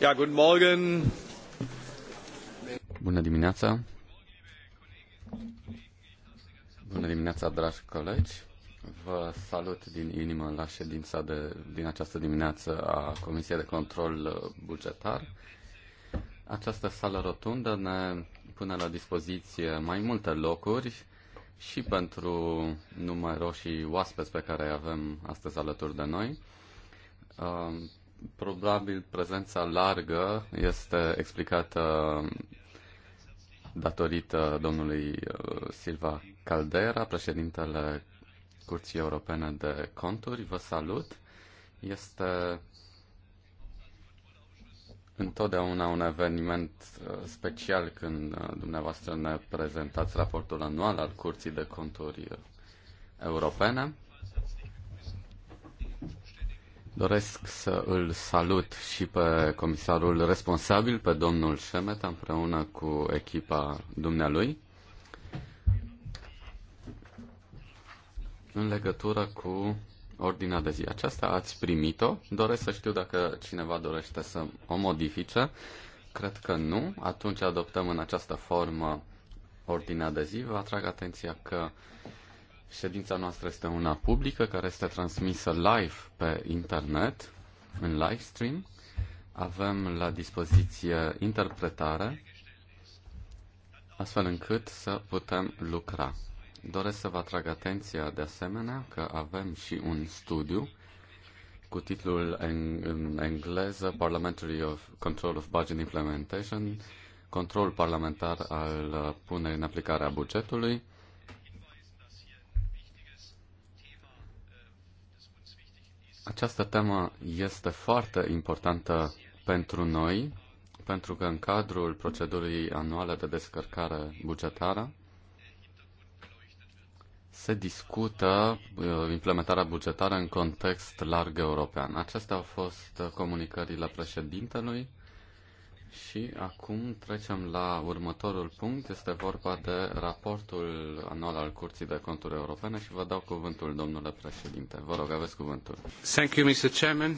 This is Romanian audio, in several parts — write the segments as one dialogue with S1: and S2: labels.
S1: Ja, guten
S2: Morgen. Bună dimineața. Bună dimineața, dragi colegi. Vă salut din inimă la ședința de, din această dimineață a Comisiei de Control Bugetar. Această sală rotundă ne pune la dispoziție mai multe locuri și pentru numeroșii oaspeți pe care îi avem astăzi alături de noi. Um, probabil prezența largă este explicată um, datorită domnului uh, Silva Caldera, președintele Curții Europene de Conturi. Vă salut! Este întotdeauna un eveniment uh, special când uh, dumneavoastră ne prezentați raportul anual al Curții de Conturi Europene. Doresc să îl salut și pe comisarul responsabil, pe domnul Șemeta, împreună cu echipa dumnealui. În legătură cu ordinea de zi. Aceasta ați primit-o. Doresc să știu dacă cineva dorește să o modifice. Cred că nu. Atunci adoptăm în această formă ordinea de zi. Vă atrag atenția că Ședința noastră este una publică care este transmisă live pe internet, în live stream. Avem la dispoziție interpretare astfel încât să putem lucra. Doresc să vă atrag atenția de asemenea că avem și un studiu cu titlul în, în engleză Parliamentary of Control of Budget Implementation, control parlamentar al punerii în aplicare a bugetului, Această temă este foarte importantă pentru noi, pentru că în cadrul procedurii anuale de descărcare bugetară se discută uh, implementarea bugetară în context larg european. Acestea au fost comunicările președintelui și acum trecem la următorul punct. Este vorba de raportul anual al Curții de Conturi Europene și vă dau cuvântul, domnule președinte. Vă rog, aveți cuvântul. Thank you, Mr. Chairman.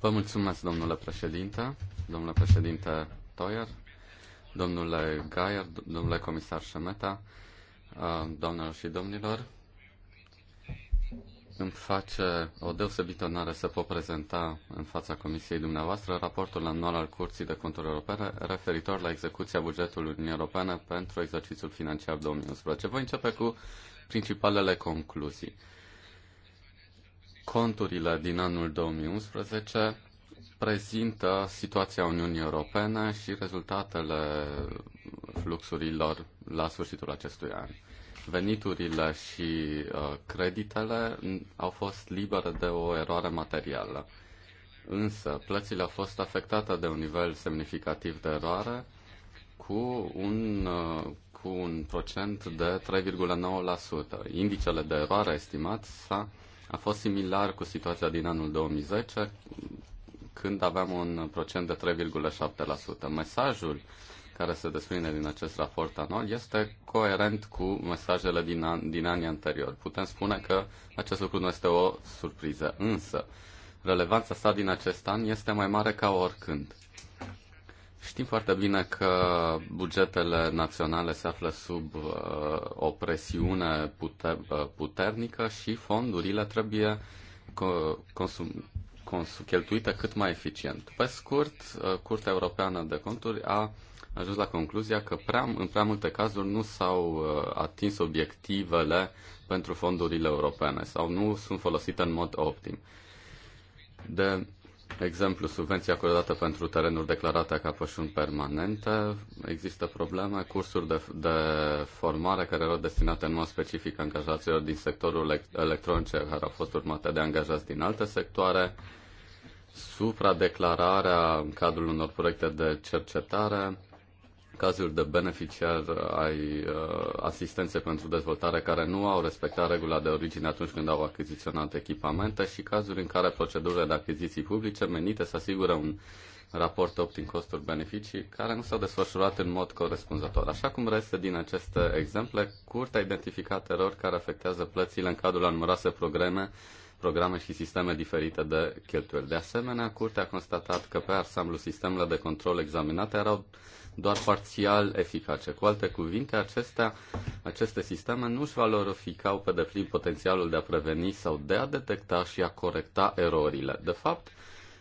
S2: Vă mulțumesc, domnule președinte, domnule președinte Toyer, domnule Gaier, domnule comisar Șemeta, doamnelor și domnilor. Îmi face o deosebită onoare să pot prezenta în fața Comisiei dumneavoastră raportul anual al Curții de Conturi Europene referitor la execuția bugetului Uniunii Europene pentru exercițiul financiar 2011. Voi începe cu principalele concluzii. Conturile din anul 2011 prezintă situația Uniunii Europene și rezultatele fluxurilor la sfârșitul acestui an veniturile și uh, creditele au fost libere de o eroare materială. Însă, plățile au fost afectate de un nivel semnificativ de eroare cu un, uh, cu un procent de 3,9%. Indicele de eroare estimat s-a, a fost similar cu situația din anul 2010, când aveam un procent de 3,7%. Mesajul care se desprinde din acest raport anual este coerent cu mesajele din, an, din anii anterior. Putem spune că acest lucru nu este o surpriză, însă relevanța sa din acest an este mai mare ca oricând. Știm foarte bine că bugetele naționale se află sub uh, o presiune puter, uh, puternică și fondurile trebuie co- consum- cheltuite cât mai eficient. Pe scurt, uh, Curtea Europeană de Conturi a ajuns la concluzia că prea, în prea multe cazuri nu s-au uh, atins obiectivele pentru fondurile europene sau nu sunt folosite în mod optim. De exemplu, subvenția acordată pentru terenuri declarate ca pășuni permanente, există probleme, cursuri de, de formare care erau destinate în mod specific angajaților din sectorul electronic, care au fost urmate de angajați din alte sectoare, supra-declararea în cadrul unor proiecte de cercetare, cazuri de beneficiar ai uh, asistențe pentru dezvoltare care nu au respectat regula de origine atunci când au achiziționat echipamente și cazuri în care procedurile de achiziții publice menite să asigure un raport optim costuri beneficii care nu s-au desfășurat în mod corespunzător. Așa cum reste din aceste exemple, Curtea a identificat erori care afectează plățile în cadrul anumărase programe programe și sisteme diferite de cheltuieli. De asemenea, Curtea a constatat că pe ansamblu sistemele de control examinate erau doar parțial eficace. Cu alte cuvinte, acestea, aceste sisteme nu își valorificau pe deplin potențialul de a preveni sau de a detecta și a corecta erorile. De fapt,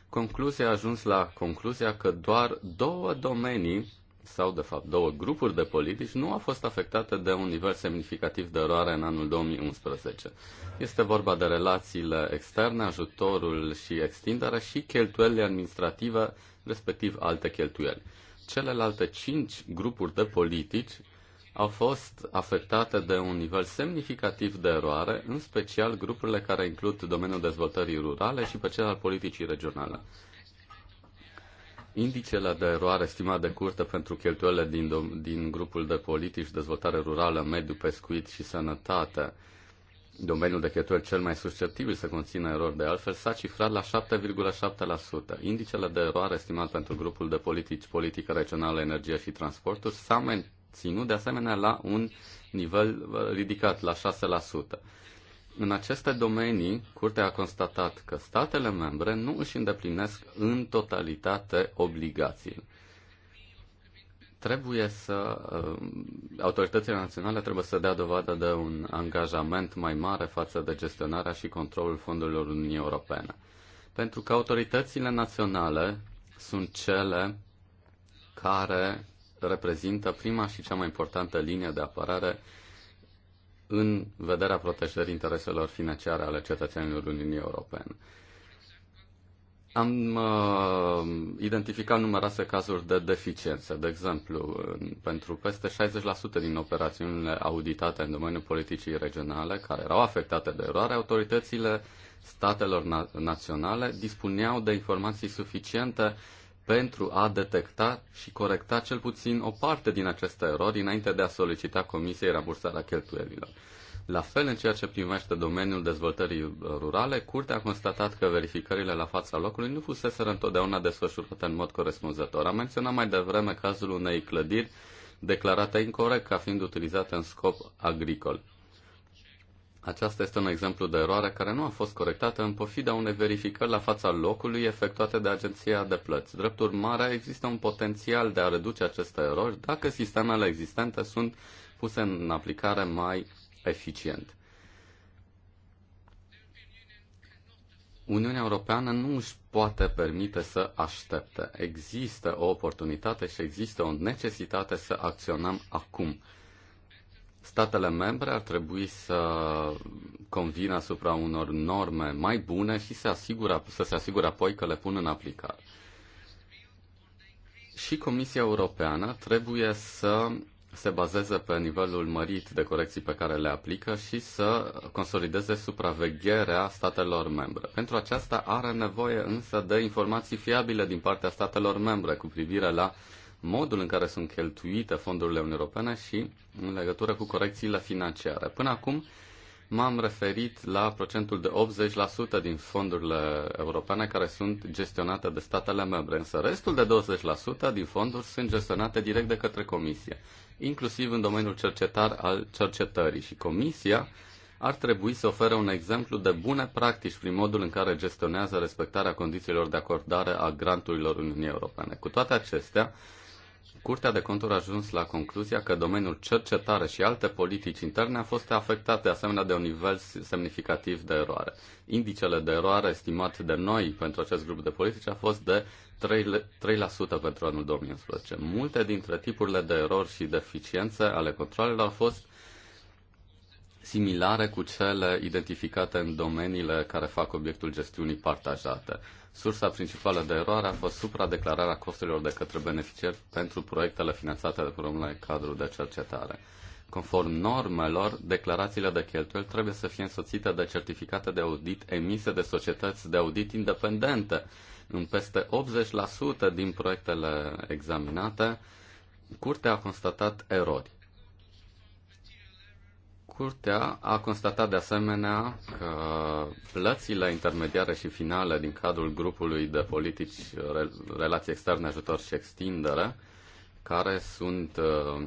S2: concluzia a ajuns la concluzia că doar două domenii sau de fapt două grupuri de politici nu au fost afectate de un nivel semnificativ de eroare în anul 2011. Este vorba de relațiile externe, ajutorul și extinderea și cheltuielile administrative, respectiv alte cheltuieli celelalte cinci grupuri de politici au fost afectate de un nivel semnificativ de eroare, în special grupurile care includ domeniul dezvoltării rurale și pe cel al politicii regionale. Indicele de eroare estimat de curte pentru cheltuielile din, din grupul de politici, dezvoltare rurală, mediu, pescuit și sănătate domeniul de cheltuieli cel mai susceptibil să conțină erori de altfel, s-a cifrat la 7,7%. Indicele de eroare estimat pentru grupul de politici, politică regională, energie și transporturi s-a menținut de asemenea la un nivel uh, ridicat, la 6%. În aceste domenii, Curtea a constatat că statele membre nu își îndeplinesc în totalitate obligațiile trebuie să uh, autoritățile naționale trebuie să dea dovadă de un angajament mai mare față de gestionarea și controlul fondurilor Uniunii Europene. Pentru că autoritățile naționale sunt cele care reprezintă prima și cea mai importantă linie de apărare în vederea protejării intereselor financiare ale cetățenilor Uniunii Europene. Am uh, identificat numeroase cazuri de deficiențe. De exemplu, pentru peste 60% din operațiunile auditate în domeniul politicii regionale, care erau afectate de eroare, autoritățile statelor na- naționale dispuneau de informații suficiente pentru a detecta și corecta cel puțin o parte din aceste erori înainte de a solicita Comisiei rambursarea cheltuielilor. La fel, în ceea ce primește domeniul dezvoltării rurale, Curtea a constatat că verificările la fața locului nu fuseseră întotdeauna desfășurate în mod corespunzător. Am menționat mai devreme cazul unei clădiri declarate incorrect ca fiind utilizate în scop agricol. Aceasta este un exemplu de eroare care nu a fost corectată în pofida unei verificări la fața locului efectuate de agenția de plăți. Drept urmare, există un potențial de a reduce aceste erori dacă sistemele existente sunt puse în aplicare mai eficient. Uniunea Europeană nu își poate permite să aștepte. Există o oportunitate și există o necesitate să acționăm acum. Statele membre ar trebui să convină asupra unor norme mai bune și să, asigură, să se asigure apoi că le pun în aplicare. Și Comisia Europeană trebuie să se bazeze pe nivelul mărit de corecții pe care le aplică și să consolideze supravegherea statelor membre. Pentru aceasta are nevoie însă de informații fiabile din partea statelor membre cu privire la modul în care sunt cheltuite fondurile europene și în legătură cu corecțiile financiare. Până acum m-am referit la procentul de 80% din fondurile europene care sunt gestionate de statele membre, însă restul de 20% din fonduri sunt gestionate direct de către Comisie inclusiv în domeniul cercetar al cercetării și Comisia ar trebui să ofere un exemplu de bune practici prin modul în care gestionează respectarea condițiilor de acordare a granturilor Uniunii Europene. Cu toate acestea, Curtea de Conturi a ajuns la concluzia că domeniul cercetare și alte politici interne a fost afectat de asemenea de un nivel semnificativ de eroare. Indicele de eroare estimat de noi pentru acest grup de politici a fost de 3%, 3 pentru anul 2011. Multe dintre tipurile de erori și deficiențe ale controlelor au fost similare cu cele identificate în domeniile care fac obiectul gestiunii partajate. Sursa principală de eroare a fost supradeclararea costurilor de către beneficiari pentru proiectele finanțate de programele cadrul de cercetare. Conform normelor, declarațiile de cheltuieli trebuie să fie însoțite de certificate de audit emise de societăți de audit independente în peste 80% din proiectele examinate, Curtea a constatat erori. Curtea a constatat de asemenea că plățile intermediare și finale din cadrul grupului de politici relații externe, ajutor și extindere, care sunt uh,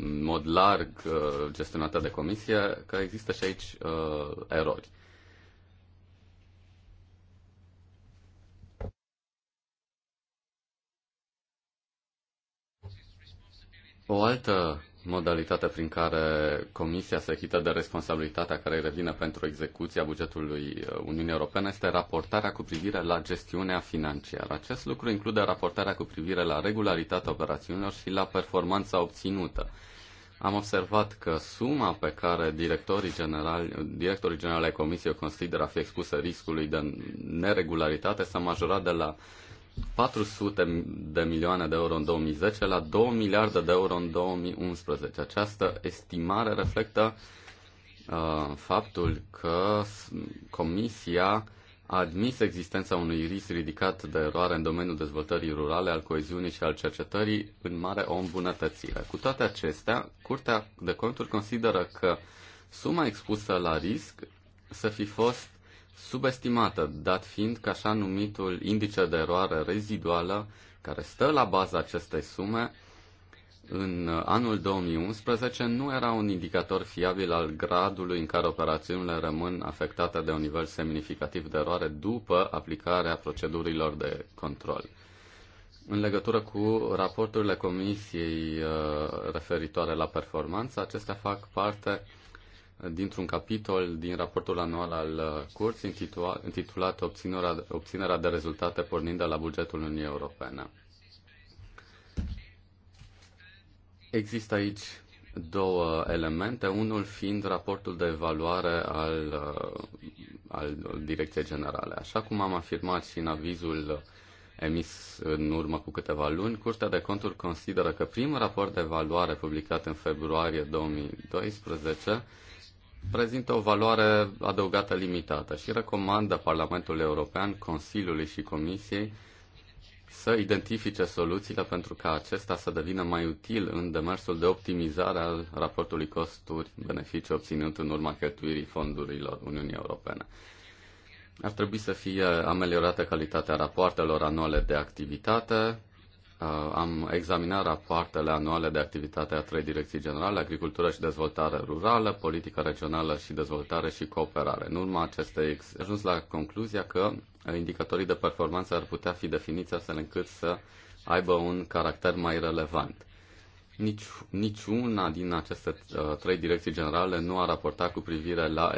S2: în mod larg uh, gestionate de comisie, că există și aici uh, erori. O altă modalitate prin care Comisia se achită de responsabilitatea care îi revine pentru execuția bugetului uh, Uniunii Europene este raportarea cu privire la gestiunea financiară. Acest lucru include raportarea cu privire la regularitatea operațiunilor și la performanța obținută. Am observat că suma pe care directorii generali, directorii generali ai Comisiei o consideră a fi expusă riscului de neregularitate s-a majorat de la 400 de milioane de euro în 2010 la 2 miliarde de euro în 2011. Această estimare reflectă uh, faptul că Comisia a admis existența unui risc ridicat de eroare în domeniul dezvoltării rurale, al coeziunii și al cercetării, în mare o îmbunătățire. Cu toate acestea, Curtea de Conturi consideră că suma expusă la risc să fi fost subestimată, dat fiind că așa numitul indice de eroare reziduală care stă la baza acestei sume în anul 2011 nu era un indicator fiabil al gradului în care operațiunile rămân afectate de un nivel semnificativ de eroare după aplicarea procedurilor de control. În legătură cu raporturile Comisiei uh, referitoare la performanță, acestea fac parte uh, dintr-un capitol din raportul anual al uh, curții intitulat, obținerea, obținerea de rezultate pornind de la bugetul Uniunii Europene. Există aici două elemente, unul fiind raportul de evaluare al, uh, al Direcției Generale. Așa cum am afirmat și în avizul emis în urmă cu câteva luni, Curtea de Conturi consideră că primul raport de evaluare publicat în februarie 2012 prezintă o valoare adăugată limitată și recomandă Parlamentul European, Consiliului și Comisiei să identifice soluțiile pentru ca acesta să devină mai util în demersul de optimizare al raportului costuri-beneficii obținut în urma cheltuirii fondurilor Uniunii Europene. Ar trebui să fie ameliorată calitatea rapoartelor anuale de activitate, Uh, am examinat rapoartele anuale de activitate a trei direcții generale, agricultură și dezvoltare rurală, politică regională și dezvoltare și cooperare. În urma acestei ajuns la concluzia că uh, indicatorii de performanță ar putea fi definiți astfel încât să aibă un caracter mai relevant. Nici, niciuna din aceste uh, trei direcții generale nu a raportat cu privire la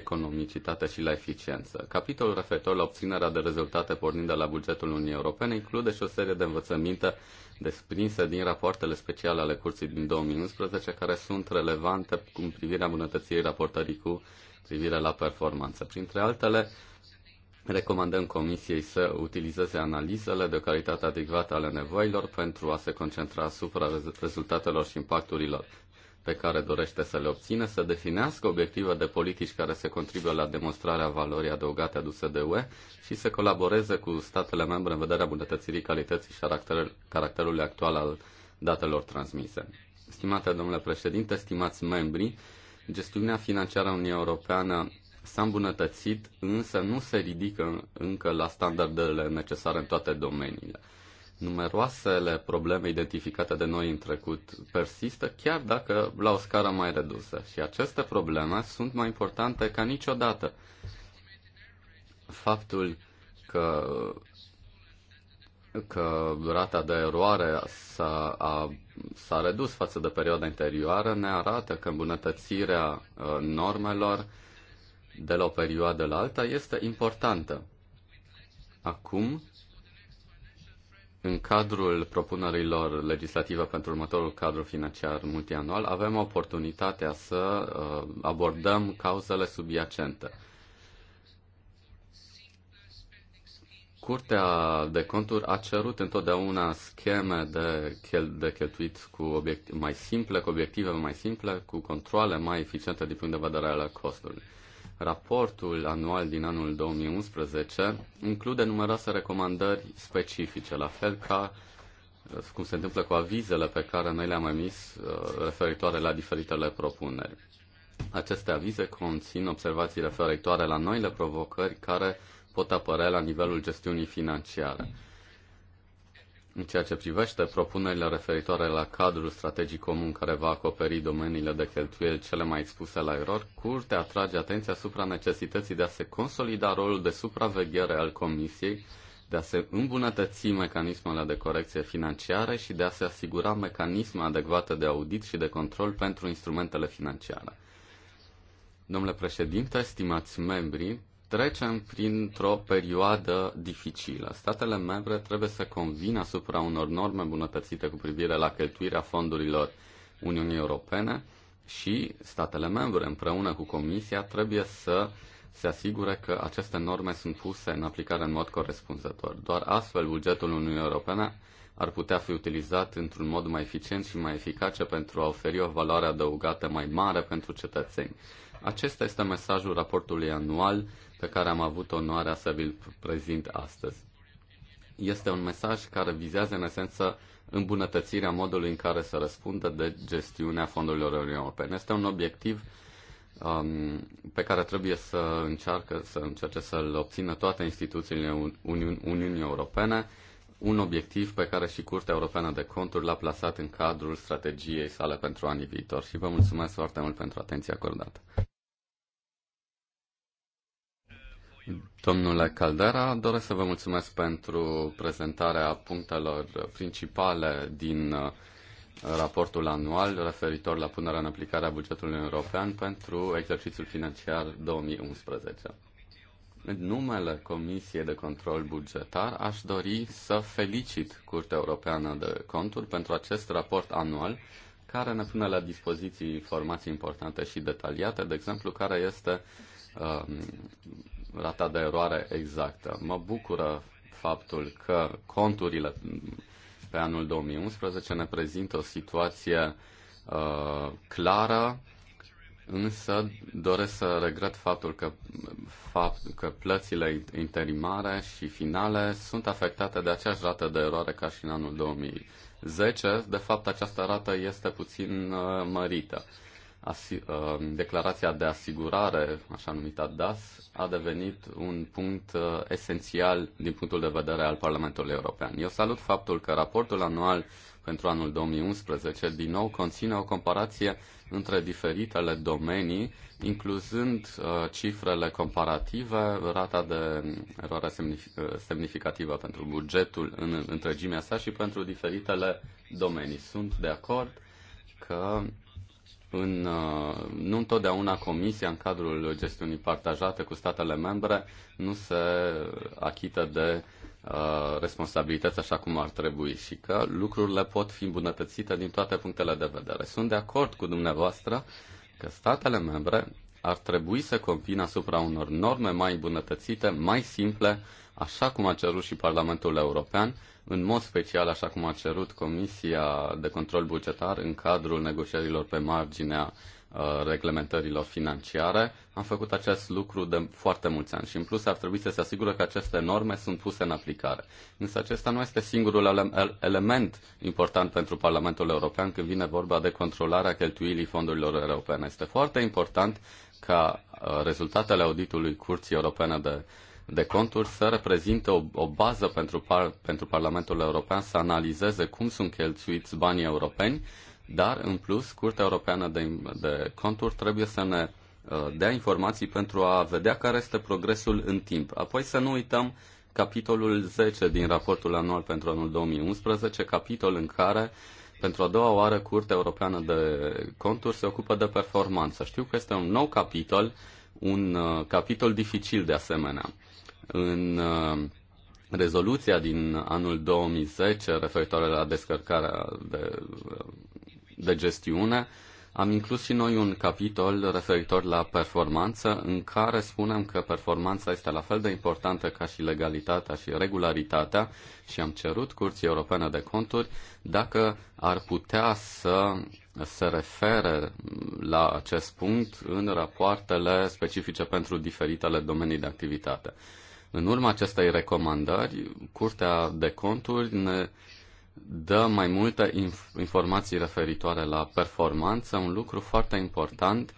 S2: economicitate și la eficiență. Capitolul referitor la obținerea de rezultate pornind de la bugetul Uniunii Europene include și o serie de învățăminte desprinse din rapoartele speciale ale curții din 2011 care sunt relevante cu privirea îmbunătățirii raportării cu privire la performanță. Printre altele, uh, Recomandăm Comisiei să utilizeze analizele de calitate adecvată ale nevoilor pentru a se concentra asupra rezultatelor și impacturilor pe care dorește să le obține, să definească obiective de politici care să contribuie la demonstrarea valorii adăugate aduse de UE și să colaboreze cu statele membre în vederea bunătățirii calității și caracterului actual al datelor transmise. Stimate domnule președinte, stimați membri, gestiunea financiară a Uniunii Europeană s-a îmbunătățit, însă nu se ridică încă la standardele necesare în toate domeniile. Numeroasele probleme identificate de noi în trecut persistă, chiar dacă la o scară mai redusă. Și aceste probleme sunt mai importante ca niciodată. Faptul că că rata de eroare s-a, a, s-a redus față de perioada interioară ne arată că îmbunătățirea uh, normelor de la o perioadă la alta este importantă. Acum, în cadrul propunerilor legislative pentru următorul cadru financiar multianual, avem oportunitatea să uh, abordăm cauzele subiacente. Curtea de conturi a cerut întotdeauna scheme de, chel- de cheltuit cu obiect- mai simple, cu obiective mai simple, cu controle mai eficiente din punct de vedere al costurilor. Raportul anual din anul 2011 include numeroase recomandări specifice, la fel ca uh, cum se întâmplă cu avizele pe care noi le-am emis uh, referitoare la diferitele propuneri. Aceste avize conțin observații referitoare la noile provocări care pot apărea la nivelul gestiunii financiare. În ceea ce privește propunerile referitoare la cadrul strategic comun care va acoperi domeniile de cheltuieli cele mai expuse la erori, Curtea atrage atenția asupra necesității de a se consolida rolul de supraveghere al Comisiei, de a se îmbunătăți mecanismele de corecție financiară și de a se asigura mecanisme adecvate de audit și de control pentru instrumentele financiare. Domnule președinte, stimați membri, trecem printr-o perioadă dificilă. Statele membre trebuie să convină asupra unor norme bunătățite cu privire la cheltuirea fondurilor Uniunii Europene și statele membre împreună cu Comisia trebuie să se asigure că aceste norme sunt puse în aplicare în mod corespunzător. Doar astfel bugetul Uniunii Europene ar putea fi utilizat într-un mod mai eficient și mai eficace pentru a oferi o valoare adăugată mai mare pentru cetățeni. Acesta este mesajul raportului anual pe care am avut onoarea să vi-l prezint astăzi. Este un mesaj care vizează în esență îmbunătățirea modului în care se răspunde de gestiunea fondurilor europene. Este un obiectiv um, pe care trebuie să încearcă să încerce să-l obțină toate instituțiile Uni- Uniunii Europene, un obiectiv pe care și Curtea Europeană de Conturi l-a plasat în cadrul strategiei sale pentru anii viitor și vă mulțumesc foarte mult pentru atenția acordată. Domnule Caldera, doresc să vă mulțumesc pentru prezentarea punctelor principale din uh, raportul anual referitor la punerea în aplicare a bugetului european pentru exercițiul financiar 2011. În numele Comisiei de Control Bugetar aș dori să felicit Curtea Europeană de Conturi pentru acest raport anual care ne pune la dispoziție informații importante și detaliate, de exemplu, care este uh, rata de eroare exactă. Mă bucură faptul că conturile pe anul 2011 ne prezintă o situație uh, clară, însă doresc să regret faptul că, fapt, că plățile interimare și finale sunt afectate de aceeași rată de eroare ca și în anul 2010. De fapt, această rată este puțin uh, mărită. Uh, declarația de asigurare, așa numită DAS, a devenit un punct uh, esențial din punctul de vedere al Parlamentului European. Eu salut faptul că raportul anual pentru anul 2011 din nou conține o comparație între diferitele domenii, incluzând uh, cifrele comparative, rata de eroare semnific- uh, semnificativă pentru bugetul în întregimea sa și pentru diferitele domenii. Sunt de acord că în, uh, nu întotdeauna Comisia, în cadrul gestiunii partajate cu statele membre, nu se achită de uh, responsabilități așa cum ar trebui și că lucrurile pot fi îmbunătățite din toate punctele de vedere. Sunt de acord cu dumneavoastră că statele membre ar trebui să convină asupra unor norme mai îmbunătățite, mai simple, așa cum a cerut și Parlamentul European, în mod special, așa cum a cerut Comisia de Control Bugetar în cadrul negocierilor pe marginea uh, reglementărilor financiare. Am făcut acest lucru de foarte mulți ani și în plus ar trebui să se asigură că aceste norme sunt puse în aplicare. Însă acesta nu este singurul element important pentru Parlamentul European când vine vorba de controlarea cheltuielii fondurilor europene. Este foarte important ca uh, rezultatele auditului Curții Europene de de Conturi să reprezinte o, o bază pentru, par, pentru Parlamentul European să analizeze cum sunt cheltuiți banii europeni, dar, în plus, Curtea Europeană de, de Conturi trebuie să ne uh, dea informații pentru a vedea care este progresul în timp. Apoi să nu uităm capitolul 10 din raportul anual pentru anul 2011, capitol în care pentru a doua oară Curtea Europeană de Conturi se ocupă de performanță. Știu că este un nou capitol, un uh, capitol dificil de asemenea. În uh, rezoluția din anul 2010 referitoare la descărcarea de, uh, de gestiune, am inclus și noi un capitol referitor la performanță în care spunem că performanța este la fel de importantă ca și legalitatea și regularitatea și am cerut Curții Europene de Conturi dacă ar putea să se refere la acest punct în rapoartele specifice pentru diferitele domenii de activitate. În urma acestei recomandări, Curtea de Conturi ne dă mai multe inf- informații referitoare la performanță, un lucru foarte important,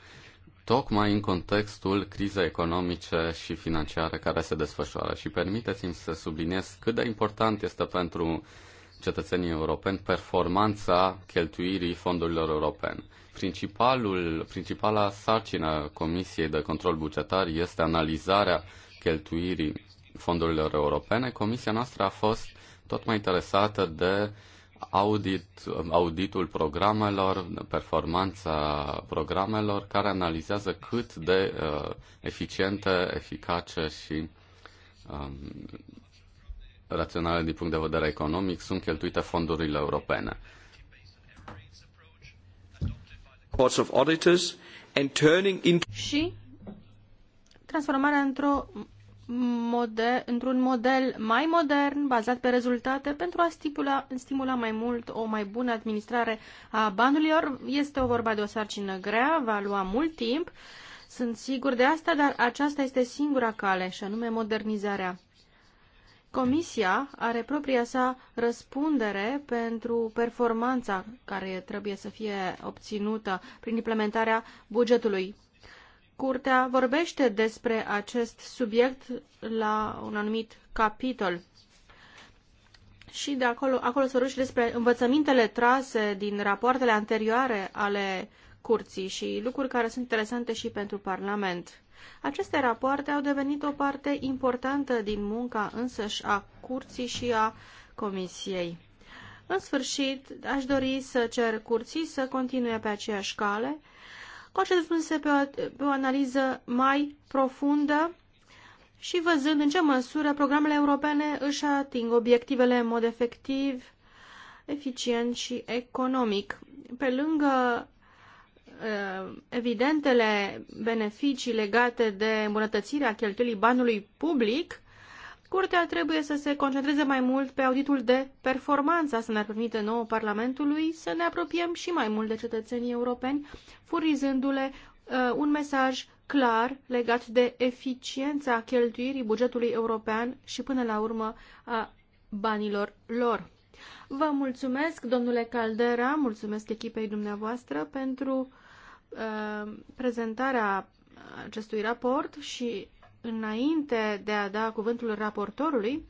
S2: tocmai în contextul crizei economice și financiare care se desfășoară. Și permiteți-mi să subliniez cât de important este pentru cetățenii europeni performanța cheltuirii fondurilor europene. Principalul, principala sarcină Comisiei de Control Bugetar este analizarea cheltuirii fondurilor europene, comisia noastră a fost tot mai interesată de audit, auditul programelor, performanța programelor, care analizează cât de uh, eficiente, eficace și um, raționale din punct de vedere economic sunt cheltuite fondurile europene.
S1: Și transformarea într-o într-un model mai modern, bazat pe rezultate, pentru a stipula, stimula mai mult o mai bună administrare a banilor. Este o vorba de o sarcină grea, va lua mult timp, sunt sigur de asta, dar aceasta este singura cale, și anume modernizarea. Comisia are propria sa răspundere pentru performanța care trebuie să fie obținută prin implementarea bugetului Curtea vorbește despre acest subiect la un anumit capitol. Și de acolo, acolo se și despre învățămintele trase din rapoartele anterioare ale curții și lucruri care sunt interesante și pentru Parlament. Aceste rapoarte au devenit o parte importantă din munca însăși a curții și a comisiei. În sfârșit, aș dori să cer curții să continue pe aceeași cale face răspunse pe o, pe o analiză mai profundă și văzând în ce măsură programele europene își ating obiectivele în mod efectiv, eficient și economic. Pe lângă ă, evidentele beneficii legate de îmbunătățirea cheltuielii banului public, Curtea trebuie să se concentreze mai mult pe auditul de performanță, să ne permite nouă Parlamentului să ne apropiem și mai mult de cetățenii europeni, furizându le uh, un mesaj clar legat de eficiența cheltuirii bugetului european și până la urmă a banilor lor. Vă mulțumesc, domnule Caldera, mulțumesc echipei dumneavoastră pentru uh, prezentarea acestui raport și înainte de a da cuvântul raportorului,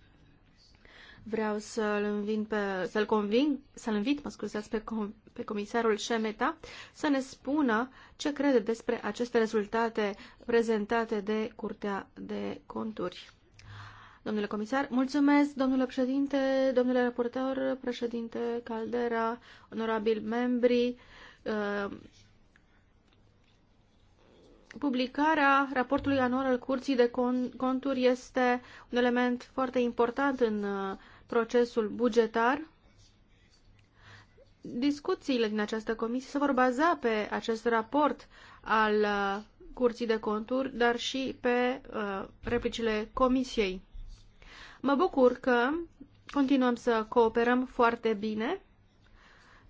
S1: vreau să-l pe, să conving, să-l invit, mă scuzați, pe, com, pe comisarul Șemeta să ne spună ce crede despre aceste rezultate prezentate de Curtea de Conturi. Domnule comisar, mulțumesc, domnule președinte, domnule raportor, președinte Caldera, onorabil membri, publicarea raportului anual al Curții de Conturi este un element foarte important în uh, procesul bugetar. Discuțiile din această comisie se vor baza pe acest raport al uh, Curții de Conturi, dar și pe uh, replicile comisiei. Mă bucur că continuăm să cooperăm foarte bine,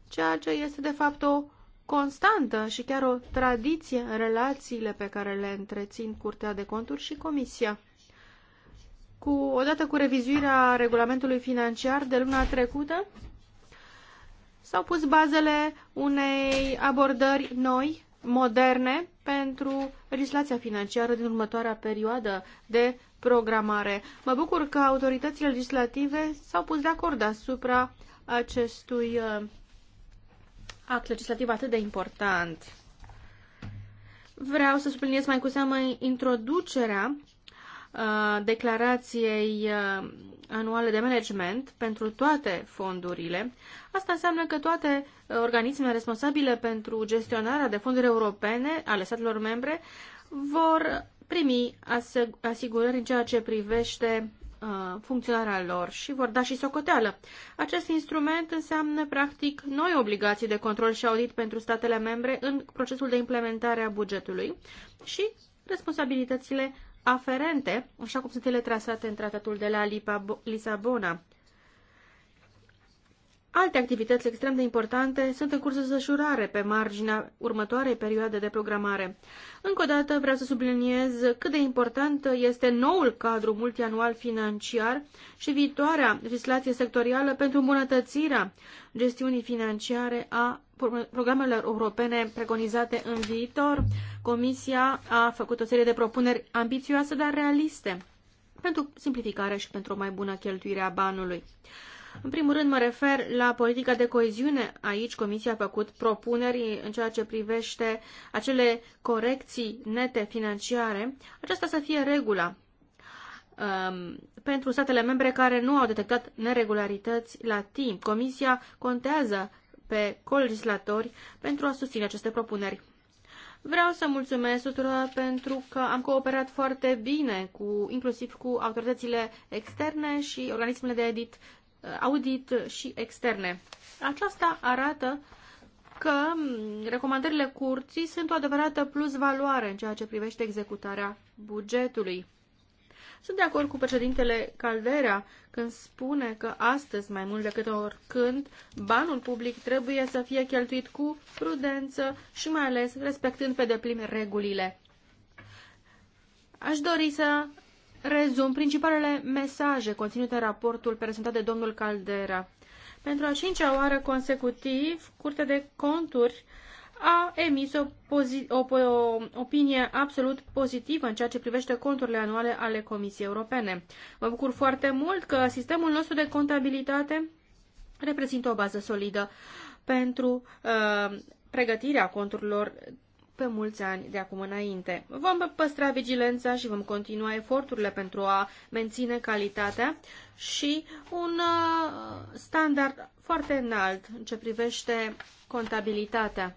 S1: ceea ce este de fapt o constantă și chiar o tradiție în relațiile pe care le întrețin Curtea de Conturi și Comisia. Cu, odată cu revizuirea regulamentului financiar de luna trecută, s-au pus bazele unei abordări noi, moderne, pentru legislația financiară din următoarea perioadă de programare. Mă bucur că autoritățile legislative s-au pus de acord asupra acestui uh, act legislativ atât de important. Vreau să subliniez mai cu seamă introducerea uh, declarației uh, anuale de management pentru toate fondurile. Asta înseamnă că toate uh, organismele responsabile pentru gestionarea de fonduri europene ale statelor membre vor primi asigurări în ceea ce privește Uh, funcționarea lor și vor da și socoteală. Acest instrument înseamnă, practic, noi obligații de control și audit pentru statele membre în procesul de implementare a bugetului și responsabilitățile aferente, așa cum sunt ele trasate în tratatul de la Lisabona. Alte activități extrem de importante sunt în curs de desfășurare pe marginea următoarei perioade de programare. Încă o dată vreau să subliniez cât de important este noul cadru multianual financiar și viitoarea legislație sectorială pentru îmbunătățirea gestiunii financiare a programelor europene preconizate în viitor. Comisia a făcut o serie de propuneri ambițioase, dar realiste pentru simplificare și pentru o mai bună cheltuire a banului. În primul rând mă refer la politica de coeziune. Aici Comisia a făcut propuneri în ceea ce privește acele corecții nete financiare. Aceasta să fie regula um, pentru statele membre care nu au detectat neregularități la timp. Comisia contează pe colegislatori pentru a susține aceste propuneri. Vreau să mulțumesc tuturor pentru că am cooperat foarte bine, cu, inclusiv cu autoritățile externe și organismele de edit Uh, audit și externe. Aceasta arată că mm, recomandările curții sunt o adevărată plus valoare în ceea ce privește executarea bugetului. Sunt de acord cu președintele Caldera când spune că astăzi, mai mult decât oricând, banul public trebuie să fie cheltuit cu prudență și mai ales respectând pe deplin regulile. Aș dori să rezum principalele mesaje conținute în raportul prezentat de domnul Caldera. Pentru a cincea oară consecutiv, Curtea de Conturi a emis o, o, o opinie absolut pozitivă în ceea ce privește conturile anuale ale Comisiei Europene. Mă bucur foarte mult că sistemul nostru de contabilitate reprezintă o bază solidă pentru uh, pregătirea conturilor pe mulți ani de acum înainte. Vom păstra vigilența și vom continua eforturile pentru a menține calitatea și un uh, standard foarte înalt în ce privește contabilitatea.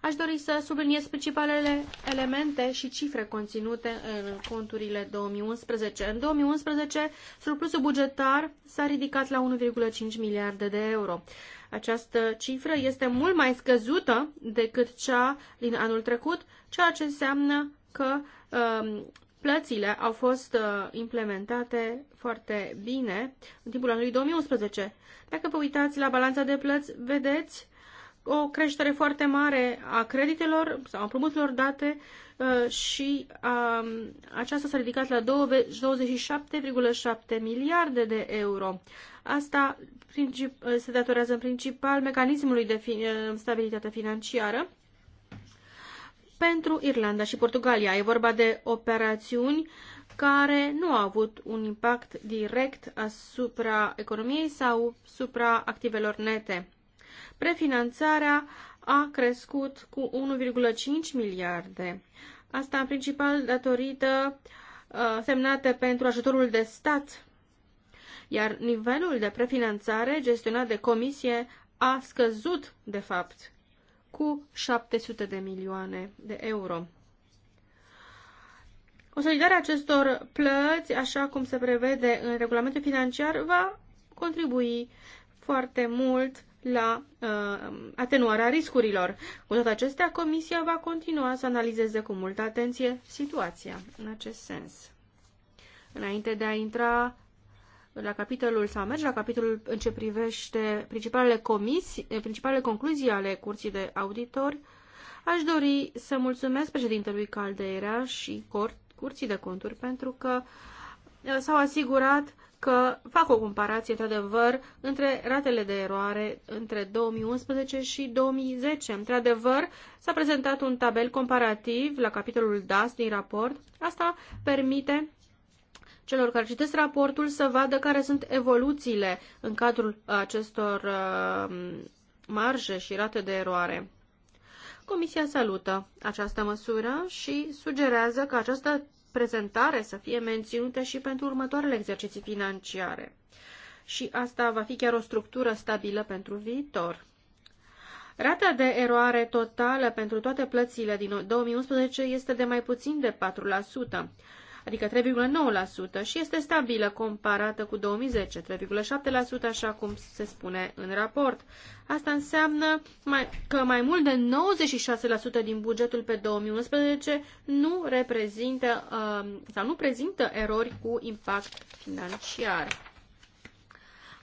S1: Aș dori să subliniez principalele elemente și cifre conținute în conturile 2011. În 2011, surplusul bugetar s-a ridicat la 1,5 miliarde de euro. Această cifră este mult mai scăzută decât cea din anul trecut, ceea ce înseamnă că um, plățile au fost uh, implementate foarte bine în timpul anului 2011. Dacă vă uitați la balanța de plăți, vedeți o creștere foarte mare a creditelor sau împrumuturilor date uh, și uh, aceasta s-a ridicat la 27,7 miliarde de euro. Asta se datorează în principal mecanismului de fi stabilitate financiară pentru Irlanda și Portugalia. E vorba de operațiuni care nu au avut un impact direct asupra economiei sau asupra activelor nete. Prefinanțarea a crescut cu 1,5 miliarde. Asta în principal datorită uh, semnate pentru ajutorul de stat iar nivelul de prefinanțare gestionat de comisie a scăzut, de fapt, cu 700 de milioane de euro. Consolidarea acestor plăți, așa cum se prevede în regulamentul financiar, va contribui foarte mult la uh, atenuarea riscurilor. Cu toate acestea, Comisia va continua să analizeze cu multă atenție situația în acest sens. Înainte de a intra la capitolul sau merge la capitolul în ce privește principalele comisii, eh, principalele concluzii ale Curții de Auditori, aș dori să mulțumesc președintelui Caldeira și Curții de Conturi pentru că eh, s-au asigurat că fac o comparație, într-adevăr, între ratele de eroare între 2011 și 2010. Într-adevăr, s-a prezentat un tabel comparativ la capitolul DAS din raport. Asta permite celor care citesc raportul să vadă care sunt evoluțiile în cadrul acestor uh, marje și rate de eroare. Comisia salută această măsură și sugerează că această prezentare să fie menținută și pentru următoarele exerciții financiare. Și asta va fi chiar o structură stabilă pentru viitor. Rata de eroare totală pentru toate plățile din 2011 este de mai puțin de 4% adică 3,9% și este stabilă comparată cu 2010, 3,7% așa cum se spune în raport. Asta înseamnă mai, că mai mult de 96% din bugetul pe 2011 nu reprezintă um, sau nu prezintă erori cu impact financiar.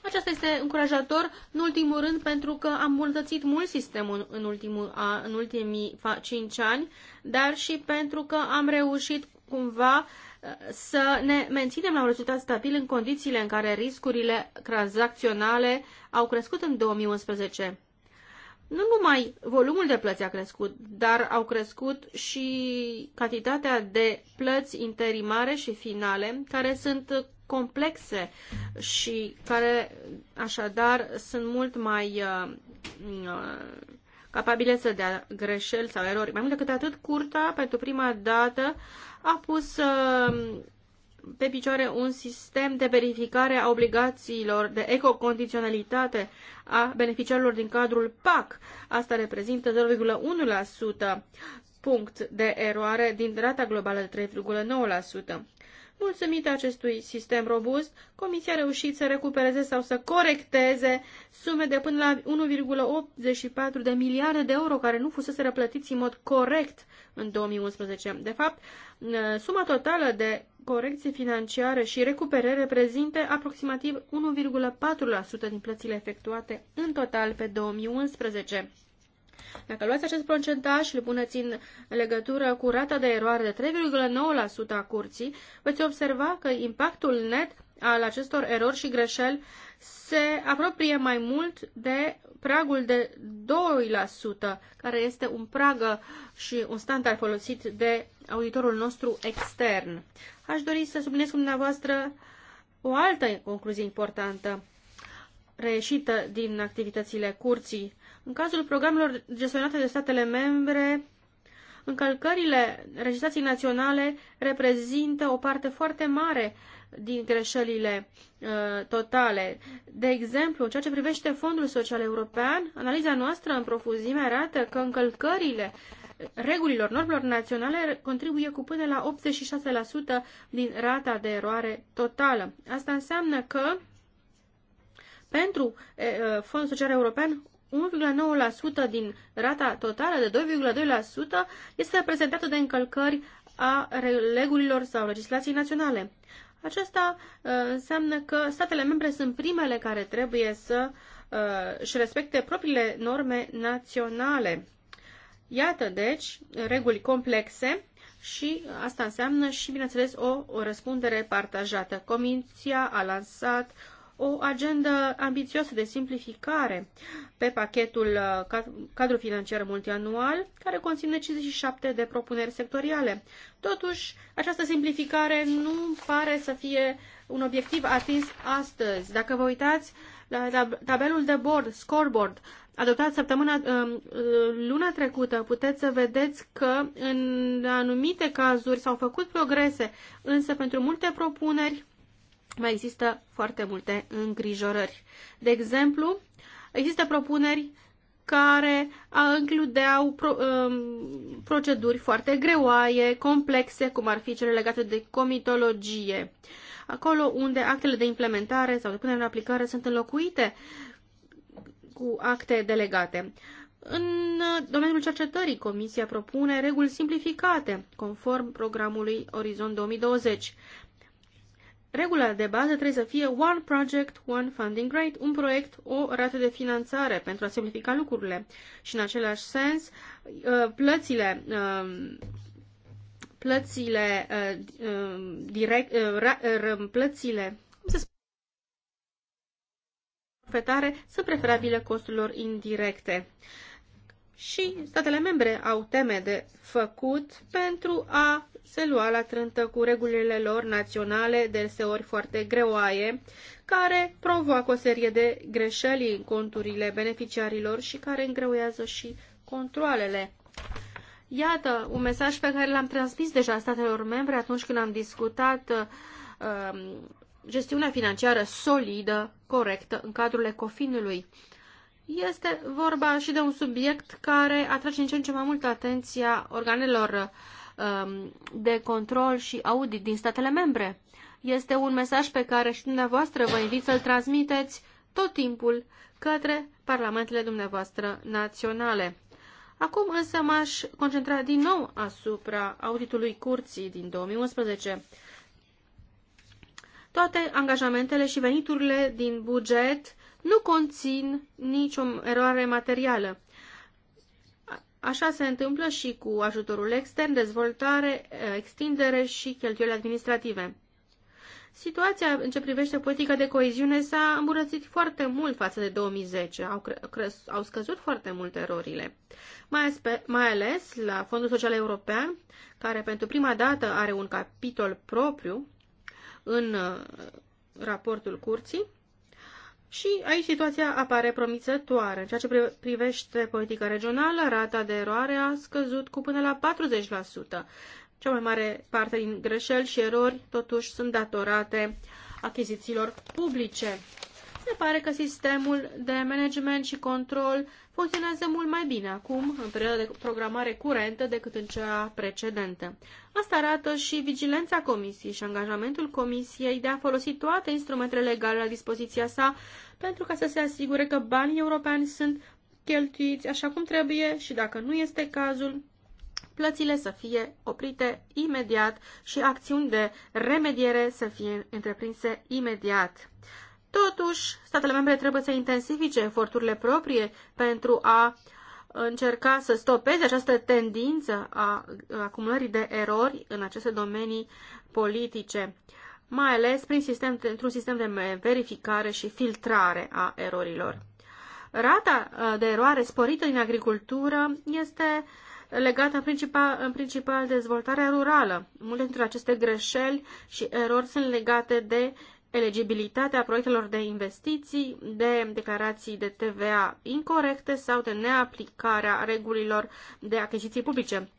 S1: Aceasta este încurajator, în ultimul rând, pentru că am îmbunătățit mult sistemul în, ultimul, în ultimii 5 ani, dar și pentru că am reușit cumva să ne menținem la un rezultat stabil în condițiile în care riscurile tranzacționale au crescut în 2011. Nu numai volumul de plăți a crescut, dar au crescut și cantitatea de plăți interimare și finale, care sunt complexe și care așadar sunt mult mai uh, uh capabile să dea greșeli sau erori. Mai mult decât atât, curta pentru prima dată a pus uh, pe picioare un sistem de verificare a obligațiilor de ecocondiționalitate a beneficiarilor din cadrul PAC. Asta reprezintă 0,1% punct de eroare din rata globală de 3,9%. Mulțumită acestui sistem robust, Comisia a reușit să recupereze sau să corecteze sume de până la 1,84 de miliarde de euro care nu fusese răplătiți în mod corect în 2011. De fapt, suma totală de corecții financiare și recuperare reprezintă aproximativ 1,4% din plățile efectuate în total pe 2011. Dacă luați acest procentaj și îl puneți în legătură cu rata de eroare de 3,9% a curții, veți observa că impactul net al acestor erori și greșeli se apropie mai mult de pragul de 2%, care este un prag și un standard folosit de auditorul nostru extern. Aș dori să subliniez cu dumneavoastră o altă concluzie importantă reieșită din activitățile curții în cazul programelor gestionate de statele membre, încălcările legislației naționale reprezintă o parte foarte mare din greșelile uh, totale. De exemplu, în ceea ce privește Fondul Social European, analiza noastră în profuzime arată că încălcările regulilor normelor naționale contribuie cu până la 86% din rata de eroare totală. Asta înseamnă că pentru Fondul Social European, 1,9% din rata totală de 2,2% este reprezentată de încălcări a regulilor sau legislației naționale. Aceasta uh, înseamnă că statele membre sunt primele care trebuie să uh, își respecte propriile norme naționale. Iată, deci, reguli complexe și asta înseamnă și, bineînțeles, o, o răspundere partajată. Comisia a lansat o agendă ambițioasă de simplificare pe pachetul uh, cadru financiar multianual, care conține 57 de propuneri sectoriale. Totuși, această simplificare nu pare să fie un obiectiv atins astăzi. Dacă vă uitați la tabelul de bord, scoreboard, adoptat săptămâna, uh, uh, luna trecută, puteți să vedeți că în anumite cazuri s-au făcut progrese, însă pentru multe propuneri mai există foarte multe îngrijorări. De exemplu, există propuneri care includeau pro, um, proceduri foarte greoaie, complexe, cum ar fi cele legate de comitologie. Acolo unde actele de implementare sau de punere în aplicare sunt înlocuite cu acte delegate. În domeniul cercetării, Comisia propune reguli simplificate, conform programului Orizont 2020. Regula de bază trebuie să fie One Project, One Funding Rate, un proiect, o rată de finanțare pentru a simplifica lucrurile. Și în același sens, uh, plățile, um, plățile, uh, um, direct, uh, plățile, cum se spune? sunt preferabile costurilor indirecte. Și statele membre au teme de făcut pentru a se lua la trântă cu regulile lor naționale, deseori foarte greoaie, care provoacă o serie de greșeli în conturile beneficiarilor și care îngreuiază și controlele. Iată un mesaj pe care l-am transmis deja statelor membre atunci când am discutat uh, gestiunea financiară solidă, corectă, în cadrul ecofinului. Este vorba și de un subiect care atrage în ce în ce mai mult atenția organelor uh, Um, de control și audit din statele membre. Este un mesaj pe care și dumneavoastră vă invit să-l transmiteți tot timpul către parlamentele dumneavoastră naționale. Acum însă m-aș concentra din nou asupra auditului curții din 2011. Toate angajamentele și veniturile din buget nu conțin nicio eroare materială. Așa se întâmplă și cu ajutorul extern, dezvoltare, extindere și cheltuieli administrative. Situația în ce privește politica de coeziune s-a îmbunătățit foarte mult față de 2010. Au, au scăzut foarte mult erorile. Mai, mai ales la Fondul Social European, care pentru prima dată are un capitol propriu în uh, raportul curții și aici situația apare promițătoare. În ceea ce privește politica regională, rata de eroare a scăzut cu până la 40%. Cea mai mare parte din greșeli și erori totuși sunt datorate achizițiilor publice. Se pare că sistemul de management și control funcționează mult mai bine acum, în perioada de programare curentă, decât în cea precedentă. Asta arată și vigilența Comisiei și angajamentul Comisiei de a folosi toate instrumentele legale la dispoziția sa pentru ca să se asigure că banii europeni sunt cheltuiți așa cum trebuie și dacă nu este cazul, plățile să fie oprite imediat și acțiuni de remediere să fie întreprinse imediat. Totuși, statele membre trebuie să intensifice eforturile proprie pentru a încerca să stopeze această tendință a acumulării de erori în aceste domenii politice, mai ales prin sistem, într-un sistem de verificare și filtrare a erorilor. Rata uh, de eroare sporită în agricultură este legată în principal, în principal de dezvoltarea rurală. Multe dintre aceste greșeli și erori sunt legate de eligibilitatea proiectelor de investiții, de declarații de TVA incorrecte sau de neaplicarea regulilor de achiziții publice.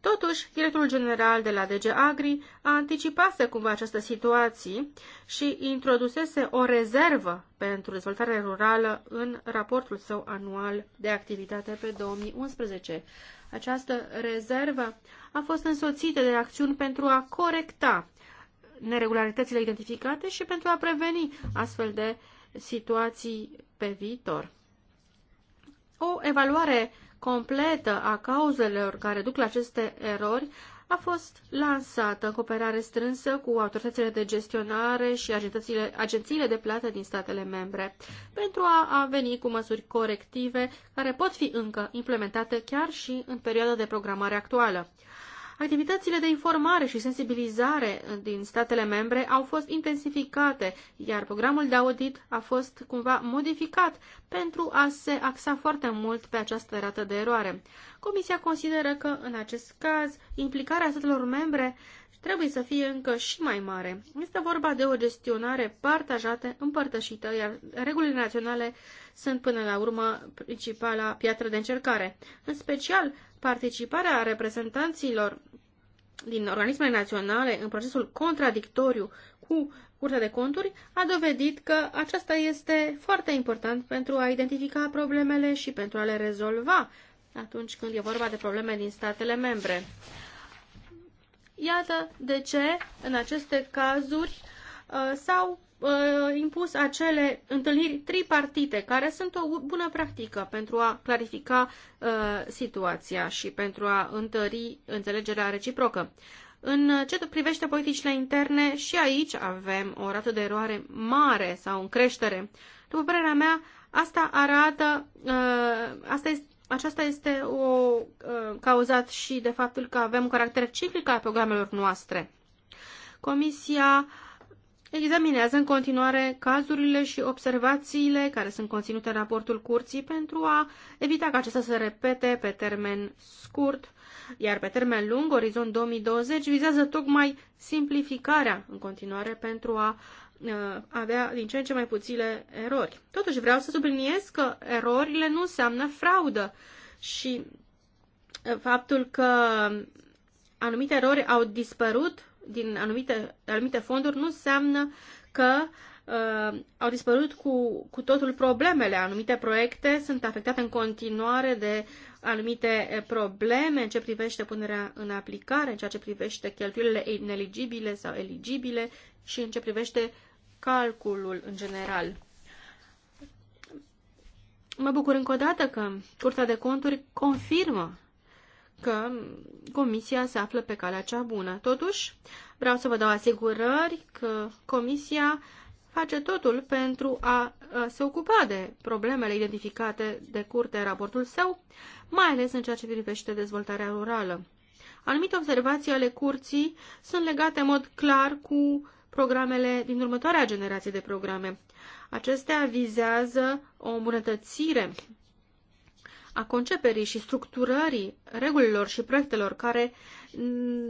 S1: Totuși, directorul general de la DG Agri a anticipase cumva această situație și introdusese o rezervă pentru dezvoltare rurală în raportul său anual de activitate pe 2011. Această rezervă a fost însoțită de acțiuni pentru a corecta neregularitățile identificate și pentru a preveni astfel de situații pe viitor. O evaluare completă a cauzelor care duc la aceste erori a fost lansată în cooperare strânsă cu autoritățile de gestionare și agențiile, agențiile de plată din statele membre pentru a, a veni cu măsuri corective care pot fi încă implementate chiar și în perioada de programare actuală. Activitățile de informare și sensibilizare din statele membre au fost intensificate, iar programul de audit a fost cumva modificat pentru a se axa foarte mult pe această rată de eroare. Comisia consideră că, în acest caz, implicarea statelor membre trebuie să fie încă și mai mare. Este vorba de o gestionare partajată, împărtășită, iar regulile naționale sunt până la urmă principala piatră de încercare. În special, participarea reprezentanților din organismele naționale în procesul contradictoriu cu Curtea de Conturi a dovedit că aceasta este foarte important pentru a identifica problemele și pentru a le rezolva atunci când e vorba de probleme din statele membre. Iată de ce, în aceste cazuri, uh, s-au uh, impus acele întâlniri tripartite, care sunt o bună practică pentru a clarifica uh, situația și pentru a întări înțelegerea reciprocă. În ce privește politicile interne, și aici avem o rată de eroare mare sau în creștere. După părerea mea, asta arată, uh, asta este aceasta este o uh, cauzat și de faptul că avem un caracter ciclic al programelor noastre. Comisia uh, examinează în continuare cazurile și observațiile care sunt conținute în raportul curții pentru a evita ca acesta să se repete pe termen scurt, iar pe termen lung, orizont 2020 vizează tocmai simplificarea în continuare pentru a uh, avea din ce în ce mai puține erori. Totuși vreau să subliniez că erorile nu înseamnă fraudă și uh, faptul că anumite erori au dispărut din anumite, anumite fonduri nu înseamnă că uh, au dispărut cu, cu totul problemele. Anumite proiecte sunt afectate în continuare de anumite eh, probleme în ce privește punerea în aplicare, în ceea ce privește cheltuielile ineligibile sau eligibile și în ce privește calculul în general. Mă bucur încă o dată că Curtea de Conturi confirmă că Comisia se află pe calea cea bună. Totuși, vreau să vă dau asigurări că Comisia face totul pentru a se ocupa de problemele identificate de curte în raportul său, mai ales în ceea ce privește dezvoltarea rurală. Anumite observații ale curții sunt legate în mod clar cu programele din următoarea generație de programe. Acestea vizează o îmbunătățire a conceperii și structurării regulilor și proiectelor care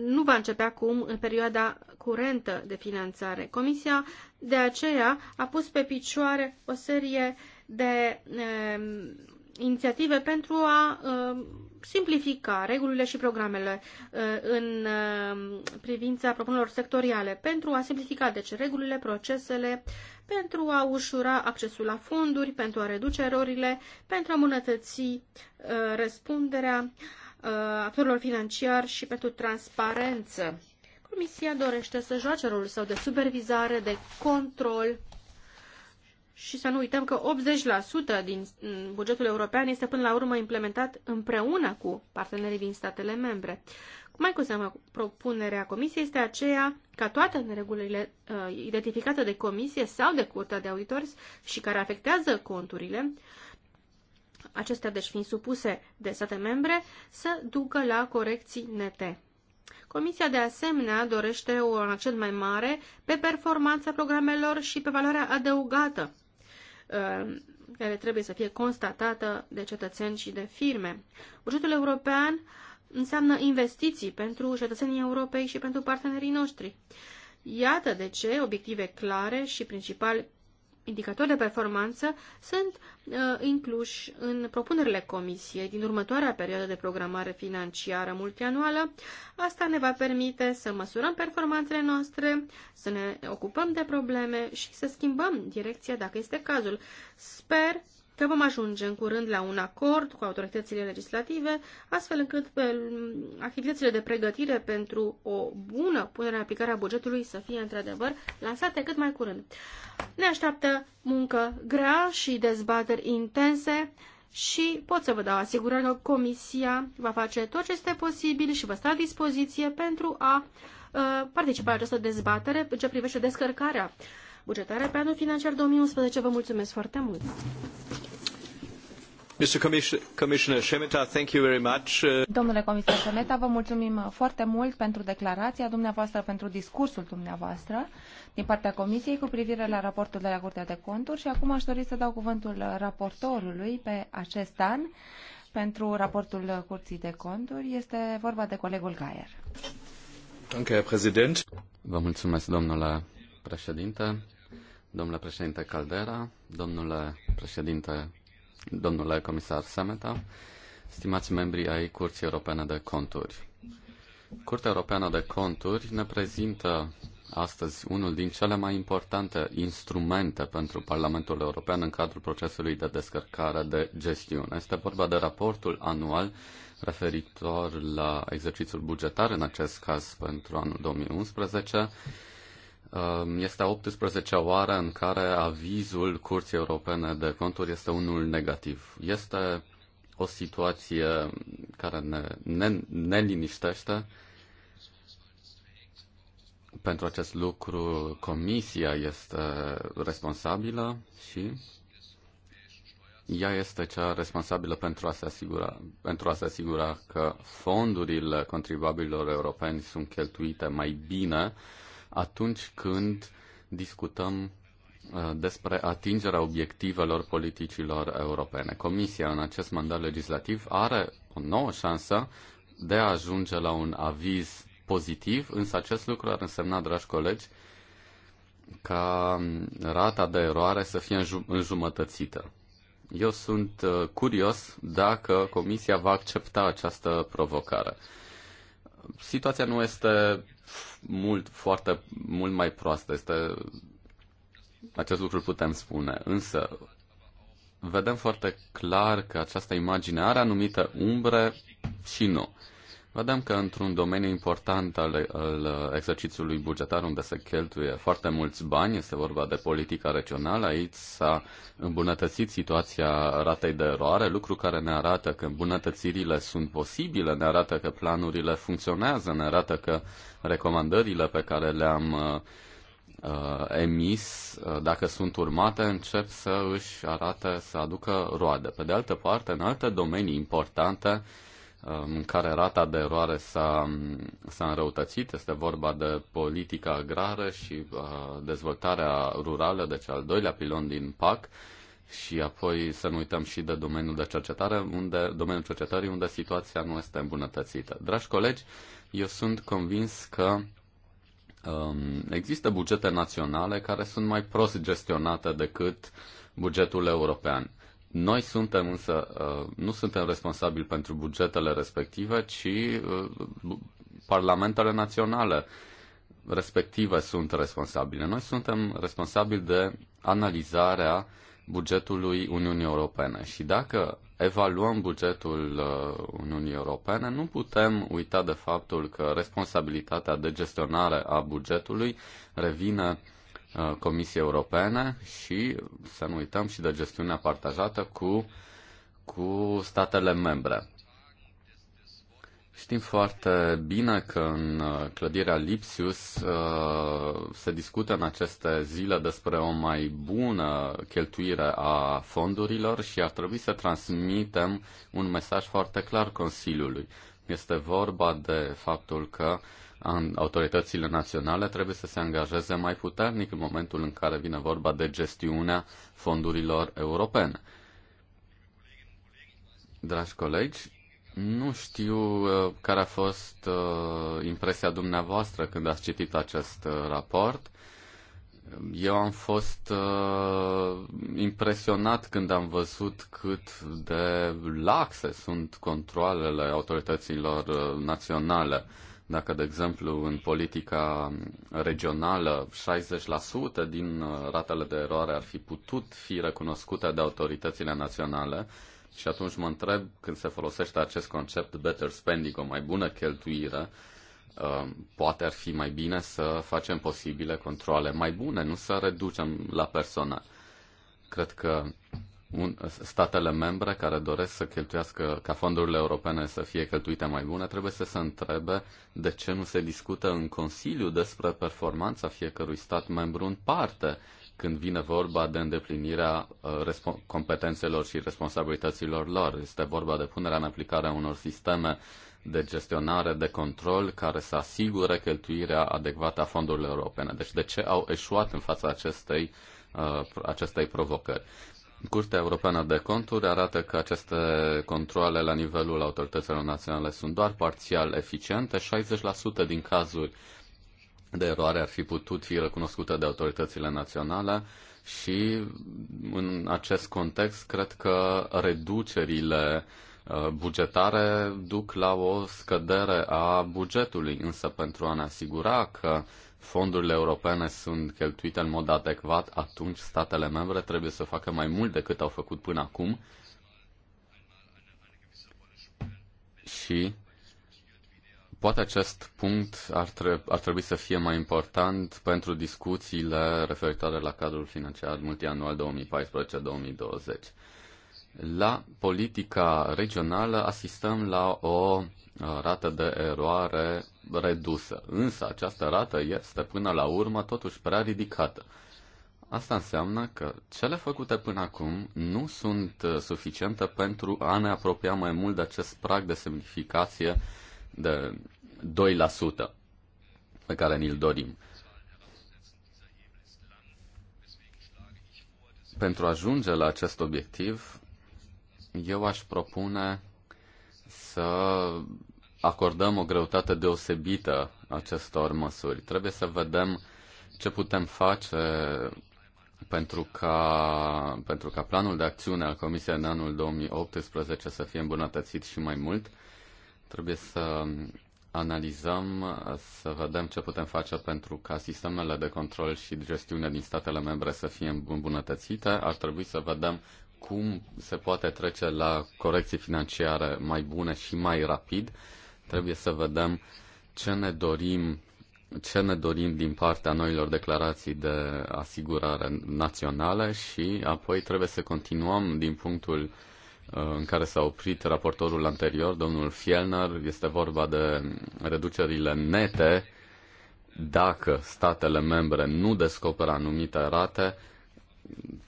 S1: nu va începe acum în perioada curentă de finanțare. Comisia de aceea a pus pe picioare o serie de e, inițiative pentru a e, simplifica regulile și programele uh, în uh, privința propunerilor sectoriale, pentru a simplifica, deci, regulile, procesele, pentru a ușura accesul la fonduri, pentru a reduce erorile, pentru a îmbunătăți uh, răspunderea actorilor financiari și pentru transparență. Comisia dorește să joace rolul său de supervizare, de control și să nu uităm că 80% din mm, bugetul european este până la urmă implementat împreună cu partenerii din statele membre. Mai cu seamă, propunerea Comisiei este aceea ca toate neregulile uh, identificate de Comisie sau de Curtea de Auditori și care afectează conturile, acestea deci fiind supuse de state membre, să ducă la corecții nete. Comisia de asemenea dorește un accent mai mare pe performanța programelor și pe valoarea adăugată Uh, care trebuie să fie constatată de cetățeni și de firme. Bugetul european înseamnă investiții pentru cetățenii Europei și pentru partenerii noștri. Iată de ce obiective clare și principali indicatori de performanță sunt uh, incluși în propunerile comisiei din următoarea perioadă de programare financiară multianuală. Asta ne va permite să măsurăm performanțele noastre, să ne ocupăm de probleme și să schimbăm direcția dacă este cazul. Sper că vom ajunge în curând la un acord cu autoritățile legislative, astfel încât activitățile de pregătire pentru o bună punere în aplicare a bugetului să fie într-adevăr lansate cât mai curând. Ne așteaptă muncă grea și dezbateri intense și pot să vă dau asigurări că Comisia va face tot ce este posibil și vă sta la dispoziție pentru a uh, participa la această dezbatere în ce privește descărcarea bugetară pe anul financiar 2011. Vă mulțumesc foarte mult! Domnule comisar Șemeta, vă mulțumim
S3: foarte mult pentru declarația dumneavoastră, pentru discursul dumneavoastră din partea Comisiei cu privire la raportul de la Curtea de Conturi și acum aș dori să dau cuvântul raportorului pe acest an pentru raportul Curții de Conturi. Este vorba de colegul Gaier.
S2: Danke, Herr Vă mulțumesc, domnule președinte, domnule președinte Caldera, domnule președinte domnule comisar Semeta, stimați membri ai Curții Europene de Conturi. Curtea Europeană de Conturi ne prezintă astăzi unul din cele mai importante instrumente pentru Parlamentul European în cadrul procesului de descărcare de gestiune. Este vorba de raportul anual referitor la exercițiul bugetar, în acest caz pentru anul 2011, Um, este a 18-a oară în care avizul Curții Europene de Conturi este unul negativ. Este o situație care ne, ne, ne liniștește. Pentru acest lucru, Comisia este responsabilă și ea este cea responsabilă pentru a se asigura, pentru a se asigura că fondurile contribuabililor europeni sunt cheltuite mai bine uh, atunci când discutăm uh, despre atingerea obiectivelor politicilor europene. Comisia în acest mandat legislativ are o nouă șansă de a ajunge la un aviz pozitiv, însă acest lucru ar însemna, dragi colegi, ca um, rata de eroare să fie înjumătățită. Eu sunt uh, curios dacă Comisia va accepta această provocare. Situația nu este mult, foarte, mult mai proastă. Este, acest lucru putem spune. Însă, vedem foarte clar că această imagine are anumite umbre și nu vedem că într-un domeniu important al, al exercițiului bugetar, unde se cheltuie foarte mulți bani, este vorba de politica regională, aici s-a îmbunătățit situația ratei de eroare, lucru care ne arată că îmbunătățirile sunt posibile, ne arată că planurile funcționează, ne arată că recomandările pe care le-am uh, uh emis, uh, dacă sunt urmate, încep să își arate, să aducă roade. Pe de altă parte, în alte domenii importante, în care rata de eroare s-a, s-a înrăutățit. Este vorba de politica agrară și uh, dezvoltarea rurală, deci al doilea pilon din PAC, și apoi să nu uităm și de domeniul de cercetare, unde, domeniul cercetării, unde situația nu este îmbunătățită. Dragi colegi, eu sunt convins că um, există bugete naționale care sunt mai prost gestionate decât bugetul european. Noi suntem însă, uh, nu suntem responsabili pentru bugetele respective, ci uh, parlamentele naționale respective sunt responsabile. Noi suntem responsabili de analizarea bugetului Uniunii Europene și dacă evaluăm bugetul uh, Uniunii Europene, nu putem uita de faptul că responsabilitatea de gestionare a bugetului revine Uh, Comisiei Europene și să nu uităm și de gestiunea partajată cu, cu statele membre. Știm foarte bine că în uh, clădirea Lipsius uh, se discută în aceste zile despre o mai bună cheltuire a fondurilor și ar trebui să transmitem un mesaj foarte clar Consiliului. Este vorba de faptul că uh, autoritățile naționale trebuie să se angajeze mai puternic în momentul în care vine vorba de gestiunea fondurilor europene. Dragi colegi, nu știu uh, care a fost uh, impresia dumneavoastră când ați citit acest uh, raport. Eu am fost uh, impresionat când am văzut cât de laxe sunt controlele autorităților naționale. Uh, dacă, de exemplu, în politica regională 60% din uh, ratele de eroare ar fi putut fi recunoscute de autoritățile naționale, și atunci mă întreb, când se folosește acest concept better spending, o mai bună cheltuire, uh, poate ar fi mai bine să facem posibile controle mai bune, nu să reducem la persoană. Cred că un, statele membre care doresc să cheltuiască, ca fondurile europene să fie cheltuite mai bune, trebuie să se întrebe de ce nu se discută în Consiliu despre performanța fiecărui stat membru în parte, când vine vorba de îndeplinirea uh, competențelor și responsabilităților lor. Este vorba de punerea în aplicare a unor sisteme de gestionare, de control, care să asigure cheltuirea adecvată a fondurilor europene. Deci de ce au eșuat în fața acestei uh, acestei provocări. Curtea Europeană de Conturi arată că aceste controle la nivelul autorităților naționale sunt doar parțial eficiente. 60% din cazuri de eroare ar fi putut fi recunoscute de autoritățile naționale și în acest context cred că reducerile uh, bugetare duc la o scădere a bugetului, însă pentru a ne asigura că fondurile europene sunt cheltuite în mod adecvat, atunci statele membre trebuie să facă mai mult decât au făcut până acum și poate acest punct ar, tre- ar trebui să fie mai important pentru discuțiile referitoare la cadrul financiar multianual 2014-2020. La politica regională asistăm la o Uh, rată de eroare redusă. Însă această rată este până la urmă totuși prea ridicată. Asta înseamnă că cele făcute până acum nu sunt uh, suficiente pentru a ne apropia mai mult de acest prag de semnificație de 2% pe care ni-l dorim. Pentru a ajunge la acest obiectiv, eu aș propune să acordăm o greutate deosebită acestor măsuri. Trebuie să vedem ce putem face pentru ca, pentru ca planul de acțiune al Comisiei în anul 2018 să fie îmbunătățit și mai mult. Trebuie să analizăm, să vedem ce putem face pentru ca sistemele de control și gestiune din statele membre să fie îmbunătățite. Ar trebui să vedem cum se poate trece la corecții financiare mai bune și mai rapid Trebuie să vedem ce ne dorim ce ne dorim din partea noilor declarații de asigurare naționale și apoi trebuie să continuăm din punctul uh, în care s-a oprit raportorul anterior, domnul Fielner, este vorba de reducerile nete dacă statele membre nu descoperă anumite rate,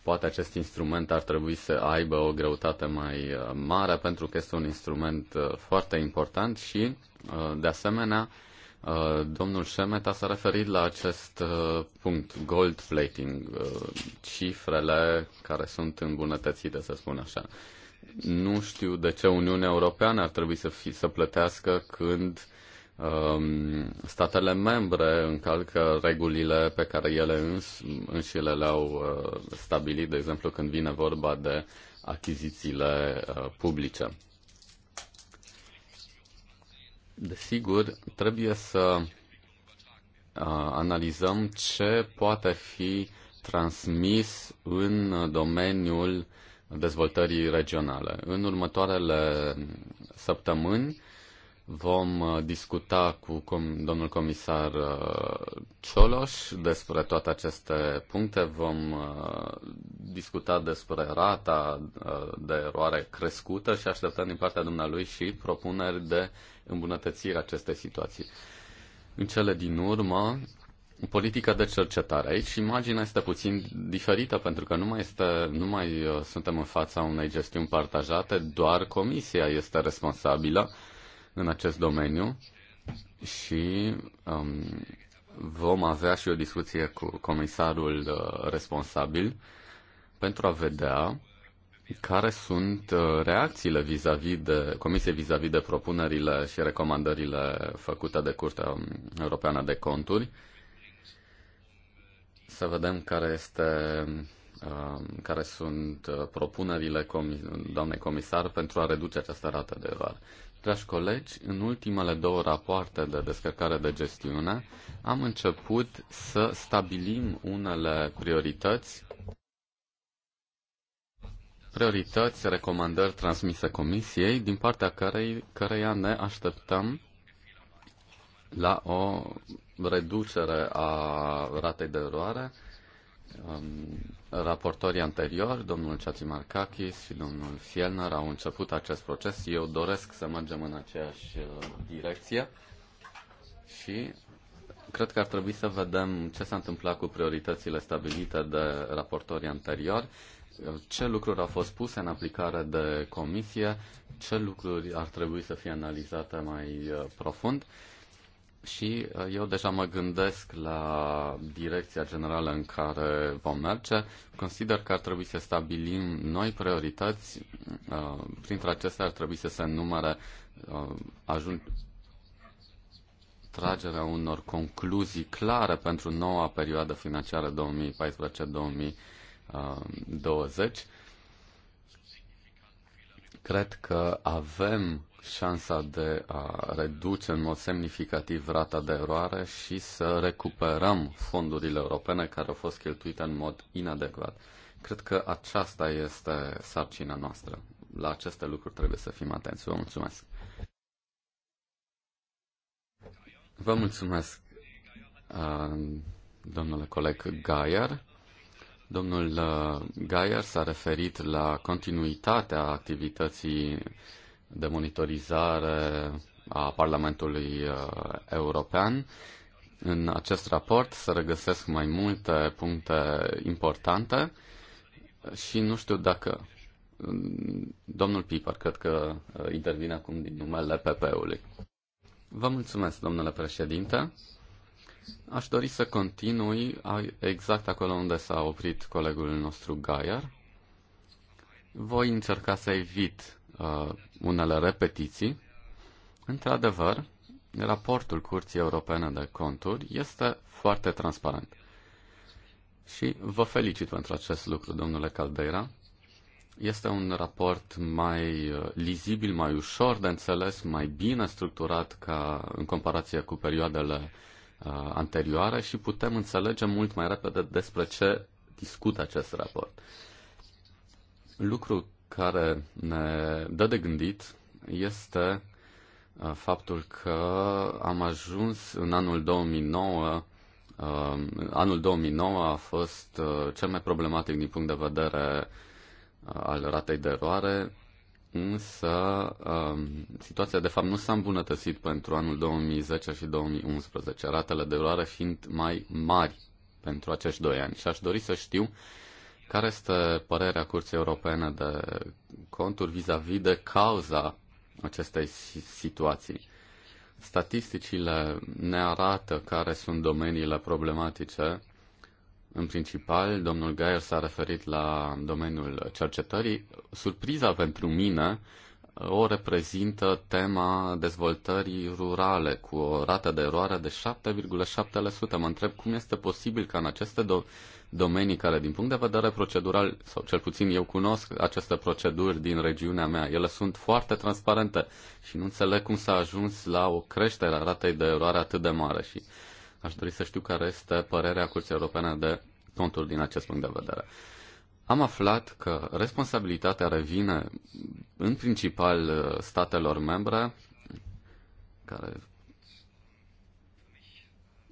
S2: poate acest instrument ar trebui să aibă o greutate mai uh, mare pentru că este un instrument uh, foarte important și, uh, de asemenea, domnul a s-a referit la acest punct, gold plating, cifrele care sunt îmbunătățite, să spun așa. Nu știu de ce Uniunea Europeană ar trebui să, fi, să plătească când uh, Um, statele membre încalcă regulile pe care ele îns, înșile le-au uh, stabilit, de exemplu când vine vorba de achizițiile uh, publice. Desigur, trebuie să uh, analizăm ce poate fi transmis în domeniul dezvoltării regionale. În următoarele săptămâni Vom uh, discuta cu domnul comisar uh, Cioloș despre toate aceste puncte. Vom uh, discuta despre rata de eroare crescută și așteptăm din partea dumnealui și propuneri de îmbunătățire a acestei situații. În cele din urmă, politica de cercetare. Aici imaginea este puțin diferită pentru că nu mai, este, nu mai suntem în fața unei gestiuni partajate, doar comisia este responsabilă în acest domeniu și um, vom avea și o discuție cu comisarul uh, responsabil pentru a vedea care sunt uh, reacțiile vis-a-vis -vis de Comisie vis-a-vis de propunerile și recomandările făcute de Curtea um, Europeană de Conturi? Să vedem care este um, care sunt uh, propunerile doamnei comisar pentru a reduce această rată de eroare. Dragi colegi, în ultimele două rapoarte de descărcare de gestiune am început să stabilim unele priorități priorități, recomandări transmise Comisiei, din partea cărei, căreia ne așteptăm la o reducere a ratei de eroare, um, Raportorii anteriori, domnul Chachimarkakis și domnul Fielner, au început acest proces. Eu doresc să mergem în aceeași uh, direcție și cred că ar trebui să vedem ce s-a întâmplat cu prioritățile stabilite de raportorii anteriori, ce lucruri au fost puse în aplicare de comisie, ce lucruri ar trebui să fie analizate mai uh, profund și uh, eu deja mă gândesc la direcția generală în care vom merge. Consider că ar trebui să stabilim noi priorități. Uh, printre acestea ar trebui să se numere uh, ajung tragerea unor concluzii clare pentru noua perioadă financiară 2014-2020. Cred că avem șansa de a reduce în mod semnificativ rata de eroare și să recuperăm fondurile europene care au fost cheltuite în mod inadecvat. Cred că aceasta este sarcina noastră. La aceste lucruri trebuie să fim atenți. Vă mulțumesc. Vă mulțumesc, uh, domnule coleg Gaier. Domnul uh, Gaier s-a referit la continuitatea activității de monitorizare a Parlamentului uh, European. În acest raport se regăsesc mai multe puncte importante și nu știu dacă mm, domnul Piper, cred că uh, intervine acum din numele PP-ului. Vă mulțumesc, domnule președinte. Aș dori să continui exact acolo unde s-a oprit colegul nostru Gaier. Voi încerca să evit uh, unele repetiții. Într-adevăr, raportul Curții Europene de Conturi este foarte transparent. Și vă felicit pentru acest lucru, domnule Caldeira. Este un raport mai uh, lizibil, mai ușor de înțeles, mai bine structurat ca în comparație cu perioadele uh, anterioare și putem înțelege mult mai repede despre ce discută acest raport. Lucru care ne dă de gândit este uh, faptul că am ajuns în anul 2009 uh, anul 2009 a fost uh, cel mai problematic din punct de vedere al ratei de eroare, însă situația de fapt nu s-a îmbunătățit pentru anul 2010 și 2011, ratele de eroare fiind mai mari pentru acești doi ani. Și aș dori să știu care este părerea Curții Europene de Conturi vis-a-vis -vis de cauza acestei situații? Statisticile ne arată care sunt domeniile problematice. În principal, domnul Geier s-a referit la domeniul cercetării. Surpriza pentru mine o reprezintă tema dezvoltării rurale cu o rată de eroare de 7,7%. Mă întreb cum este posibil ca în aceste do- domenii care, din punct de vedere procedural, sau cel puțin eu cunosc aceste proceduri din regiunea mea, ele sunt foarte transparente și nu înțeleg cum s-a ajuns la o creștere a ratei de eroare atât de mare și aș dori să știu care este părerea Curții Europene de Conturi din acest punct de vedere. Am aflat că responsabilitatea revine în principal uh, statelor membre care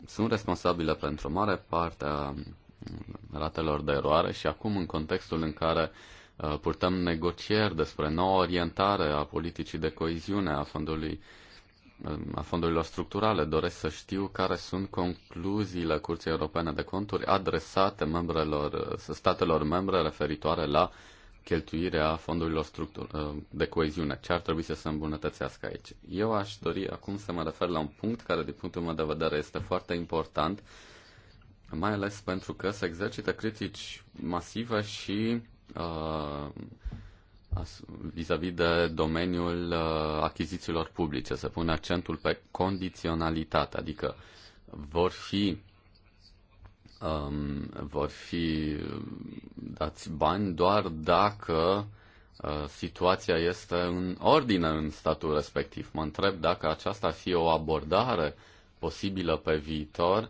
S2: sunt responsabile pentru o mare parte a ratelor de eroare și acum în contextul în care uh, purtăm negocieri despre noua orientare a politicii de coeziune a fondului um, a fondurilor structurale. Doresc să știu care sunt concluziile Curții Europene de Conturi adresate membrelor, uh, statelor membre referitoare la cheltuirea fondurilor uh, de coeziune. Ce ar trebui să se îmbunătățească aici? Eu aș dori acum să mă refer la un punct care, din punctul meu de vedere, este foarte important mai ales pentru că se exercită critici masive și uh, vis-a-vis -vis de domeniul uh, achizițiilor publice. Se pune accentul pe condiționalitate, adică vor fi um, vor fi dați bani doar dacă uh, situația este în ordine în statul respectiv. Mă întreb dacă aceasta ar fi o abordare posibilă pe viitor uh,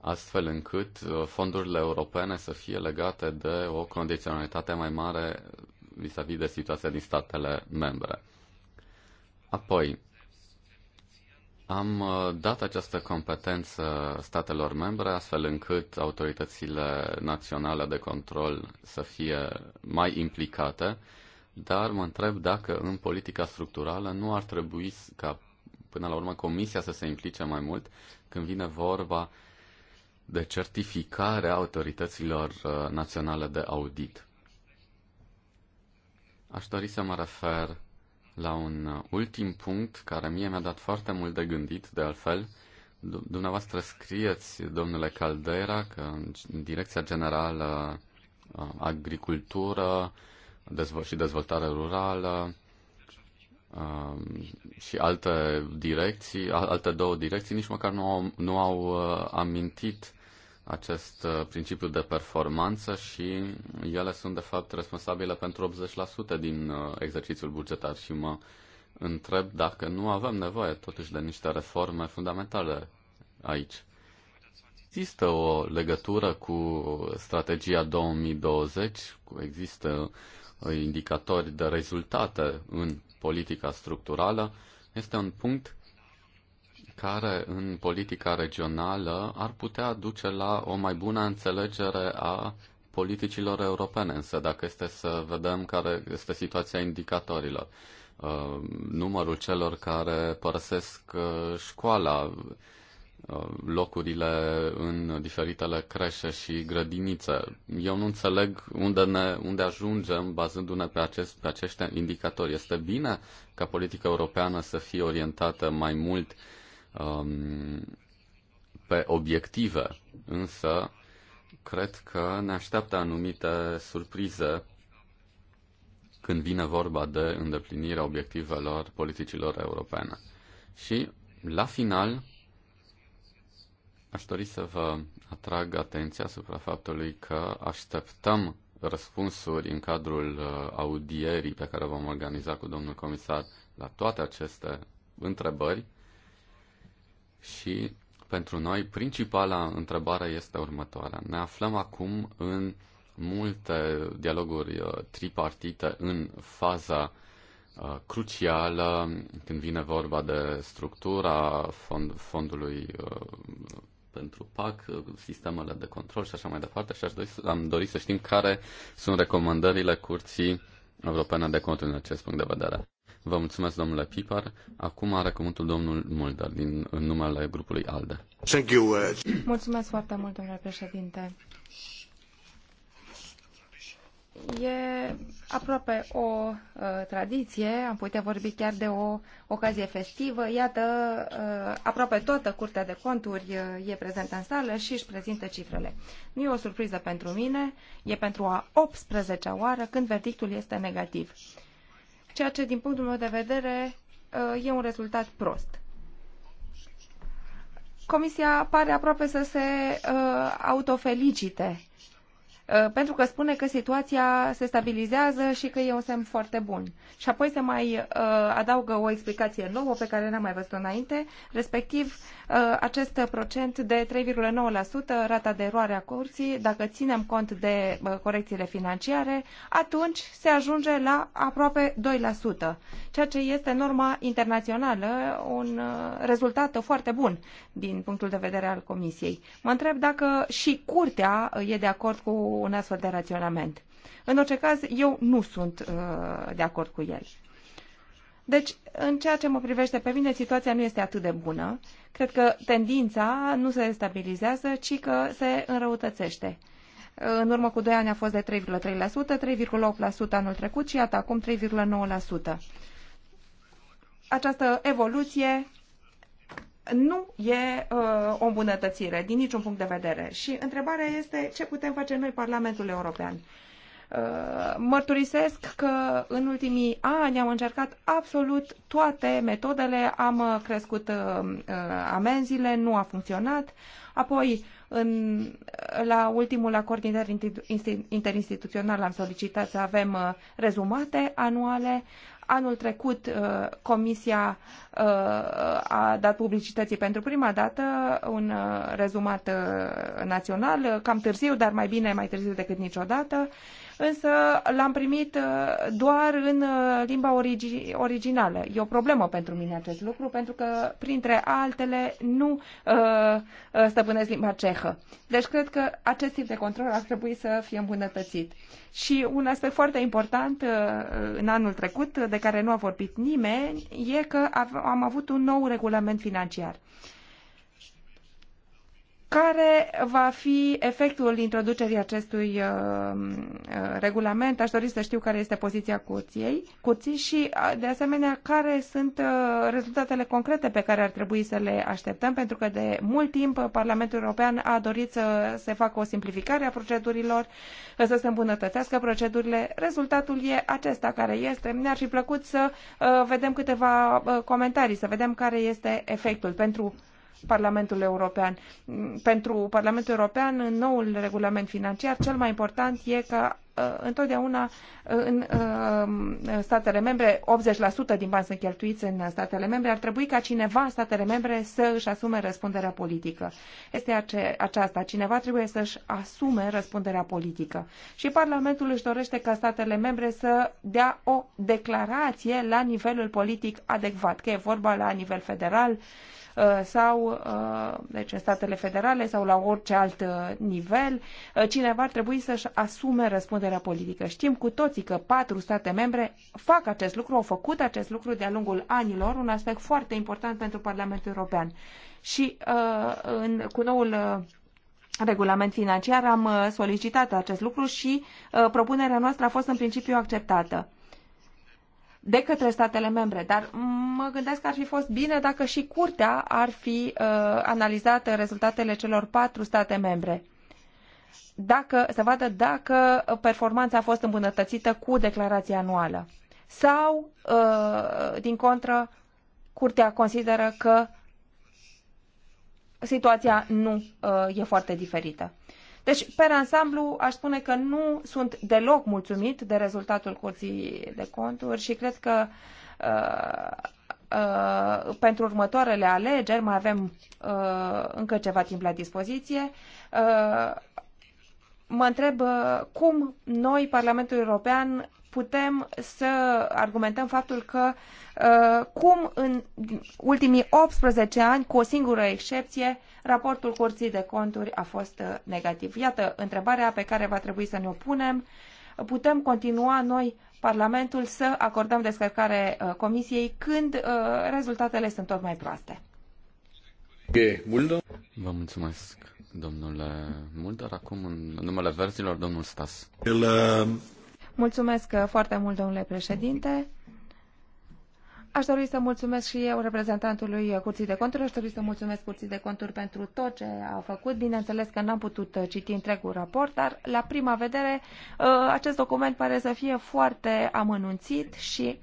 S2: astfel încât uh, fondurile europene să fie legate de o condiționalitate mai mare vis-a-vis -vis de situația din statele membre. Apoi, am uh, dat această competență statelor membre astfel încât autoritățile naționale de control să fie mai implicate, dar mă întreb dacă în politica structurală nu ar trebui ca până la urmă Comisia să se implice mai mult când vine vorba de certificare a autorităților uh, naționale de audit. Aș dori să mă refer la un uh, ultim punct care mie mi-a dat foarte mult de gândit, de altfel. Dumneavoastră scrieți, domnule Caldera, că în Direcția Generală uh, Agricultură și Dezvoltare Rurală um, și alte direcții, alte două direcții, nici măcar nu au, nu au amintit acest uh, principiu de performanță și ele sunt de fapt responsabile pentru 80% din uh, exercițiul bugetar și mă întreb dacă nu avem nevoie totuși de niște reforme fundamentale aici. Există o legătură cu strategia 2020? Există uh, indicatori de rezultate în politica structurală? Este un punct implicare în politica regională ar putea duce la o mai bună înțelegere a politicilor europene, însă dacă este să vedem care este situația indicatorilor, uh, numărul celor care părăsesc uh, școala, uh, locurile în diferitele creșe și grădinițe. Eu nu înțeleg unde, ne, unde ajungem bazându-ne pe, acest, pe acești indicatori. Este bine ca politica europeană să fie orientată mai mult uh, um, pe obiective, însă cred că ne așteaptă anumite surprize când vine vorba de îndeplinirea obiectivelor politicilor europene. Și, la final, aș dori să vă atrag atenția asupra faptului că așteptăm răspunsuri în cadrul uh, audierii pe care vom organiza cu domnul comisar la toate aceste întrebări și pentru noi, principala întrebare este următoarea. Ne aflăm acum în multe dialoguri uh, tripartite în faza uh, crucială când vine vorba de structura fond, fondului uh, pentru PAC, sistemele de control și așa mai departe și aș dori, am dorit să știm care sunt recomandările Curții Europene de control în acest punct de vedere. Vă mulțumesc, domnule Pipar. Acum are cuvântul domnul Mulder, din în numele grupului ALDE. Thank you. Uh,
S3: mulțumesc foarte mult, domnule președinte. E aproape o uh, tradiție, am putea vorbi chiar de o ocazie festivă. Iată, uh, aproape toată Curtea de Conturi uh, e prezentă în sală și își prezintă cifrele. Nu e o surpriză pentru mine, e pentru a 18-a oară când verdictul este negativ. Uh, ceea ce, din punctul meu de vedere, uh, e un rezultat prost. Comisia pare aproape să se uh, autofelicite Uh, pentru că spune că situația se stabilizează și că e un semn foarte bun. Și apoi se mai uh, adaugă o explicație nouă pe care n-am mai văzut înainte, respectiv uh, acest procent de 3,9% rata de eroare a curții, dacă ținem cont de corecțiile financiare, atunci se ajunge la aproape 2%, ceea ce este norma internațională, un rezultat foarte bun din punctul de vedere al Comisiei. Mă întreb dacă și curtea e de acord cu un astfel de raționament. În orice caz, eu nu sunt uh, de acord cu el. Deci, în ceea ce mă privește pe mine, situația nu este atât de bună. Cred că tendința nu se stabilizează, ci că se înrăutățește. În urmă cu 2 ani a fost de 3,3%, 3,8% anul trecut și iată acum 3,9%. Această evoluție nu e uh, o îmbunătățire din niciun punct de vedere. Și întrebarea este ce putem face noi, Parlamentul European. Uh, mărturisesc că în ultimii ani am încercat absolut toate metodele, am uh, crescut uh, uh, amenziile, nu a funcționat. Apoi, în, la ultimul acord interinstituțional am solicitat să avem uh, rezumate anuale. Anul trecut, Comisia a dat publicității pentru prima dată un uh, rezumat uh, național, uh, cam târziu, dar mai bine mai târziu decât niciodată, însă l-am primit doar în limba origi- originală. E o problemă pentru mine acest lucru, pentru că, printre altele, nu uh, stăpânesc limba cehă. Deci, cred că acest tip de control ar trebui să fie îmbunătățit. Și un aspect foarte important în anul trecut, de care nu a vorbit nimeni, e că am avut un nou regulament financiar care va fi efectul introducerii acestui uh, uh, regulament? Aș dori să știu care este poziția curții, curții și, uh, de asemenea, care sunt uh, rezultatele concrete pe care ar trebui să le așteptăm, pentru că de mult timp Parlamentul European a dorit să se facă o simplificare a procedurilor, să se îmbunătățească procedurile. Rezultatul e acesta care este. Ne-ar fi plăcut să uh, vedem câteva uh, comentarii, să vedem care este efectul pentru Parlamentul European. Pentru Parlamentul European, în noul regulament financiar, cel mai important e că uh, întotdeauna uh, în uh, statele membre, 80% din bani sunt cheltuiți în statele membre, ar trebui ca cineva în statele membre să își asume răspunderea politică. Este aceasta, cineva trebuie să își asume răspunderea politică. Și Parlamentul își dorește ca statele membre să dea o declarație la nivelul politic adecvat, că e vorba la nivel federal, Uh, sau uh, deci în statele federale sau la orice alt uh, nivel, cineva ar trebui să-și asume răspunderea politică. Știm cu toții că patru state membre fac acest lucru, au făcut acest lucru de-a lungul anilor, un aspect foarte important pentru Parlamentul European. Și uh, în, cu noul uh, regulament financiar am solicitat acest lucru și uh, propunerea noastră a fost în principiu acceptată de către statele membre, dar mă gândesc că ar fi fost bine dacă și curtea ar fi uh, analizat rezultatele celor patru state membre. Dacă, să vadă dacă performanța a fost îmbunătățită cu declarația anuală. Sau, uh, din contră, curtea consideră că situația nu uh, e foarte diferită. Deci, pe ansamblu, aș spune că nu sunt deloc mulțumit de rezultatul curții de conturi și cred că uh, uh, pentru următoarele alegeri mai avem uh, încă ceva timp la dispoziție. Uh, mă întreb uh, cum noi, Parlamentul European, putem să argumentăm faptul că uh, cum în ultimii 18 ani, cu o singură excepție, raportul Curții de Conturi a fost uh, negativ. Iată întrebarea pe care va trebui să ne o punem. Putem continua noi, Parlamentul, să acordăm descărcare uh, Comisiei când rezultatele sunt tot mai proaste.
S2: Vă mulțumesc, domnule Muldor. Acum, în numele verzilor, domnul Stas.
S3: Mulțumesc uh, foarte mult, domnule președinte. Aș dori să mulțumesc și eu reprezentantului uh, Curții de Conturi. Aș dori să mulțumesc Curții de Conturi pentru tot ce au făcut. Bineînțeles că n-am putut uh, citi întregul raport, dar la prima vedere acest document pare să fie foarte amănunțit și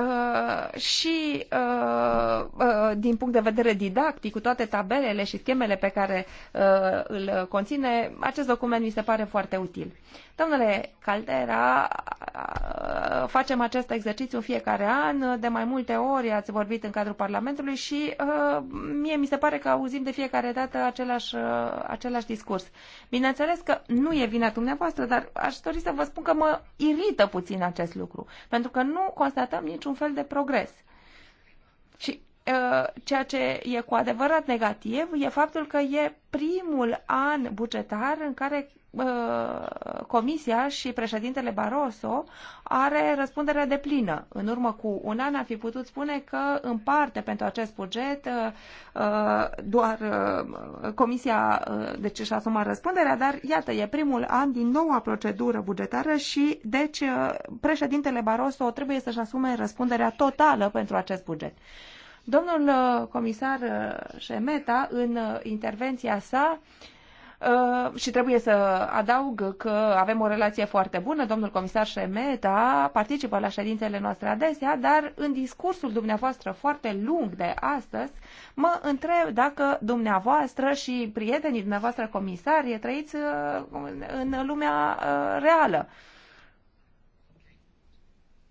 S3: Uh, și uh, uh, din punct de vedere didactic, cu toate tabelele și schemele pe care îl conține, acest document mi se pare foarte util. Domnule Caldera, facem acest exercițiu în fiecare an, de mai multe ori ați vorbit în cadrul Parlamentului și mie mi se pare că auzim de fiecare dată același, același discurs. Bineînțeles că nu e vina dumneavoastră, dar aș dori să vă spun că mă irită puțin acest lucru, pentru că nu constatăm niciun fel de progres. Și ceea ce e cu adevărat negativ e faptul că e primul an bugetar în care Uh, comisia și președintele Barroso are răspundere de plină. În urmă cu un an a fi putut spune că în parte pentru acest buget uh, uh, doar Comisia deci își asuma răspunderea, dar iată, e primul an din noua procedură bugetară și deci președintele Barroso trebuie să-și asume răspunderea totală pentru acest buget. Domnul comisar Șemeta, în intervenția sa, Uh, și trebuie să adaug că avem o relație foarte bună. Domnul comisar Șemeta participă la ședințele noastre adesea, dar în discursul dumneavoastră foarte lung de astăzi, mă întreb dacă dumneavoastră și prietenii dumneavoastră comisari trăiți uh, în lumea uh, reală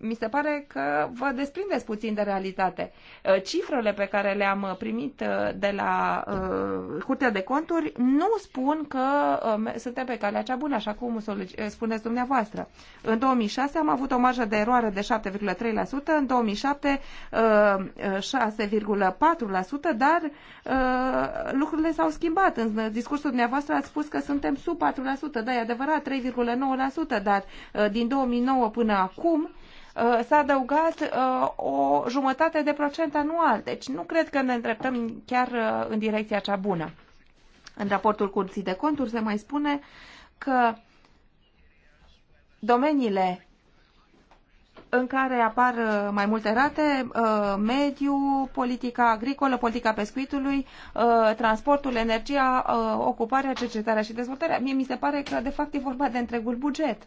S3: mi se pare că vă desprindeți puțin de realitate. Uh, cifrele pe care le-am uh, primit uh, de la Curtea de Conturi nu spun că um, suntem pe calea cea bună, așa cum spuneți dumneavoastră. În 2006 am avut o marjă de eroare de 7,3%, în 2007 6,4%, dar lucrurile s-au schimbat. În discursul dumneavoastră ați spus că suntem sub 4%, da, e adevărat, 3,9%, dar din 2009 până acum Uh, s-a adăugat uh, o jumătate de procent anual. Deci nu cred că ne îndreptăm chiar uh, în direcția cea bună. În raportul Curții de Conturi se mai spune că domeniile în care apar mai multe rate, mediu, politica agricolă, politica pescuitului, transportul, energia, ocuparea, cercetarea și dezvoltarea. Mie mi se pare că, de fapt, e vorba de întregul buget.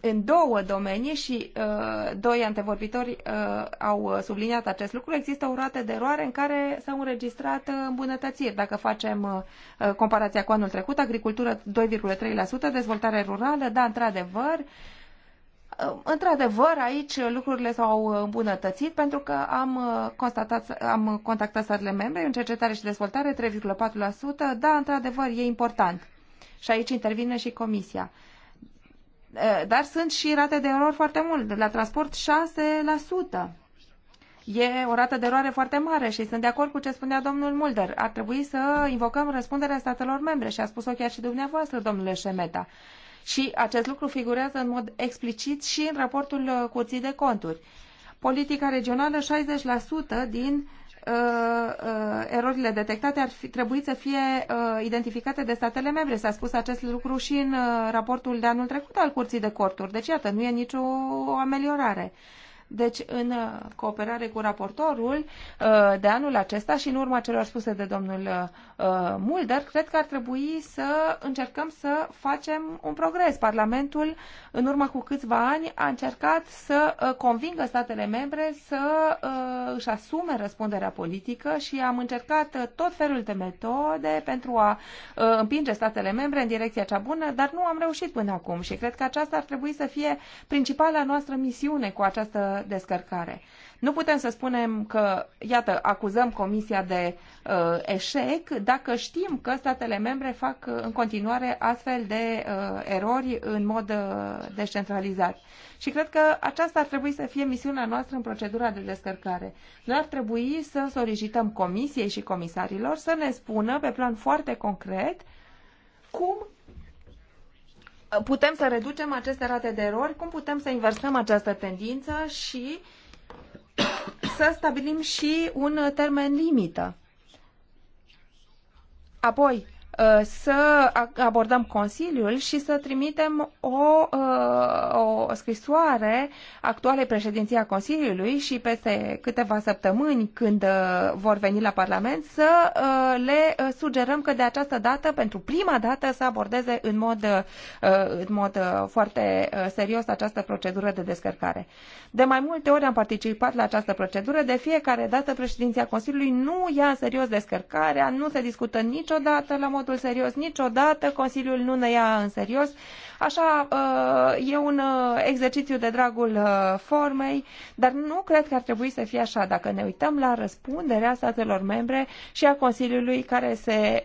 S3: în două domenii și uh, doi antevorbitori uh, au subliniat acest lucru, există o rată de eroare în care s-au înregistrat uh, îmbunătățiri. Dacă facem uh, uh comparația cu anul trecut, agricultură 2,3%, dezvoltare rurală, da, într-adevăr, uh, Într-adevăr, aici lucrurile s-au uh, îmbunătățit pentru că am, constatat, am contactat statele membre în cercetare și dezvoltare 3,4%. Da, într-adevăr, e important. Și aici intervine și Comisia. Eh, dar sunt și rate de erori foarte mult, la transport 6%. E o rată de eroare foarte mare și sunt de acord cu ce spunea domnul Mulder. Ar trebui să invocăm răspunderea statelor membre și a spus-o chiar și dumneavoastră, domnule Șemeta. Și acest lucru figurează în mod explicit și în raportul uh, Curții de Conturi. Politica regională 60% din Uh, uh, erorile detectate ar fi trebuit să fie uh, identificate de statele membre. S-a spus acest lucru și în raportul de anul trecut al Curții de Corturi. Deci, iată, nu e nicio ameliorare. Uh, deci, în uh, cooperare cu raportorul uh, de anul acesta și în urma celor spuse de domnul uh, Mulder, cred că ar trebui să încercăm să facem un progres. Parlamentul, în urmă cu câțiva ani, a încercat să convingă statele membre să își asume răspunderea politică și am încercat tot felul de metode pentru a împinge statele membre în direcția cea bună, dar nu am reușit până acum și cred că aceasta ar trebui să fie principala noastră misiune cu această descărcare. Nu putem să spunem că, iată, acuzăm Comisia de uh, eșec dacă știm că statele membre fac uh, în continuare astfel de uh, erori în mod uh, descentralizat. Și cred că aceasta ar trebui să fie misiunea noastră în procedura de descărcare. Noi ar trebui să solicităm Comisiei și comisarilor să ne spună pe plan foarte concret cum putem să reducem aceste rate de erori, cum putem să inversăm această tendință și să stabilim și un termen limită. Apoi, Uh, să abordăm Consiliul și să trimitem o, uh, o scrisoare actualei președinții a Consiliului și peste câteva săptămâni când uh, vor veni la Parlament să le sugerăm că de această dată, pentru prima dată, să abordeze în mod, în mod foarte serios această procedură de descărcare. De mai multe ori am participat la această procedură, de fiecare dată președinția Consiliului nu ia în serios descărcarea, nu se discută niciodată la mod totul serios niciodată, Consiliul nu ne ia în serios. Așa uh, e un uh, exercițiu de dragul uh, formei, dar nu cred că ar trebui să fie așa. Dacă ne uităm la răspunderea statelor membre și a Consiliului care se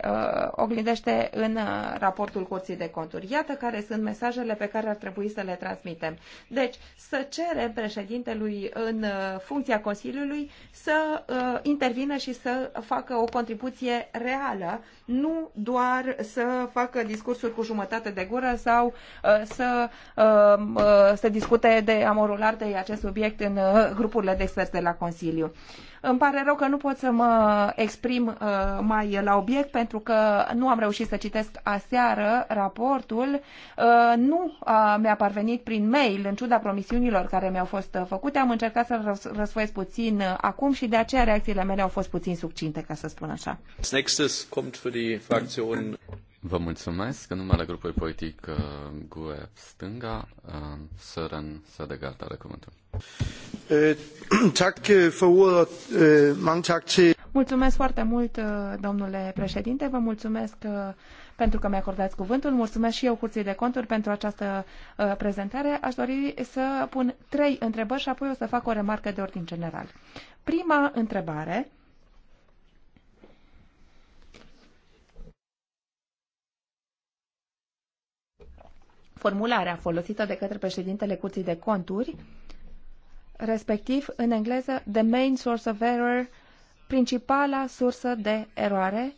S3: oglindește în raportul Curții de Conturi. Iată care sunt mesajele pe care ar trebui să le transmitem. Deci, să cerem președintelui în funcția Consiliului să intervină și să facă o contribuție reală, nu doar să facă discursuri cu jumătate de gură sau Uh, să uh, uh, se discute de amorul artei acest subiect în grupurile de experți de la Consiliu. Îmi pare rău că nu pot să mă exprim mai la obiect pentru că nu am reușit să citesc aseară raportul. Nu mi-a parvenit prin mail, în ciuda promisiunilor care mi-au fost făcute. Am încercat să răsfoiesc puțin acum și de aceea reacțiile mele au fost puțin succinte, ca să spun așa.
S2: Vă mulțumesc. În numele grupului politic uh, GUE Stânga, uh, Søren Sødegaard are cuvântul. Øh, øh, øh,
S3: mulțumesc foarte mult, uh, domnule președinte. Vă mulțumesc uh, pentru că mi-acordați cuvântul. Mulțumesc și eu Curții de Conturi pentru această uh, prezentare. Aș dori să pun trei întrebări și apoi o să fac o remarcă de ordin general. Prima întrebare formularea folosită de către președintele Curții de Conturi, respectiv în engleză the main source of error, principala sursă de eroare,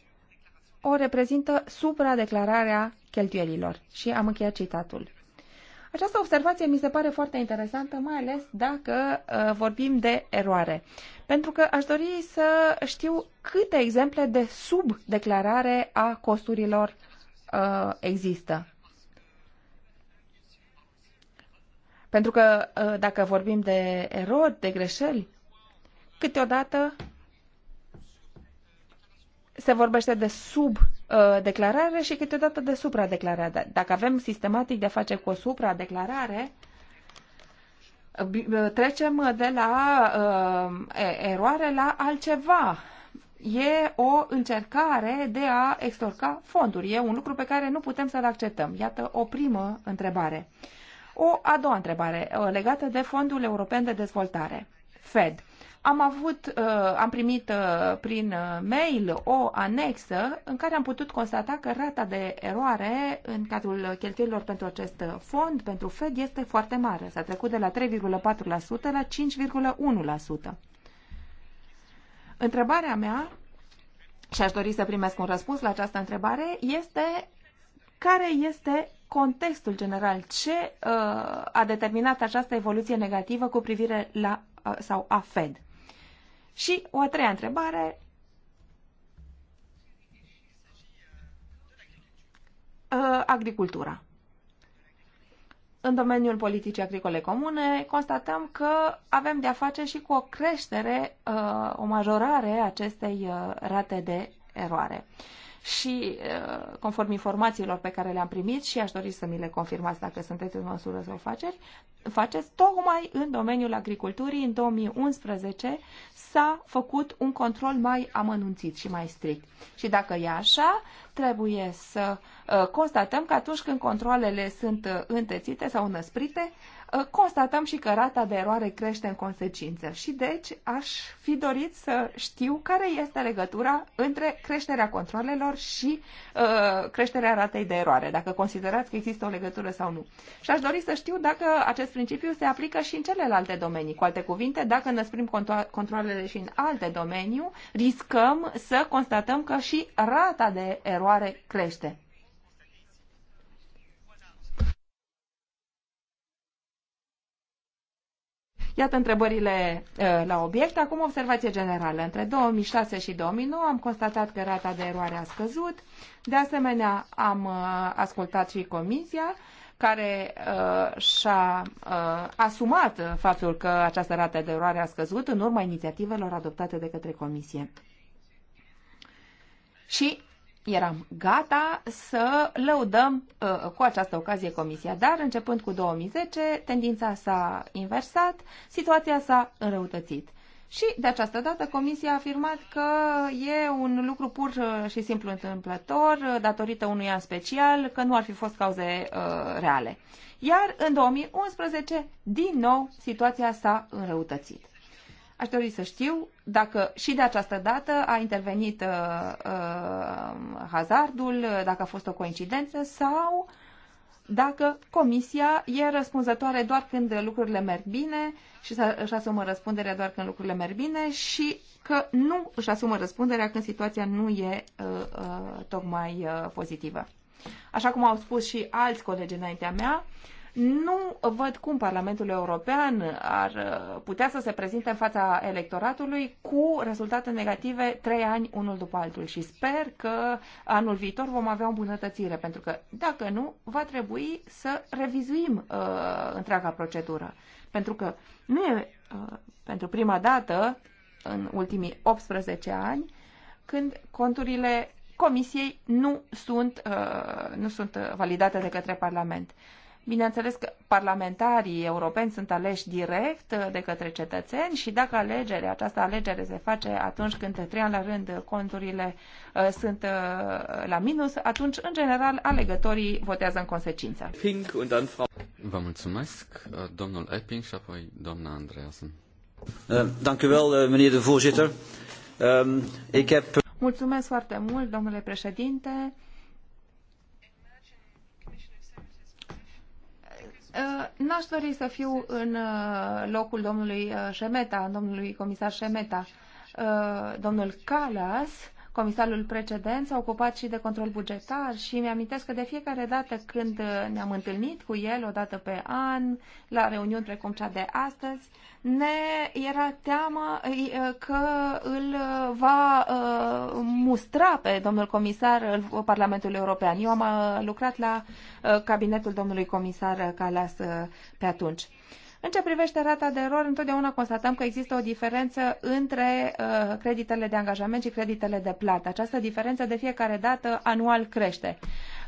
S3: o reprezintă supra-declararea cheltuielilor. Și am încheiat citatul. Această observație mi se pare foarte interesantă, mai ales dacă uh, vorbim de eroare. Pentru că aș dori să știu câte exemple de subdeclarare a costurilor uh, există. Pentru că uh, dacă vorbim de erori, de greșeli, câteodată se vorbește de sub uh, declarare și câteodată de supra declarare. Dacă avem sistematic de a face cu o declarare, uh, trecem de la uh, eroare la altceva. E o încercare de a extorca fonduri. E un lucru pe care nu putem să-l acceptăm. Iată o primă întrebare. Uh, o a doua întrebare uh, legată de Fondul European de Dezvoltare, FED. Am avut, uh, am primit uh, prin mail o anexă în care am putut constata că rata de eroare în cadrul cheltuielilor pentru acest fond, pentru FED, este foarte mare. S-a trecut de la 3,4% la 5,1%. Întrebarea mea, și aș dori să primesc un răspuns la această întrebare, este care este contextul general? Ce uh, a determinat această evoluție negativă cu privire la uh, sau a Fed? Și o a treia întrebare. Uh, agricultura. În domeniul politicii agricole comune constatăm că avem de-a face și cu o creștere, uh, o majorare a acestei uh, rate de eroare. Uh, și uh, conform informațiilor pe care le-am primit și aș dori să mi le confirmați dacă sunteți în măsură să o faceți, faceți tocmai în domeniul agriculturii în 2011 s-a făcut un control mai amănunțit și mai strict. Și dacă e așa, trebuie să uh, constatăm că atunci când controlele sunt uh, întețite sau înăsprite, Ă, constatăm și că rata de eroare crește în consecință. Și deci aș fi dorit să știu care este legătura între creșterea controlelor și uh, creșterea ratei de eroare, dacă considerați că există o legătură sau nu. Și aș dori să știu dacă acest principiu se aplică și în celelalte domenii. Cu alte cuvinte, dacă năsprim controlele și în alte domenii, riscăm să constatăm că și rata de eroare crește. Iată întrebările uh, la obiect. Acum observație generală. Între 2006 și 2009 am constatat că rata de eroare a scăzut. De asemenea, am uh, ascultat și comisia care uh, și-a uh, asumat faptul că această rată de eroare a scăzut în urma inițiativelor adoptate de către Comisie. Și eram gata să lăudăm uh, cu această ocazie Comisia, dar începând cu 2010 tendința s-a inversat, situația s-a înrăutățit. Și de această dată Comisia a afirmat că e un lucru pur uh, și simplu întâmplător, uh, datorită unui an special, că nu ar fi fost cauze uh, reale. Iar în 2011, din nou, situația s-a înrăutățit. Aș dori să știu dacă și de această dată a intervenit uh, uh, hazardul, dacă a fost o coincidență sau dacă comisia e răspunzătoare doar când lucrurile merg bine și își asumă răspunderea doar când lucrurile merg bine și că nu își asumă răspunderea când situația nu e uh, uh, tocmai uh, pozitivă. Așa cum au spus și alți colegi înaintea mea, uh, nu văd cum Parlamentul European ar uh, putea să se prezinte în fața electoratului cu rezultate negative trei ani unul după altul și sper că anul viitor vom avea o îmbunătățire, pentru că dacă nu, va trebui să revizuim uh, întreaga procedură. Pentru că nu e uh, pentru prima dată în ultimii 18 ani când conturile Comisiei nu sunt, uh, nu sunt validate de către Parlament. Bineînțeles că parlamentarii europeni sunt aleși direct de către cetățeni și dacă alegerea, această alegere se face atunci când trei ani la rând conturile uh, sunt uh, la minus, atunci, în general, alegătorii votează în consecință.
S2: Vă mulțumesc, uh, domnul Epping și apoi doamna Andreasen. Um,
S3: mulțumesc foarte mult, domnule președinte. Uh, n-aș dori să fiu în uh, locul domnului uh, Șemeta, domnului comisar Șemeta. Domnul Calas comisarul precedent s-a ocupat și de control bugetar și mi-amintesc că de fiecare dată când ne-am întâlnit cu el, o dată pe an, la reuniuni precum cea de astăzi, ne era teamă că îl va mustra pe domnul comisar Parlamentul European. Eu am lucrat la cabinetul domnului comisar Calas pe atunci. În ce privește rata de erori, întotdeauna constatăm că există o diferență între uh, creditele de angajament și creditele de plată. Această diferență de fiecare dată anual crește.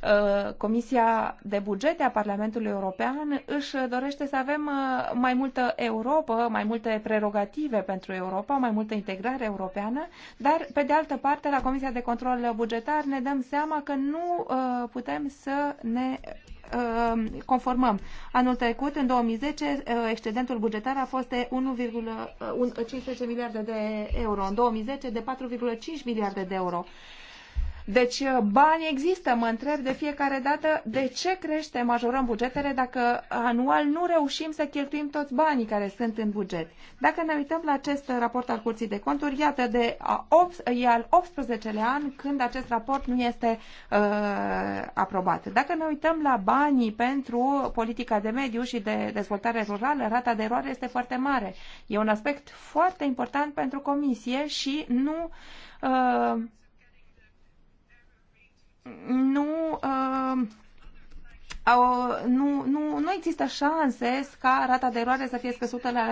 S3: Uh, Comisia de bugete a Parlamentului European își dorește să avem uh, mai multă Europa, mai multe prerogative pentru Europa, mai multă integrare europeană, dar, pe de altă parte, la Comisia de Control Bugetar ne dăm seama că nu uh, putem să ne Uh, conformăm. Anul trecut, în 2010, uh, excedentul bugetar a fost de 1,15 uh, miliarde de euro, în 2010 de 4,5 miliarde de euro. Deci uh, bani există, mă întreb de fiecare dată de ce crește, majorăm bugetele dacă anual nu reușim să cheltuim toți banii care sunt în buget. Dacă ne uităm la acest raport al Curții de Conturi, iată, de a 8, e al 18-lea an când acest raport nu este uh, aprobat. Dacă ne uităm la banii pentru politica de mediu și de dezvoltare rurală, rata de eroare este foarte mare. E un aspect foarte important pentru comisie și nu uh, nu uh, au, nu, nu, nu există șanse ca rata de eroare să fie scăsută la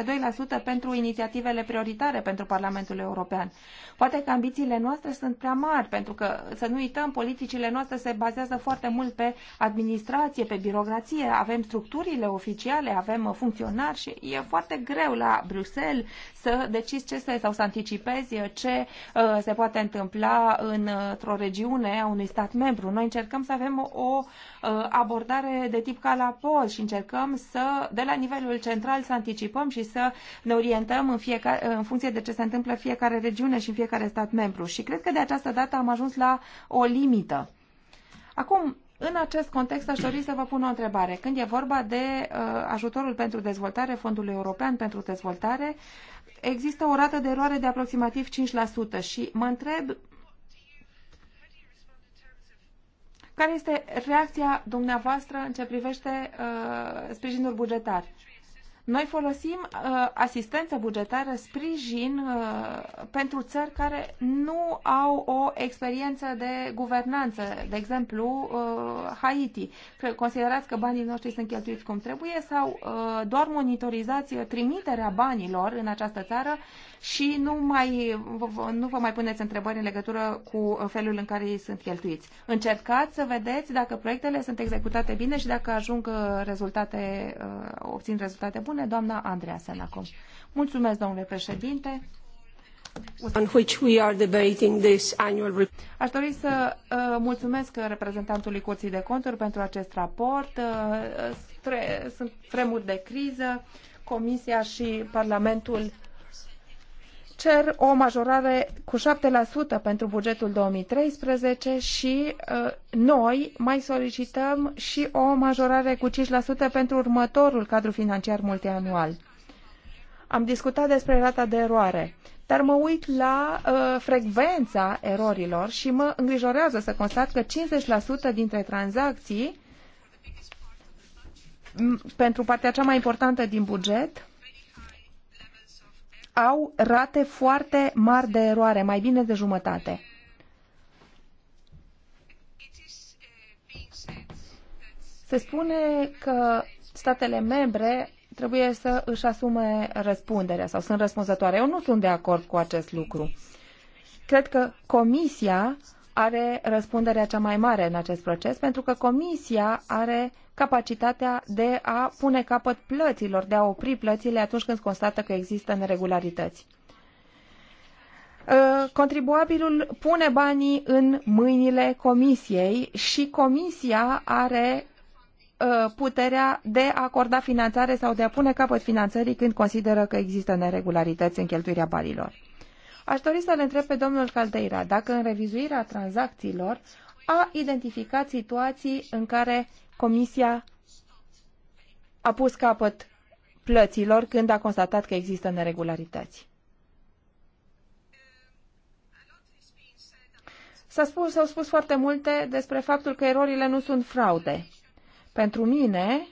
S3: 2% pentru inițiativele prioritare pentru Parlamentul European. Poate că ambițiile noastre sunt prea mari, pentru că, să nu uităm, politicile noastre se bazează foarte mult pe administrație, pe birocrație, avem structurile oficiale, avem funcționari și e foarte greu la Bruxelles să decizi ce se, sau să anticipezi ce uh, se poate întâmpla uh, într-o regiune a unui stat membru. Noi încercăm să avem o uh, abordare abordare de tip ca la și încercăm să, de la nivelul central, să anticipăm și să ne orientăm în, fiecare, în funcție de ce se întâmplă în fiecare regiune și în fiecare stat membru. Și cred că de această dată am ajuns la o limită. Acum, în acest context, aș dori să vă pun o întrebare. Când e vorba de uh, ajutorul pentru dezvoltare, Fondul European pentru Dezvoltare, există o rată de eroare de aproximativ 5% și mă întreb Care este reacția dumneavoastră în ce privește uh, sprijinul bugetar? Noi folosim uh, asistență bugetară, sprijin uh, pentru țări care nu au o experiență de guvernanță, de exemplu uh, Haiti. Considerați că banii noștri sunt cheltuiți cum trebuie sau uh, doar monitorizați trimiterea banilor în această țară și nu, mai, nu vă mai puneți întrebări în legătură cu felul în care ei sunt cheltuiți. Încercați să vedeți dacă proiectele sunt executate bine și dacă ajung uh, rezultate, uh, obțin rezultate bune. Doamna Andreea Senacom. Mulțumesc, domnule președinte on which we are debating this annual report. Aș dori să uh, mulțumesc reprezentantului Curții de Conturi pentru acest raport. Uh, sunt vremuri de criză. Comisia și Parlamentul cer o majorare cu 7% pentru bugetul 2013 și uh, noi mai solicităm și o majorare cu 5% pentru următorul cadru financiar multianual. Am discutat despre rata de eroare, dar mă uit la uh, frecvența erorilor și mă îngrijorează să constat că 50% dintre tranzacții pentru partea cea mai importantă din buget au rate foarte mari de eroare, mai bine de jumătate. Se spune că statele membre trebuie să își asume răspunderea sau sunt răspunzătoare. Eu nu sunt de acord cu acest lucru. Cred că Comisia are răspunderea cea mai mare în acest proces, pentru că Comisia are capacitatea de a pune capăt plăților, de a opri plățile atunci când constată că există neregularități. Uh, contribuabilul pune banii în mâinile Comisiei și Comisia are uh, puterea de a acorda finanțare sau de a pune capăt finanțării când consideră că există neregularități în cheltuirea banilor. Aș dori să-l întreb pe domnul Caldeira dacă în revizuirea tranzacțiilor a identificat situații în care Comisia a pus capăt plăților când a constatat că există neregularități. S-au spus, spus foarte multe despre faptul că erorile nu sunt fraude. Pentru mine,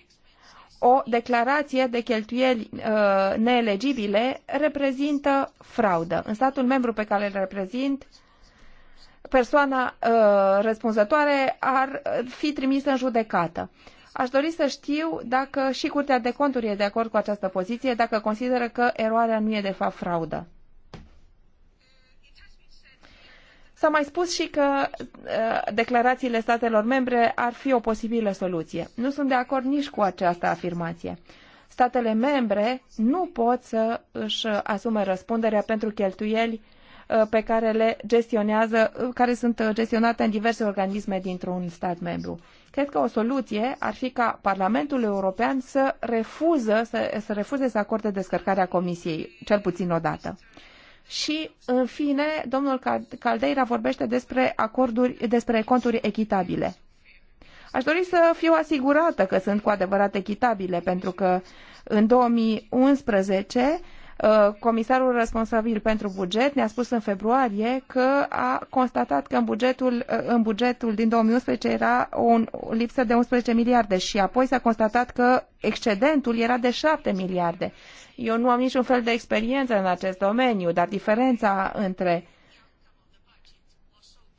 S3: o declarație de cheltuieli uh, neelegibile reprezintă fraudă. În statul membru pe care îl reprezint, persoana uh, răspunzătoare ar fi trimisă în judecată. Aș dori să știu dacă și Curtea de Conturi e de acord cu această poziție, dacă consideră că eroarea nu e de fapt fraudă. S-a mai spus și că uh, declarațiile statelor membre ar fi o posibilă soluție. Nu sunt de acord nici cu această afirmație. Statele membre nu pot să își asume răspunderea pentru cheltuieli uh, pe care le gestionează, uh, care sunt gestionate în diverse organisme dintr-un stat membru. Cred că o soluție ar fi ca Parlamentul European să, refuză, să, să refuze să acorde descărcarea Comisiei, cel puțin o dată. Și, în fine, domnul Caldeira vorbește despre acorduri, despre conturi echitabile. Aș dori să fiu asigurată că sunt cu adevărat echitabile, pentru că în 2011 uh, comisarul responsabil pentru buget ne-a spus în februarie că a constatat că în bugetul, uh, în bugetul din 2011 era o lipsă de 11 miliarde și apoi s-a constatat că excedentul era de 7 miliarde. Eu nu am niciun fel de experiență în acest domeniu, dar diferența între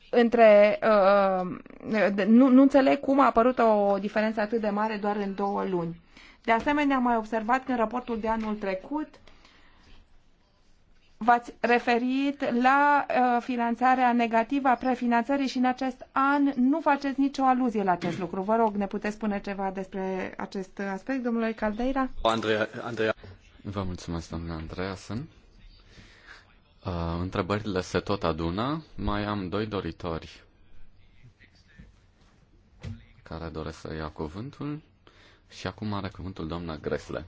S3: între uh, nu, nu înțeleg cum a apărut o diferență atât de mare doar în două luni. De asemenea, am mai observat că în raportul de anul trecut v-ați referit la uh, finanțarea negativă a prefinanțării și în acest an nu faceți nicio aluzie la acest lucru. Vă rog, ne puteți spune ceva despre acest aspect, domnule Caldeira?
S2: Andrei. Andreea. Vă mulțumesc, domnule Andreasen. Uh, întrebările se tot adună. Mai am doi doritori care doresc să ia cuvântul și acum are cuvântul doamna Gresle.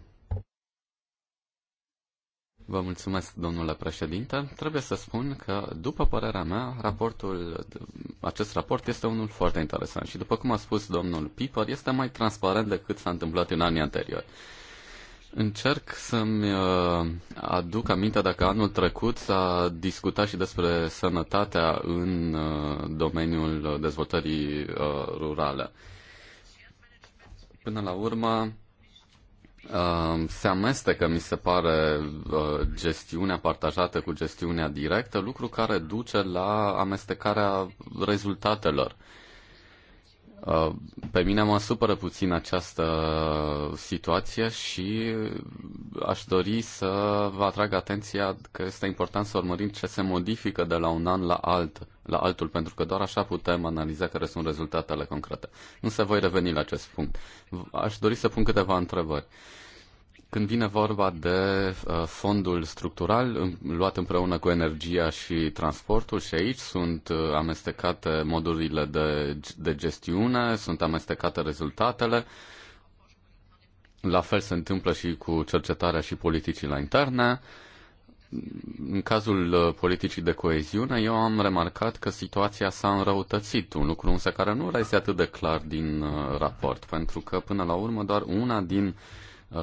S2: Vă mulțumesc, domnule președinte. Trebuie să spun că, după părerea mea, raportul, acest raport este unul foarte interesant și, după cum a spus domnul Piper, este mai transparent decât s-a întâmplat în anii anteriori. Încerc să-mi uh, aduc aminte dacă anul trecut s-a discutat și despre sănătatea în uh, domeniul dezvoltării uh, rurale. Până la urmă, se amestecă, mi se pare, gestiunea partajată cu gestiunea directă, lucru care duce la amestecarea rezultatelor. Uh, pe mine mă supără puțin această situație și aș dori să vă atrag atenția că este important să urmărim ce se modifică de la un an la, alt, la altul, pentru că doar așa putem analiza care sunt rezultatele concrete. Nu se voi reveni la acest punct. Aș dori să pun câteva întrebări. Uh, când vine vorba de uh, fondul structural luat împreună cu energia și transportul și aici sunt uh, amestecate modurile de, de gestiune, sunt amestecate rezultatele. La fel se întâmplă și cu cercetarea și politicile interne. În cazul uh, politicii de coeziune, eu am remarcat că situația s-a înrăutățit, un lucru însă care nu reiese atât de clar din raport, pentru că până la urmă doar una din uh,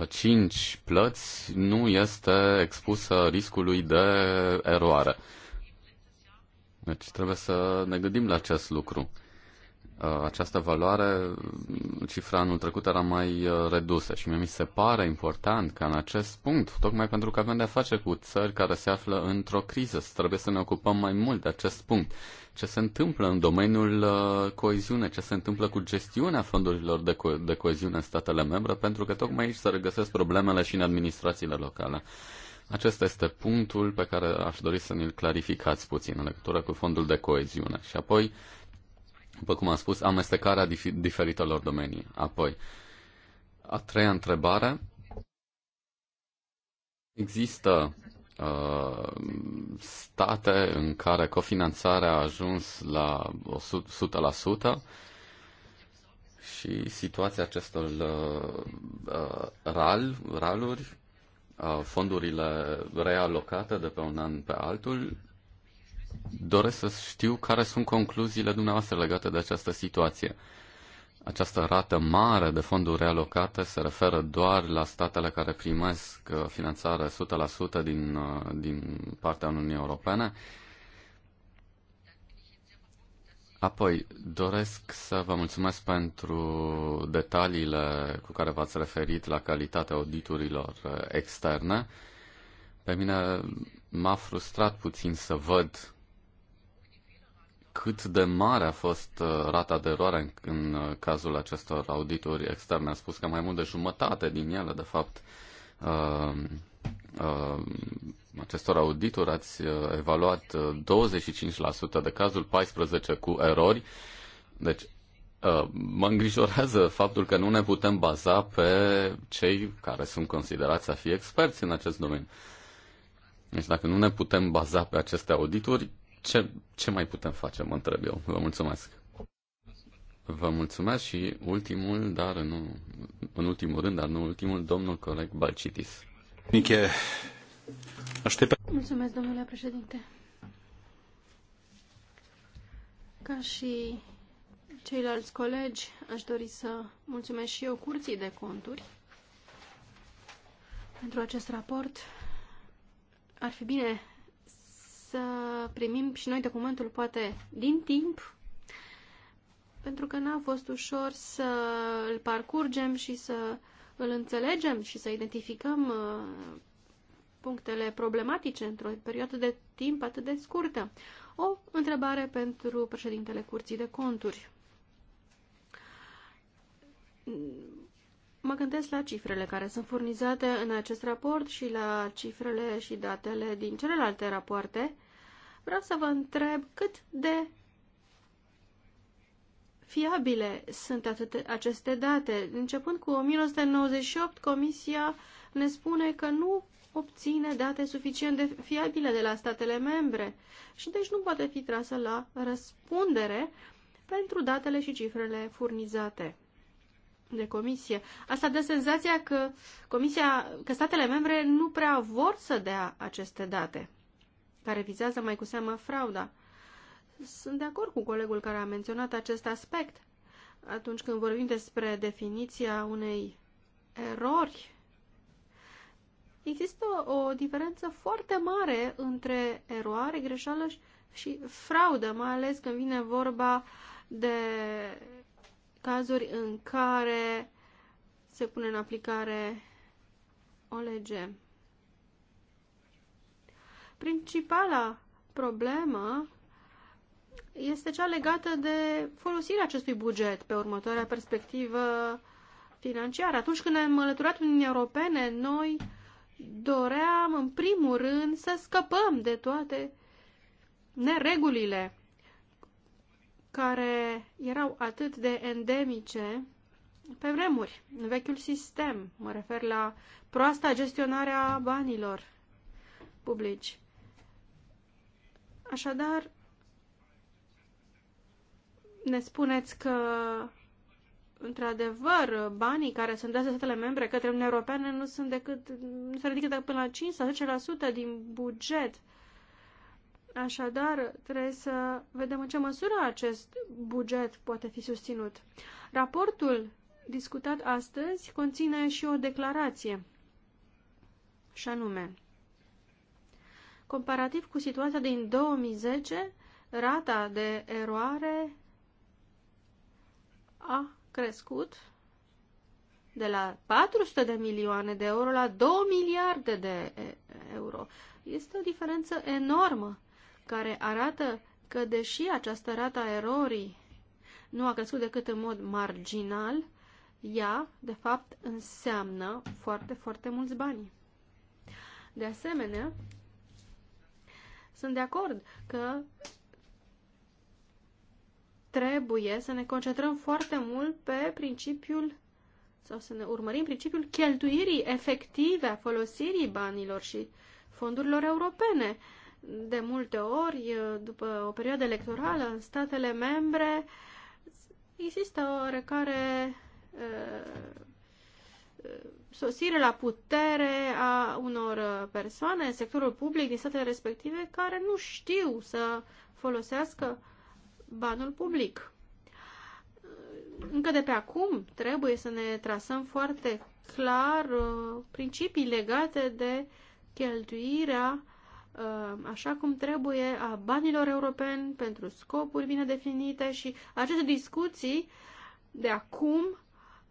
S2: 5 uh, plăți nu este expusă riscului de eroare. Deci trebuie să ne gândim la acest lucru. Uh, această valoare, cifra anul trecut era mai uh, redusă și mi se pare important că în acest punct, tocmai pentru că avem de-a face cu țări care se află într-o criză, trebuie să ne ocupăm mai mult de acest punct. Ce se întâmplă în domeniul uh, coeziune, ce se întâmplă cu gestiunea fondurilor de, co- de coeziune în statele membre, pentru că tocmai aici se regăsesc problemele și în administrațiile locale. Acesta este punctul pe care aș dori să ne-l clarificați puțin în legătură cu fondul de coeziune. Și apoi, după cum am spus, amestecarea dif- diferitelor domenii. Apoi, a treia întrebare. Există uh, state în care cofinanțarea a ajuns la 100%, și situația acestor uh, uh, RAL, RAL-uri, uh, fondurile realocate de pe un an pe altul, doresc să știu care sunt concluziile dumneavoastră legate de această situație. Această rată mare de fonduri realocate se referă doar la statele care primesc uh, finanțare 100% din, uh, din partea Uniunii Europene. Apoi, doresc să vă mulțumesc pentru detaliile cu care v-ați referit la calitatea auditurilor uh, externe. Pe mine m-a frustrat puțin să văd cât de mare a fost uh, rata de eroare în, în uh, cazul acestor audituri externe. A spus că mai mult de jumătate din ele, de fapt, uh, uh, acestor auditori ați uh, evaluat 25% de cazul, 14% cu erori. Deci, mă îngrijorează faptul că nu ne putem baza pe cei care sunt considerați a fi experți în acest domeniu. Deci dacă nu ne putem baza pe aceste audituri, ce, ce mai putem face, mă întreb eu. Vă mulțumesc. Vă mulțumesc și ultimul, dar nu, în ultimul rând, dar nu ultimul, domnul coleg Balcitis. Niche, aștept.
S1: Mulțumesc, domnule președinte. Ca și ceilalți colegi, aș dori să mulțumesc și eu curții de conturi pentru acest raport. Ar fi bine să primim și noi documentul poate din timp, pentru că n-a fost ușor să îl parcurgem și să îl înțelegem și să identificăm uh, punctele problematice într-o perioadă de timp atât de scurtă. O întrebare pentru președintele Curții de Conturi. Mă gândesc la cifrele care sunt furnizate în acest raport și la cifrele și datele din celelalte rapoarte. Vreau să vă întreb cât de fiabile sunt atâte, aceste date. Începând cu 1998, Comisia ne spune că nu obține date suficient de fiabile de la statele membre și deci nu poate fi trasă la răspundere pentru datele și cifrele furnizate de comisie. Asta dă senzația că, comisia, că statele membre nu prea vor să dea aceste date care vizează mai cu seamă frauda. Sunt de acord cu colegul care a menționat acest aspect. Atunci când vorbim despre definiția unei erori, există o diferență foarte mare între eroare, greșeală și fraudă, mai ales când vine vorba de cazuri în care se pune în aplicare o lege. Principala problemă este cea legată de folosirea acestui buget pe următoarea perspectivă financiară. Atunci când ne-am alăturat Uniunii Europene, noi doream în primul rând să scăpăm de toate neregulile care erau atât de endemice pe vremuri, în vechiul sistem. Mă refer la proasta gestionarea banilor publici. Așadar, ne spuneți că, într-adevăr, banii care sunt dați de statele membre către Uniunea Europeană nu sunt decât, nu se ridică decât până la 5 sau 10% din buget. Așadar, trebuie să vedem în ce măsură acest buget poate fi susținut. Raportul discutat astăzi conține și o declarație, și anume, Comparativ cu situația din 2010, rata de eroare a crescut de la 400 de milioane de euro la 2 miliarde de euro. Este o diferență enormă care arată că deși această rată a erorii nu a crescut decât în mod marginal, ea, de fapt, înseamnă foarte, foarte mulți bani. De asemenea, sunt de acord că trebuie să ne concentrăm foarte mult pe principiul sau să ne urmărim principiul cheltuirii efective a folosirii banilor și fondurilor europene. De multe ori, după o perioadă electorală în statele membre, există o oarecare uh, sosire la putere a unor uh, persoane în sectorul public din statele respective care nu știu să folosească banul public. Încă de pe acum trebuie să ne trasăm foarte clar uh, principii legate de cheltuirea uh, așa cum trebuie a banilor europeni pentru scopuri bine definite și aceste discuții de acum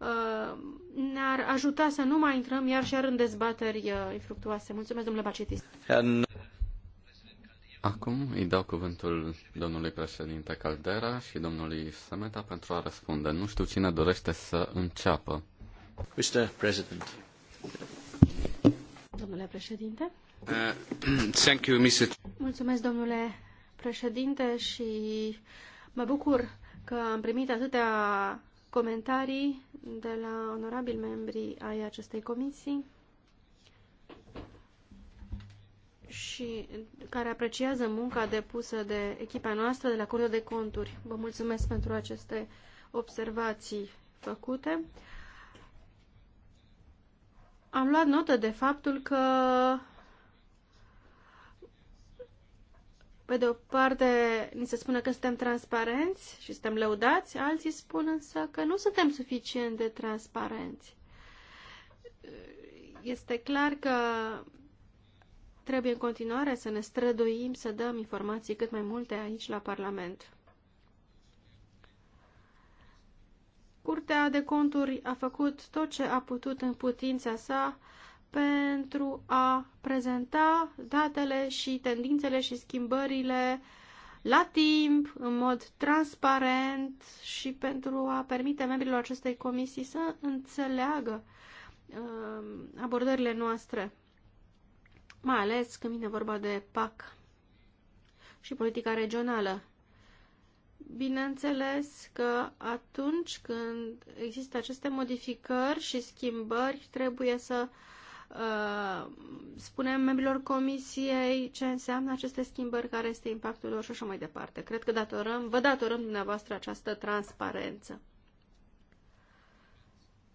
S1: Uh, ne-ar ajuta să nu mai intrăm iar și iar în dezbateri uh, infructuoase. Mulțumesc, domnule Bacetis.
S2: Acum îi dau cuvântul domnului președinte Caldera și domnului Semeta pentru a răspunde. Nu știu cine dorește să înceapă. Mr. President.
S1: Domnule președinte.
S2: Uh, thank you, Mr.
S1: Mulțumesc, domnule președinte, și mă bucur că am primit atâtea comentarii de la onorabili membri ai acestei comisii și care apreciază munca depusă de echipa noastră de la Curtea de Conturi. Vă mulțumesc pentru aceste observații făcute. Am luat notă de faptul că Pe de o parte, ni se spune că suntem transparenți și suntem lăudați, alții spun însă că nu suntem suficient de transparenți. Este clar că trebuie în continuare să ne străduim să dăm informații cât mai multe aici la Parlament. Curtea de conturi a făcut tot ce a putut în putința sa pentru a prezenta datele și tendințele și schimbările la timp, în mod transparent și pentru a permite membrilor acestei comisii să înțeleagă uh, abordările noastre, mai ales când vine vorba de PAC și politica regională. Bineînțeles că atunci când există aceste modificări și schimbări, trebuie să uh, Uh, spunem membrilor comisiei ce înseamnă aceste schimbări, care este impactul lor și așa mai departe. Cred că datorăm, vă datorăm dumneavoastră această transparență.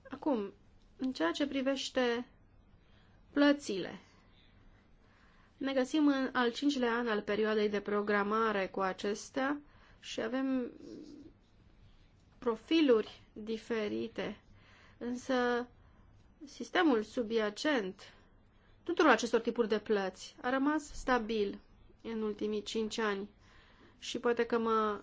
S1: Acum, în ceea ce privește plățile, ne găsim în al cincilea an al perioadei de programare cu acestea și avem profiluri diferite, însă sistemul subiacent tuturor acestor tipuri de plăți a rămas stabil în ultimii cinci ani și poate că mă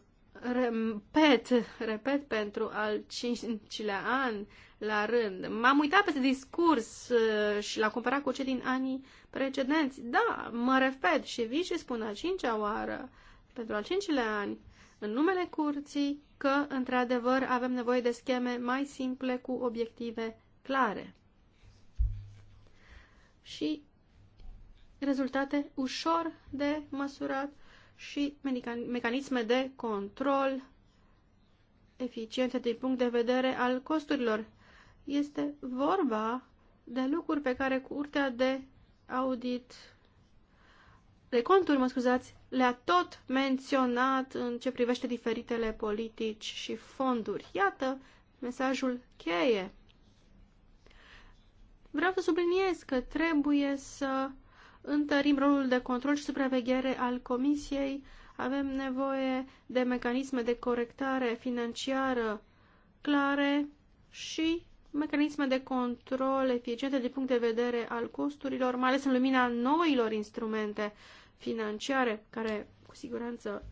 S1: repet, repet pentru al cincilea an la rând. M-am uitat pe discurs uh, și l-am comparat cu cei din anii precedenți. Da, mă repet și vin și spun al cincea oară, pentru al cincilea an, în numele curții, că, într-adevăr, avem nevoie de scheme mai simple cu obiective clare și rezultate ușor de măsurat și mecanisme de control eficiente din punct de vedere al costurilor. Este vorba de lucruri pe care Curtea de Audit de conturi, mă scuzați, le-a tot menționat în ce privește diferitele politici și fonduri. Iată mesajul cheie Vreau să subliniez că trebuie să întărim rolul de control și supraveghere al Comisiei. Avem nevoie de mecanisme de corectare financiară clare și mecanisme de control eficiente din punct de vedere al costurilor, mai ales în lumina noilor instrumente financiare care cu siguranță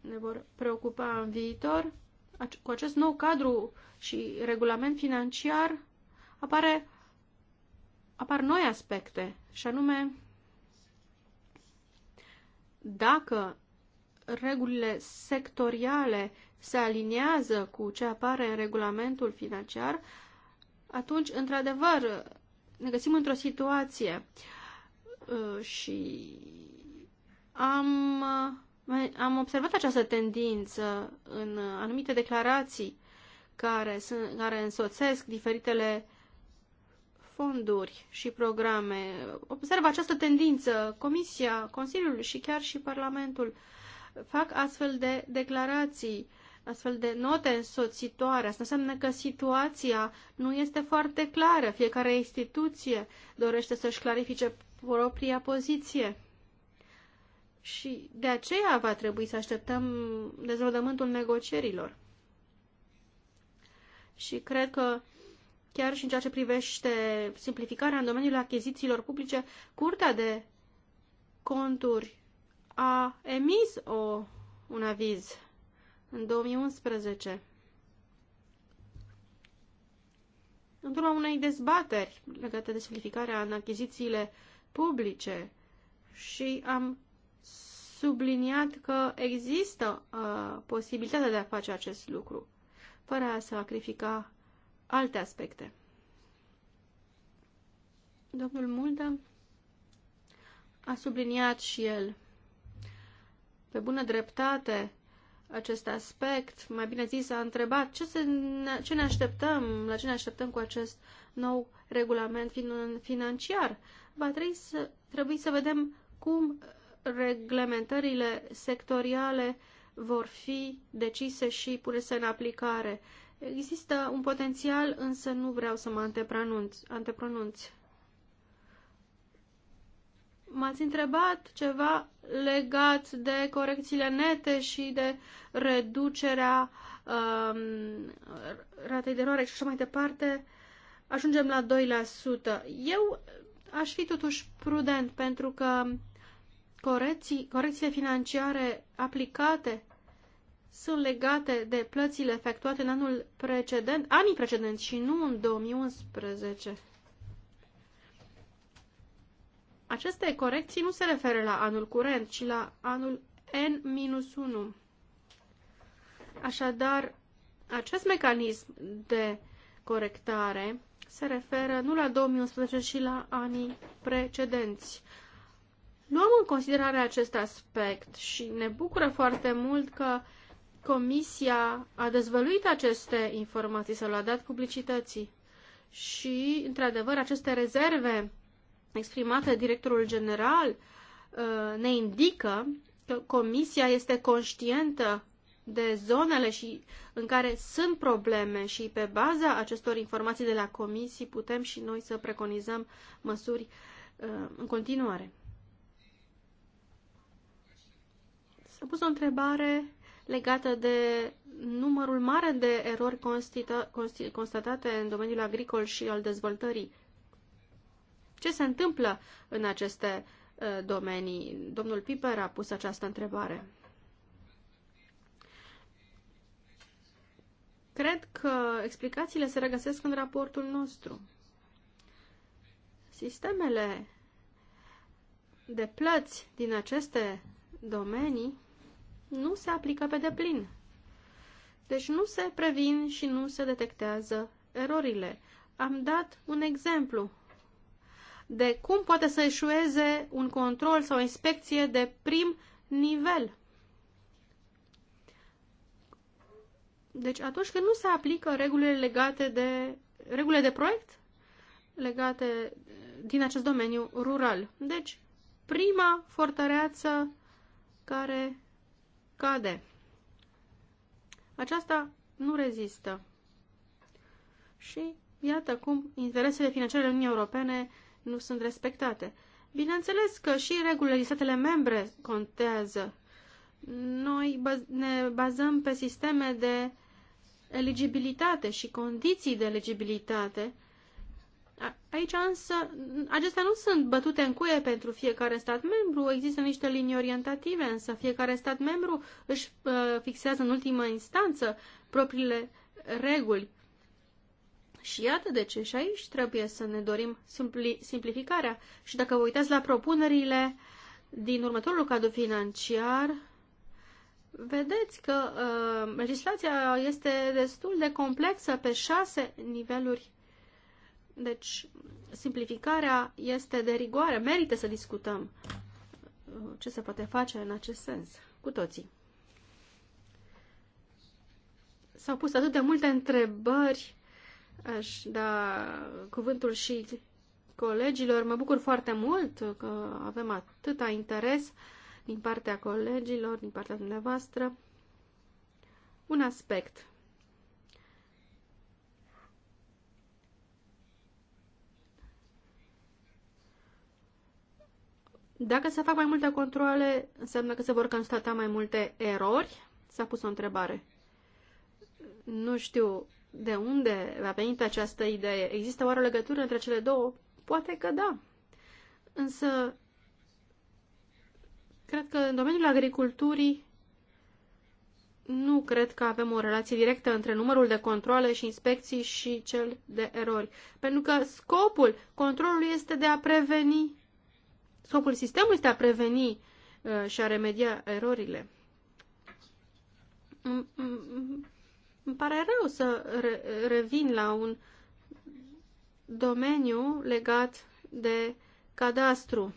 S1: ne vor preocupa în viitor. Cu acest nou cadru și regulament financiar apare, apar noi aspecte, și anume dacă regulile sectoriale se aliniază cu ce apare în regulamentul financiar, atunci, într-adevăr, ne găsim într-o situație uh, și am, uh, am observat această tendință în anumite declarații care, sunt, care însoțesc diferitele fonduri și programe. Observă această tendință. Comisia, Consiliul și chiar și Parlamentul fac astfel de declarații, astfel de note însoțitoare. Asta înseamnă că situația nu este foarte clară. Fiecare instituție dorește să-și clarifice propria poziție. Și de aceea va trebui să așteptăm dezvoltământul negocierilor. Și cred că chiar și în ceea ce privește simplificarea în domeniul achizițiilor publice, Curtea de Conturi a emis o, un aviz în 2011. În urma unei dezbateri legate de simplificarea în achizițiile publice și am subliniat că există uh, posibilitatea de a face acest lucru, fără a sacrifica alte aspecte. Domnul Mulda a subliniat și el pe bună dreptate acest aspect, mai bine zis, a întrebat ce, se, ce ne așteptăm, la ce ne așteptăm cu acest nou regulament financiar. Va trebui să, trebui să vedem cum reglementările sectoriale vor fi decise și puse în aplicare. Există un potențial, însă nu vreau să mă antepronunț. antepronunț. M-ați întrebat ceva legat de corecțiile nete și de reducerea um, ratei de eroare și așa mai departe. Ajungem la 2%. Eu aș fi totuși prudent pentru că corecții, corecțiile financiare aplicate sunt legate de plățile efectuate în anul precedent, anii precedenți și nu în 2011. Aceste corecții nu se referă la anul curent, ci la anul N-1. Așadar, acest mecanism de corectare se referă nu la 2011, ci la anii precedenți. Luăm în considerare acest aspect și ne bucură foarte mult că uh, Comisia a dezvăluit aceste informații sau le-a dat publicității și, într-adevăr, aceste rezerve exprimate directorul general uh, ne indică că Comisia este conștientă de zonele și în care sunt probleme și pe baza acestor informații de la comisii putem și noi să preconizăm măsuri uh, în continuare. S-a pus o întrebare legată de numărul mare de erori constatate în domeniul agricol și al dezvoltării. Ce se întâmplă în aceste uh, domenii? Domnul Piper a pus această întrebare. Cred că explicațiile se regăsesc în raportul nostru. Sistemele de plăți din aceste domenii nu se aplică pe deplin. Deci nu se previn și nu se detectează erorile. Am dat un exemplu de cum poate să eșueze un control sau o inspecție de prim nivel. Deci atunci când nu se aplică regulile legate de regulile de proiect legate din acest domeniu rural. Deci prima fortăreață care cade. Aceasta nu rezistă. Și iată cum interesele financiare ale Uniunii Europene nu sunt respectate. Bineînțeles că și regulile din statele membre contează. Noi ne bazăm pe sisteme de eligibilitate și condiții de eligibilitate Aici însă, acestea nu sunt bătute în cuie pentru fiecare stat membru, există niște linii orientative, însă fiecare stat membru își uh, fixează în ultimă instanță propriile reguli. Și iată de ce și aici trebuie să ne dorim simpli, simplificarea. Și dacă vă uitați la propunerile din următorul cadru financiar, vedeți că uh, legislația este destul de complexă pe șase niveluri deci, simplificarea este de rigoare. Merită să discutăm uh, ce se poate face în acest sens cu toții. S-au pus atât de multe întrebări. Aș da cuvântul și colegilor. Mă bucur foarte mult că avem atâta interes din partea colegilor, din partea dumneavoastră. Un aspect Dacă se fac mai multe controle, înseamnă că se vor constata mai multe erori? S-a pus o întrebare. Nu știu de unde a venit această idee. Există oare o legătură între cele două? Poate că da. Însă, cred că în domeniul agriculturii nu cred că avem o relație directă între numărul de controle și inspecții și cel de erori. Pentru că scopul controlului este de a preveni Scopul sistemului este a preveni uh, și a remedia erorile. Mm, mm, mm, îmi pare rău să revin la un domeniu legat de cadastru.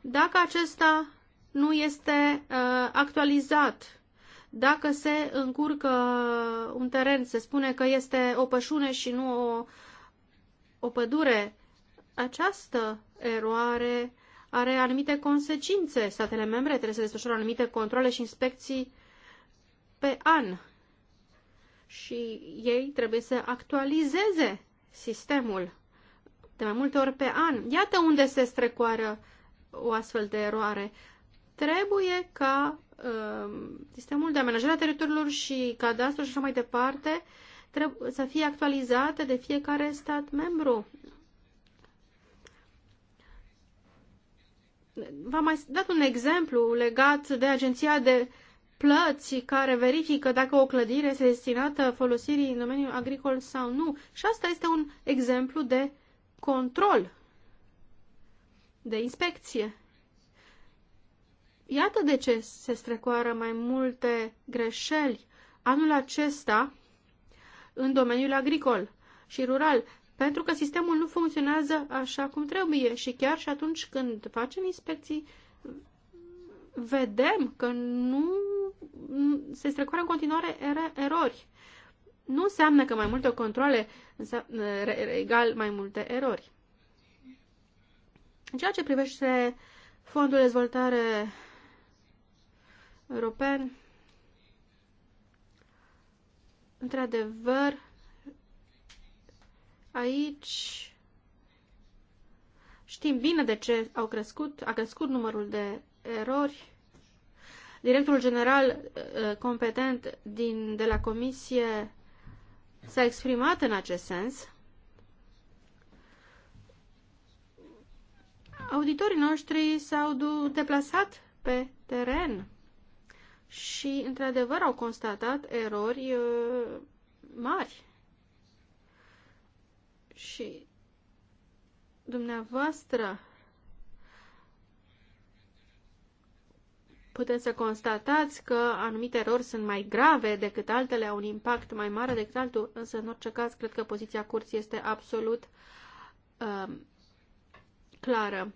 S1: Dacă acesta nu este uh, actualizat, dacă se încurcă un teren, se spune că este o pășune și nu o, o pădure, această eroare are anumite consecințe. Statele membre trebuie să desfășoare anumite controle și inspecții pe an și ei trebuie să actualizeze sistemul de mai multe ori pe an. Iată unde se strecoară o astfel de eroare. Trebuie ca um, sistemul de amenajare a teritoriilor și cadastru și așa mai departe să fie actualizate de fiecare stat membru. V-am mai dat un exemplu legat de agenția de plăți care verifică dacă o clădire este destinată folosirii în domeniul agricol sau nu. Și asta este un exemplu de control, de inspecție. Iată de ce se strecoară mai multe greșeli anul acesta în domeniul agricol și rural pentru că sistemul nu funcționează așa cum trebuie și chiar și atunci când facem inspecții, vedem că nu se strecoară în continuare erori. Nu înseamnă că mai multe controle egal mai multe erori. În ceea ce privește Fondul de Dezvoltare European, într-adevăr, Aici știm bine de ce au crescut, a crescut numărul de erori. Directorul general uh, competent din, de la comisie s-a exprimat în acest sens. Auditorii noștri s-au deplasat pe teren și, într-adevăr, au constatat erori uh, mari și dumneavoastră puteți să constatați că anumite erori sunt mai grave decât altele, au un impact mai mare decât altul, însă în orice caz cred că poziția curții este absolut uh, clară.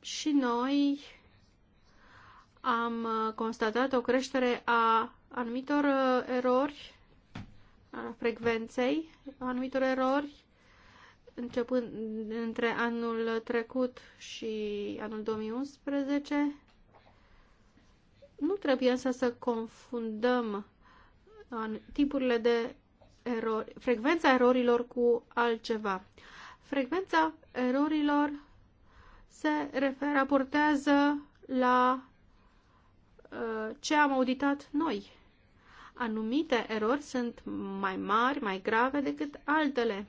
S1: Și noi am uh, constatat o creștere a anumitor uh, erori a frecvenței anumitor erori, începând între anul trecut și anul 2011. Nu trebuie însă să confundăm uh, tipurile de erori, frecvența erorilor cu altceva. Frecvența erorilor se raportează la uh, ce am auditat noi anumite erori sunt mai mari, mai grave decât altele.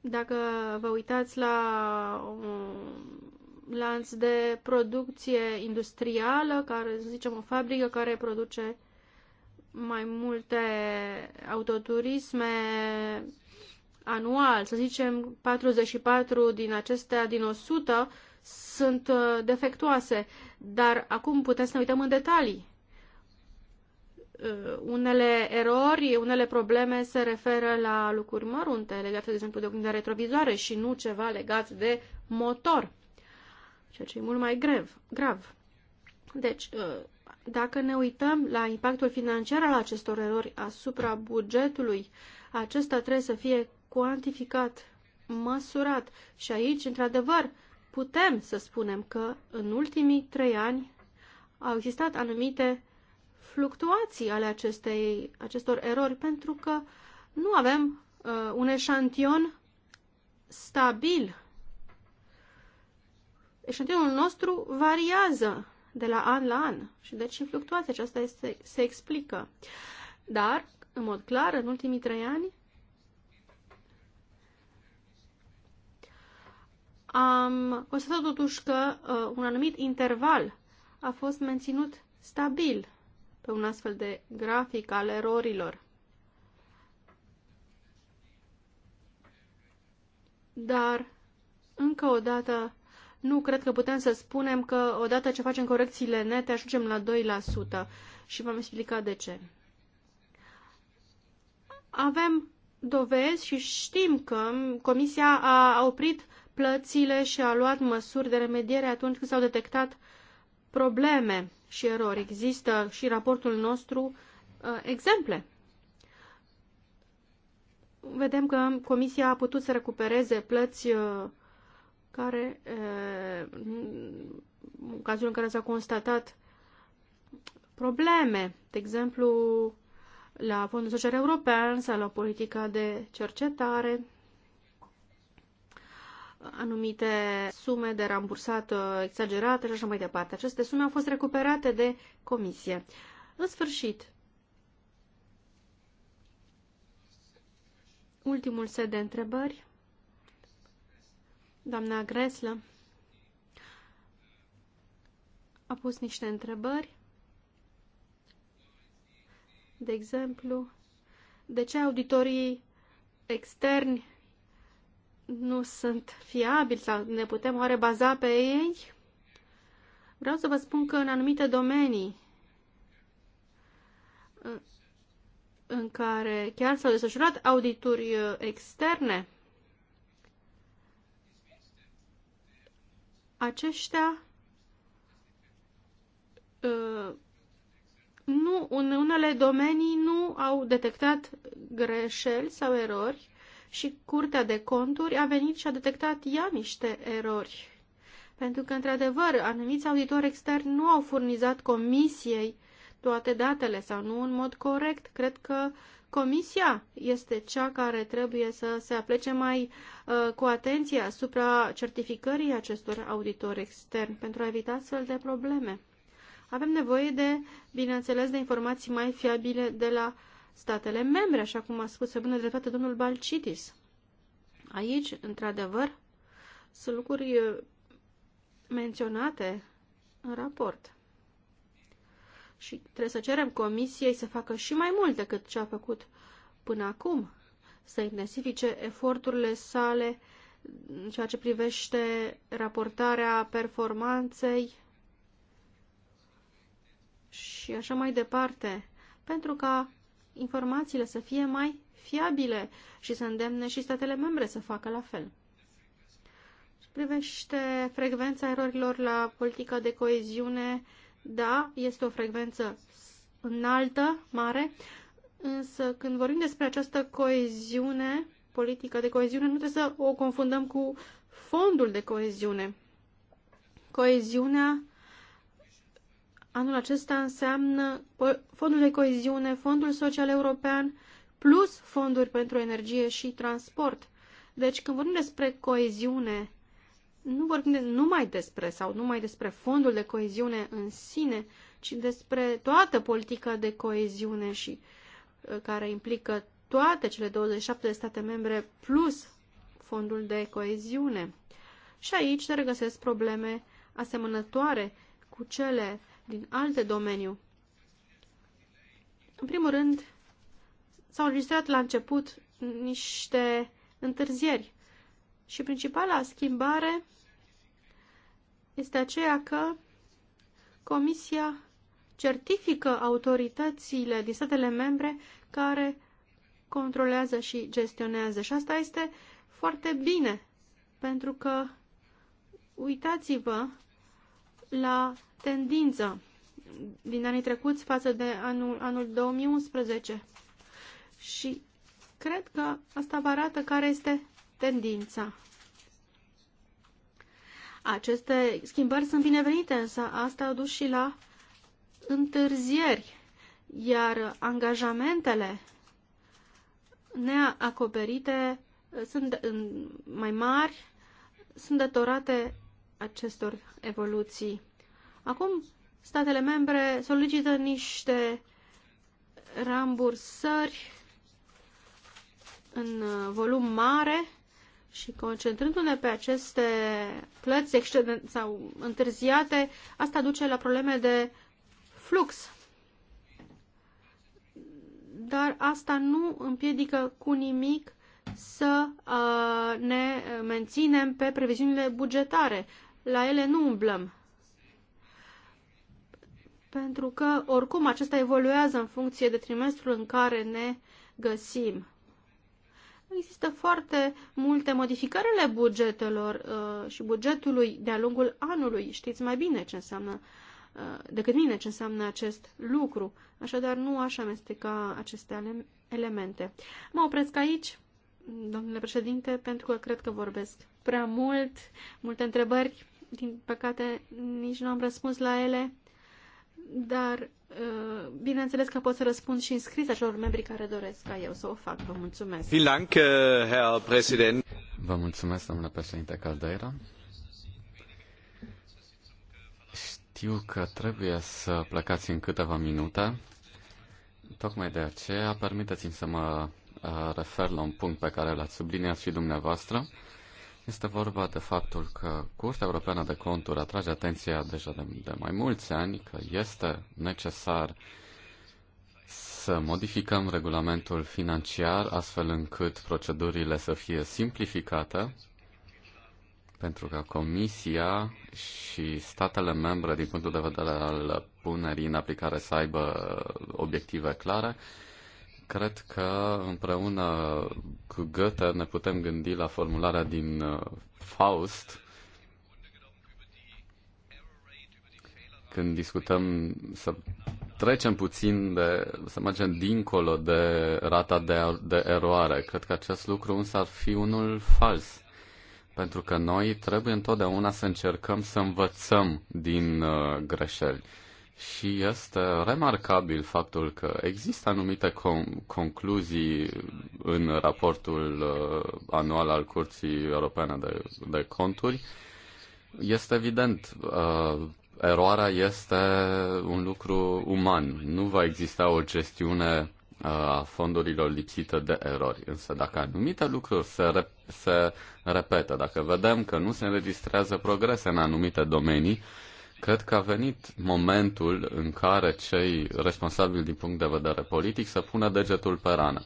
S1: Dacă vă uitați la un lanț de producție industrială, care, să zicem, o fabrică care produce mai multe autoturisme anual, să zicem 44 din acestea din 100 sunt uh, defectuoase, dar acum puteți să ne uităm în detalii Uh, unele erori, unele probleme se referă la lucruri mărunte, legate, de exemplu, de oglinda retrovizoare și nu ceva legat de motor, ceea ce e mult mai grev, grav. Deci, uh, dacă ne uităm la impactul financiar al acestor erori asupra bugetului, acesta trebuie să fie cuantificat, măsurat. Și aici, într-adevăr, putem să spunem că în ultimii trei ani au existat anumite fluctuații ale acestei, acestor erori, pentru că nu avem uh, un eșantion stabil. Eșantionul nostru variază de la an la an și deci și fluctuația aceasta este, se explică. Dar, în mod clar, în ultimii trei ani am constatat totuși că uh, un anumit interval a fost menținut stabil pe un astfel de grafic al erorilor. Dar, încă o dată, nu cred că putem să spunem că odată ce facem corecțiile nete ajungem la 2% și v-am explicat de ce. Avem dovezi și știm că Comisia a oprit plățile și a luat măsuri de remediere atunci când s-au detectat probleme și erori. Există și raportul nostru uh, exemple. Vedem că Comisia a putut să recupereze plăți uh, care, uh, în cazul în care s a constatat probleme, de exemplu, la Fondul Social European sau la politica de cercetare, anumite sume de rambursat uh, exagerate și așa mai departe. Aceste sume au fost recuperate de comisie. În sfârșit, ultimul set de întrebări. Doamna Greslă a pus niște întrebări. De exemplu, de ce auditorii externi nu sunt fiabili sau ne putem oare baza pe ei? Vreau să vă spun că în anumite domenii în care chiar s-au desfășurat audituri uh, externe, aceștia uh, nu, în unele domenii nu au detectat greșeli sau erori și Curtea de Conturi a venit și a detectat ea niște erori. Pentru că, într-adevăr, anumiți auditori externi nu au furnizat comisiei toate datele sau nu în mod corect. Cred că comisia este cea care trebuie să se aplece mai uh, cu atenție asupra certificării acestor auditori externi pentru a evita astfel de probleme. Avem nevoie de, bineînțeles, de informații mai fiabile de la uh, statele membre, așa cum a spus să bună dreptate domnul Balcitis. Aici, într-adevăr, sunt lucruri uh, menționate în raport. Și trebuie să cerem comisiei să facă și mai mult decât ce a făcut până acum, să intensifice eforturile sale în ceea ce privește raportarea performanței și așa mai departe, pentru ca informațiile să fie mai fiabile și să îndemne și statele membre să facă la fel. Și privește frecvența erorilor la politica de coeziune, da, este o frecvență înaltă, mare, însă când vorbim despre această coeziune, politică de coeziune, nu trebuie să o confundăm cu fondul de coeziune. Coeziunea Anul acesta înseamnă fondul de coeziune, fondul social european, plus fonduri pentru energie și transport. Deci când vorbim despre coeziune, nu vorbim de, numai despre sau numai despre fondul de coeziune în sine, ci despre toată politica de coeziune și uh, care implică toate cele 27 de state membre plus fondul de coeziune. Și aici se regăsesc probleme asemănătoare cu cele din alte domeniu. În primul rând, s-au înregistrat la început niște întârzieri și principala schimbare este aceea că Comisia certifică autoritățile din statele membre care controlează și gestionează. Și asta este foarte bine, pentru că uitați-vă la tendință din anii trecuți față de anul, anul 2011. Și cred că asta vă arată care este tendința. Aceste schimbări sunt binevenite, însă asta a dus și la întârzieri, iar angajamentele neacoperite sunt mai mari, sunt datorate acestor evoluții. Acum, statele membre solicită niște rambursări în uh, volum mare și concentrându-ne pe aceste plăți excedente sau întârziate, asta duce la probleme de flux. Dar asta nu împiedică cu nimic să uh, ne menținem pe previziunile bugetare la ele nu umblăm. Pentru că, oricum, acesta evoluează în funcție de trimestrul în care ne găsim. Există foarte multe modificări ale bugetelor uh, și bugetului de-a lungul anului. Știți mai bine ce înseamnă uh, decât mine ce înseamnă acest lucru. Așadar, nu aș amesteca aceste elemente. Mă opresc aici, domnule președinte, pentru că cred că vorbesc prea mult, multe întrebări, din păcate nici nu am răspuns la ele, dar uh, bineînțeles că pot să răspund și în scris acelor membri care doresc ca eu să o fac. Vă mulțumesc.
S2: Uh, Vă mulțumesc, domnule președinte Caldeira. Știu că trebuie să plecați în câteva minute. Tocmai de aceea, permiteți-mi să mă uh, refer la un punct pe care l-ați subliniat și dumneavoastră. Este vorba de faptul că Curtea Europeană de Conturi atrage atenția deja de, de mai mulți ani că este necesar să modificăm regulamentul financiar astfel încât procedurile să fie simplificate pentru că Comisia și statele membre, din punctul de vedere al punerii în aplicare, să aibă obiective clare Cred că împreună cu Goethe ne putem gândi la formularea din uh, Faust, când discutăm să trecem puțin de, să mergem dincolo de rata de, de eroare. Cred că acest lucru însă ar fi unul fals. Pentru că noi trebuie întotdeauna să încercăm să învățăm din uh, greșeli. Uh, și este remarcabil faptul că există anumite con- concluzii în raportul uh, anual al Curții Europene de, de Conturi. Este evident, uh, eroarea este un lucru uman. Nu va exista o gestiune uh, a fondurilor lipsită de erori. Însă dacă anumite lucruri se, re- se repetă, dacă vedem că nu se înregistrează progrese în anumite domenii, Cred că a venit momentul în care cei responsabili din punct de vedere politic să pună degetul pe rană.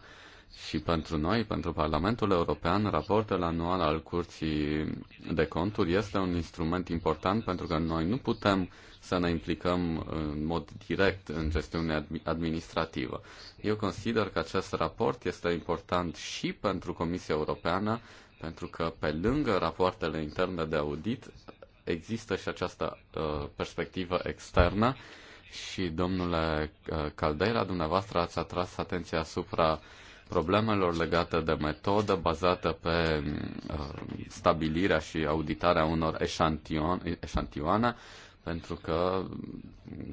S2: Și pentru noi, pentru Parlamentul European, raportul anual al Curții de Conturi este un instrument important pentru că noi nu putem să ne implicăm în mod direct în gestiunea administrativă. Eu consider că acest raport este important și pentru Comisia Europeană, pentru că pe lângă rapoartele interne de audit, există și această uh, perspectivă externă și, domnule uh, Caldeira, dumneavoastră ați atras atenția asupra problemelor legate de metodă bazată pe uh, stabilirea și auditarea unor eșantion, eșantioane, pentru că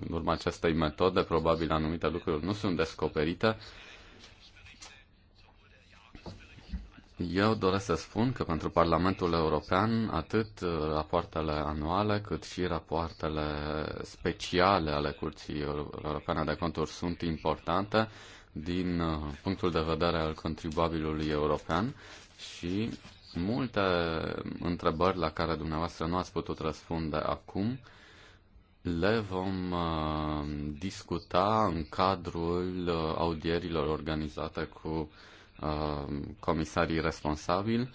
S2: în urma acestei metode probabil anumite lucruri nu sunt descoperite Eu doresc să spun că pentru Parlamentul European atât uh, rapoartele anuale cât și rapoartele speciale ale Curții Europene de Conturi sunt importante din uh, punctul de vedere al contribuabilului european și multe întrebări la care dumneavoastră nu ați putut răspunde acum le vom uh, discuta în cadrul audierilor organizate cu Uh, comisarii responsabili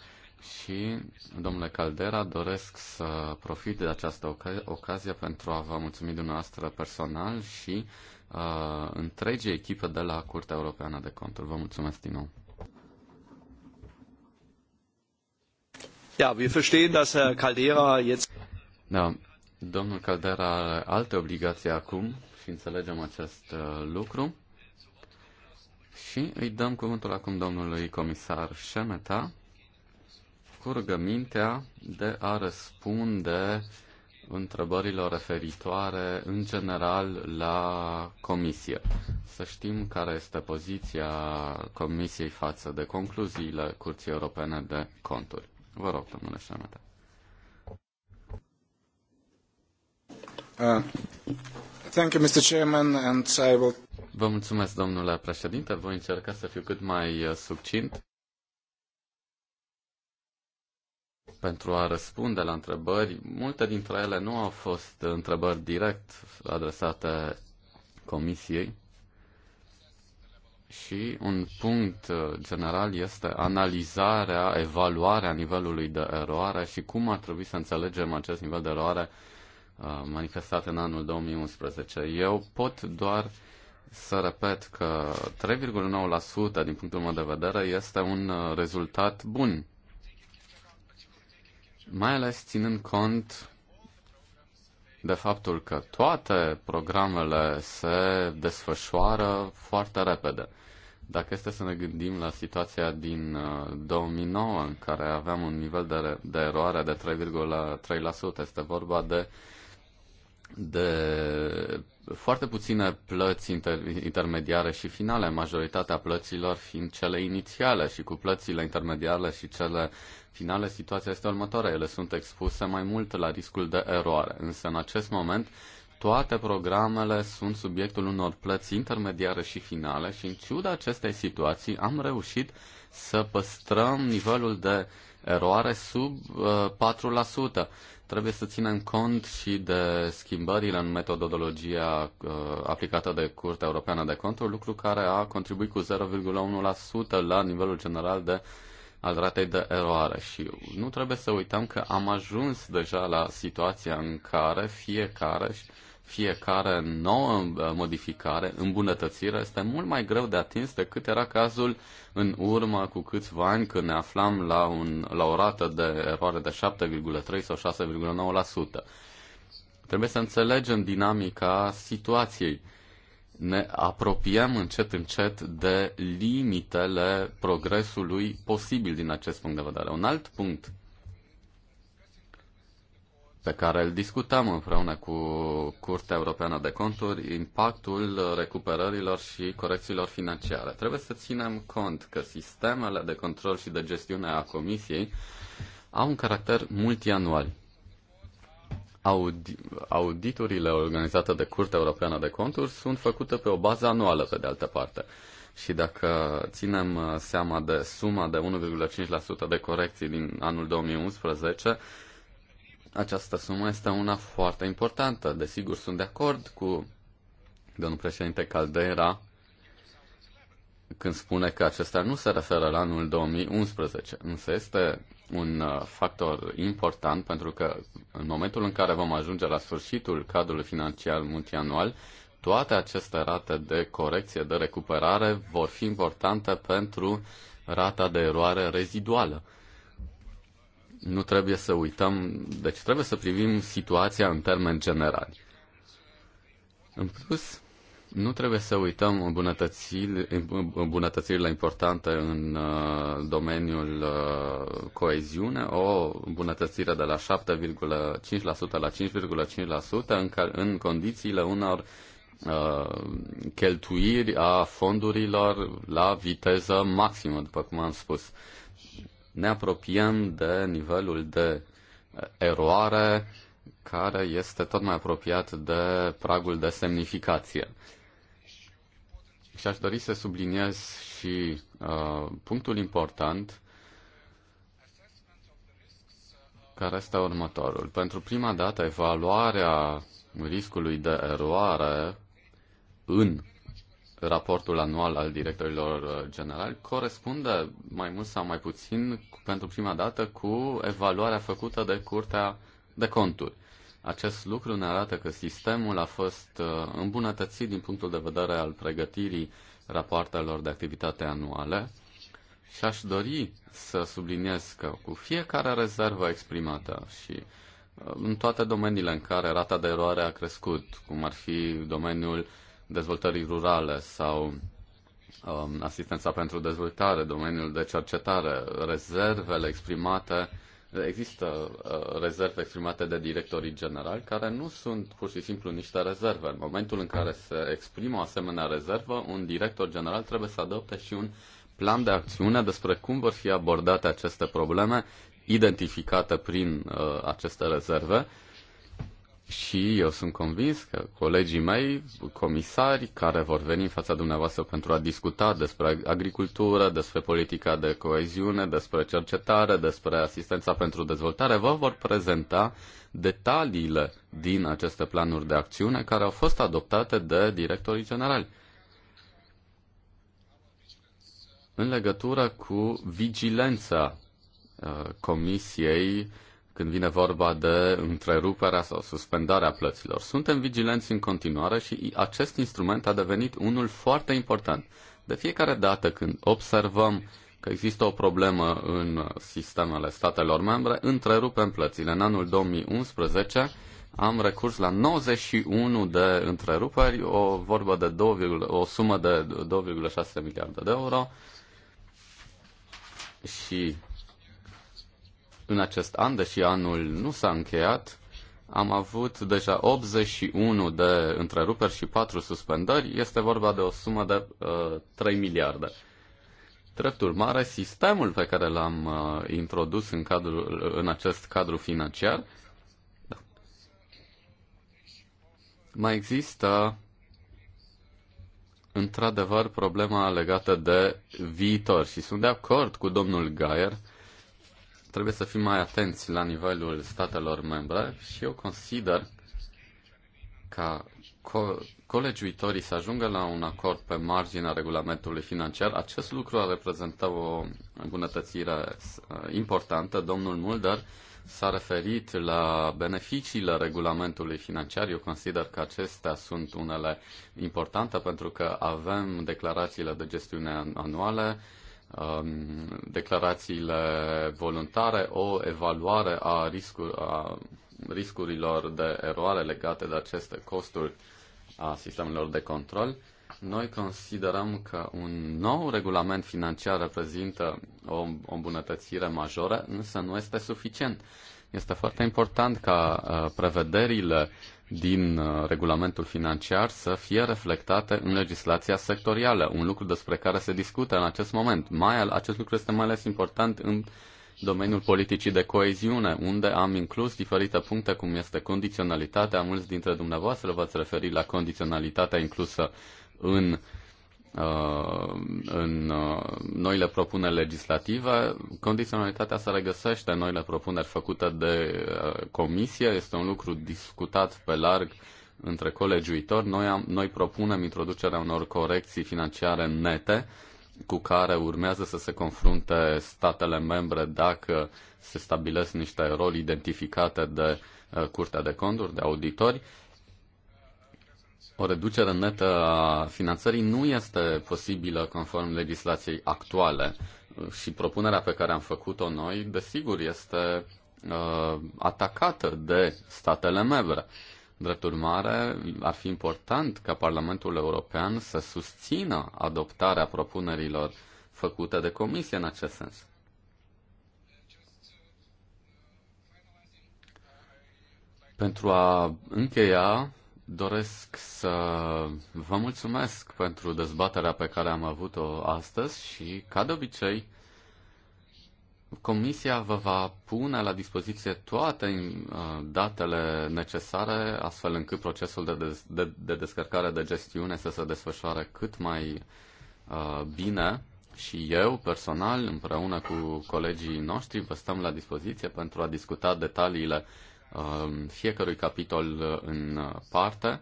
S2: și, domnule Caldera, doresc să profit de această ocazie pentru a vă mulțumi dumneavoastră personal și uh, întregii echipe de la Curtea Europeană de Conturi. Vă mulțumesc din nou. Ja, wir verstehen, dass Herr Caldera jetzt... Da, domnul Caldera are alte obligații acum și înțelegem acest uh, lucru. Și îi dăm cuvântul acum domnului comisar Șemeta cu rugămintea de a răspunde întrebărilor referitoare în general la comisie. Să știm care este poziția comisiei față de concluziile Curții Europene de Conturi. Vă rog, domnule Șemeta.
S3: Uh, Thank you, Mr. Chairman, and
S1: I will...
S2: Vă mulțumesc, domnule președinte. Voi încerca să fiu cât mai uh, succint pentru a răspunde la întrebări. Multe dintre ele nu au fost întrebări direct adresate Comisiei, și un punct uh, general este analizarea, evaluarea nivelului de eroare și cum ar trebui să înțelegem acest nivel de eroare Uh, manifestate în anul 2011. Eu pot doar să repet că 3,9% din punctul meu de vedere este un uh, rezultat bun. Mai ales ținând cont de faptul că toate programele se desfășoară foarte repede. Dacă este să ne gândim la situația din 2009, uh, în care aveam un nivel de, de eroare de 3,3%, este vorba de uh, de foarte puține plăți inter- intermediare și finale, majoritatea plăților fiind cele inițiale și cu plățile intermediare și cele finale, situația este următoarea. Ele sunt expuse mai mult la riscul de eroare, însă în acest moment toate programele sunt subiectul unor plăți intermediare și finale și în ciuda acestei situații am reușit să păstrăm nivelul de eroare sub uh, 4%. Trebuie să ținem cont și de schimbările în metodologia uh, aplicată de Curtea Europeană de Conturi, lucru care a contribuit cu 0,1% la nivelul general de al ratei de eroare și nu trebuie să uităm că am ajuns deja la situația în care fiecare fiecare nouă uh, modificare, îmbunătățire, este mult mai greu de atins decât era cazul în urmă cu câțiva ani când ne aflam la, un, la o rată de eroare de 7,3 sau 6,9%. Trebuie să înțelegem dinamica situației. Ne apropiem încet, încet de limitele progresului posibil din acest punct de vedere. Un alt punct pe care îl discutăm împreună cu Curtea Europeană de Conturi, impactul recuperărilor și corecțiilor financiare. Trebuie să ținem cont că sistemele de control și de gestiune a Comisiei au un caracter multianual. Audi- auditurile organizate de Curtea Europeană de Conturi sunt făcute pe o bază anuală, pe de altă parte. Și dacă ținem uh, seama de suma de 1,5% de corecții din anul 2011, această sumă este una foarte importantă. Desigur, sunt de acord cu domnul președinte Caldera când spune că acesta nu se referă la anul 2011, însă este un uh, factor important pentru că în momentul în care vom ajunge la sfârșitul cadrului financiar multianual, toate aceste rate de corecție, de recuperare vor fi importante pentru rata de eroare reziduală nu trebuie să uităm, deci trebuie să privim situația în termeni generali. În plus, nu trebuie să uităm îmbunătățirile, îmbunătățirile importante în uh, domeniul uh, coeziune, o îmbunătățire de la 7,5% la 5,5% în, în condițiile unor uh, cheltuiri a fondurilor la viteză maximă, după cum am spus ne apropiem de nivelul de uh, eroare care este tot mai apropiat de pragul de semnificație. Și aș dori să subliniez și uh, punctul important care este următorul. Pentru prima dată, evaluarea riscului de eroare în raportul anual al directorilor uh, generali corespunde mai mult sau mai puțin pentru prima dată cu evaluarea făcută de Curtea de Conturi. Acest lucru ne arată că sistemul a fost uh, îmbunătățit din punctul de vedere al pregătirii rapoartelor de activitate anuale și aș dori să subliniez că cu fiecare rezervă exprimată și uh, în toate domeniile în care rata de eroare a crescut, cum ar fi domeniul uh, dezvoltării rurale sau um, asistența pentru dezvoltare, domeniul de cercetare, rezervele exprimate. Există uh, rezerve exprimate de directorii generali care nu sunt pur și simplu niște rezerve. În momentul în care se exprimă o asemenea rezervă, un director general trebuie să adopte și un plan de acțiune despre cum vor fi abordate aceste probleme identificate prin uh, aceste rezerve și eu sunt convins că colegii mei, comisari, care vor veni în fața dumneavoastră pentru a discuta despre agricultură, despre politica de coeziune, despre cercetare, despre asistența pentru dezvoltare, vă vor prezenta detaliile din aceste planuri de acțiune care au fost adoptate de directorii generali. În legătură cu vigilența uh, Comisiei când vine vorba de întreruperea sau suspendarea plăților. Suntem vigilenți în continuare și acest instrument a devenit unul foarte important. De fiecare dată când observăm că există o problemă în sistemele statelor membre, întrerupem plățile. În anul 2011 am recurs la 91 de întreruperi, o vorbă de 2, o sumă de 2,6 miliarde de euro și în acest an, deși anul nu s-a încheiat, am avut deja 81 de întreruperi și 4 suspendări. Este vorba de o sumă de uh, 3 miliarde. Drept urmare, sistemul pe care l-am uh, introdus în, cadru, în acest cadru financiar da. mai există într-adevăr problema legată de viitor și sunt de acord cu domnul Gaier trebuie să fim mai atenți la nivelul statelor membre și eu consider ca co- colegiuitorii să ajungă la un acord pe marginea regulamentului financiar. Acest lucru a reprezentat o îmbunătățire uh, importantă. Domnul Mulder s-a referit la beneficiile regulamentului financiar. Eu consider că acestea sunt unele importante pentru că avem declarațiile de gestiune anuale, Um, declarațiile voluntare, o evaluare a, riscul, a riscurilor de eroare legate de aceste costuri a sistemelor de control. Noi considerăm că un nou regulament financiar reprezintă o îmbunătățire majoră, însă nu este suficient. Este foarte important ca uh, prevederile uh, din uh, regulamentul financiar să fie reflectate în legislația sectorială, un lucru despre care se discută în acest moment. Mai, acest lucru este mai ales important în domeniul politicii de coeziune, unde am inclus diferite puncte, cum este condiționalitatea. Mulți dintre dumneavoastră v-ați referit la condiționalitatea inclusă în uh, Uh, în uh, noile propuneri legislative. Condiționalitatea se regăsește în noile propuneri făcute de uh, comisie. Este un lucru discutat pe larg între colegiuitori. Noi, am, noi propunem introducerea unor corecții financiare nete cu care urmează să se confrunte statele membre dacă se stabilesc niște roli identificate de Curtea de Conduri, de auditori o reducere netă a finanțării nu este posibilă conform legislației actuale și propunerea pe care am făcut-o noi, desigur, este uh, atacată de statele membre. Drept urmare, ar fi important ca Parlamentul European să susțină adoptarea propunerilor făcute de Comisie în acest sens. Pentru a încheia, Doresc să vă mulțumesc pentru dezbaterea pe care am avut-o astăzi și, ca de obicei, Comisia vă va pune la dispoziție toate uh, datele necesare, astfel încât procesul de, de, de, de descărcare de gestiune să se desfășoare cât mai uh, bine și eu personal, împreună cu colegii noștri, vă stăm la dispoziție pentru a discuta detaliile Um, fiecărui capitol uh, în uh, parte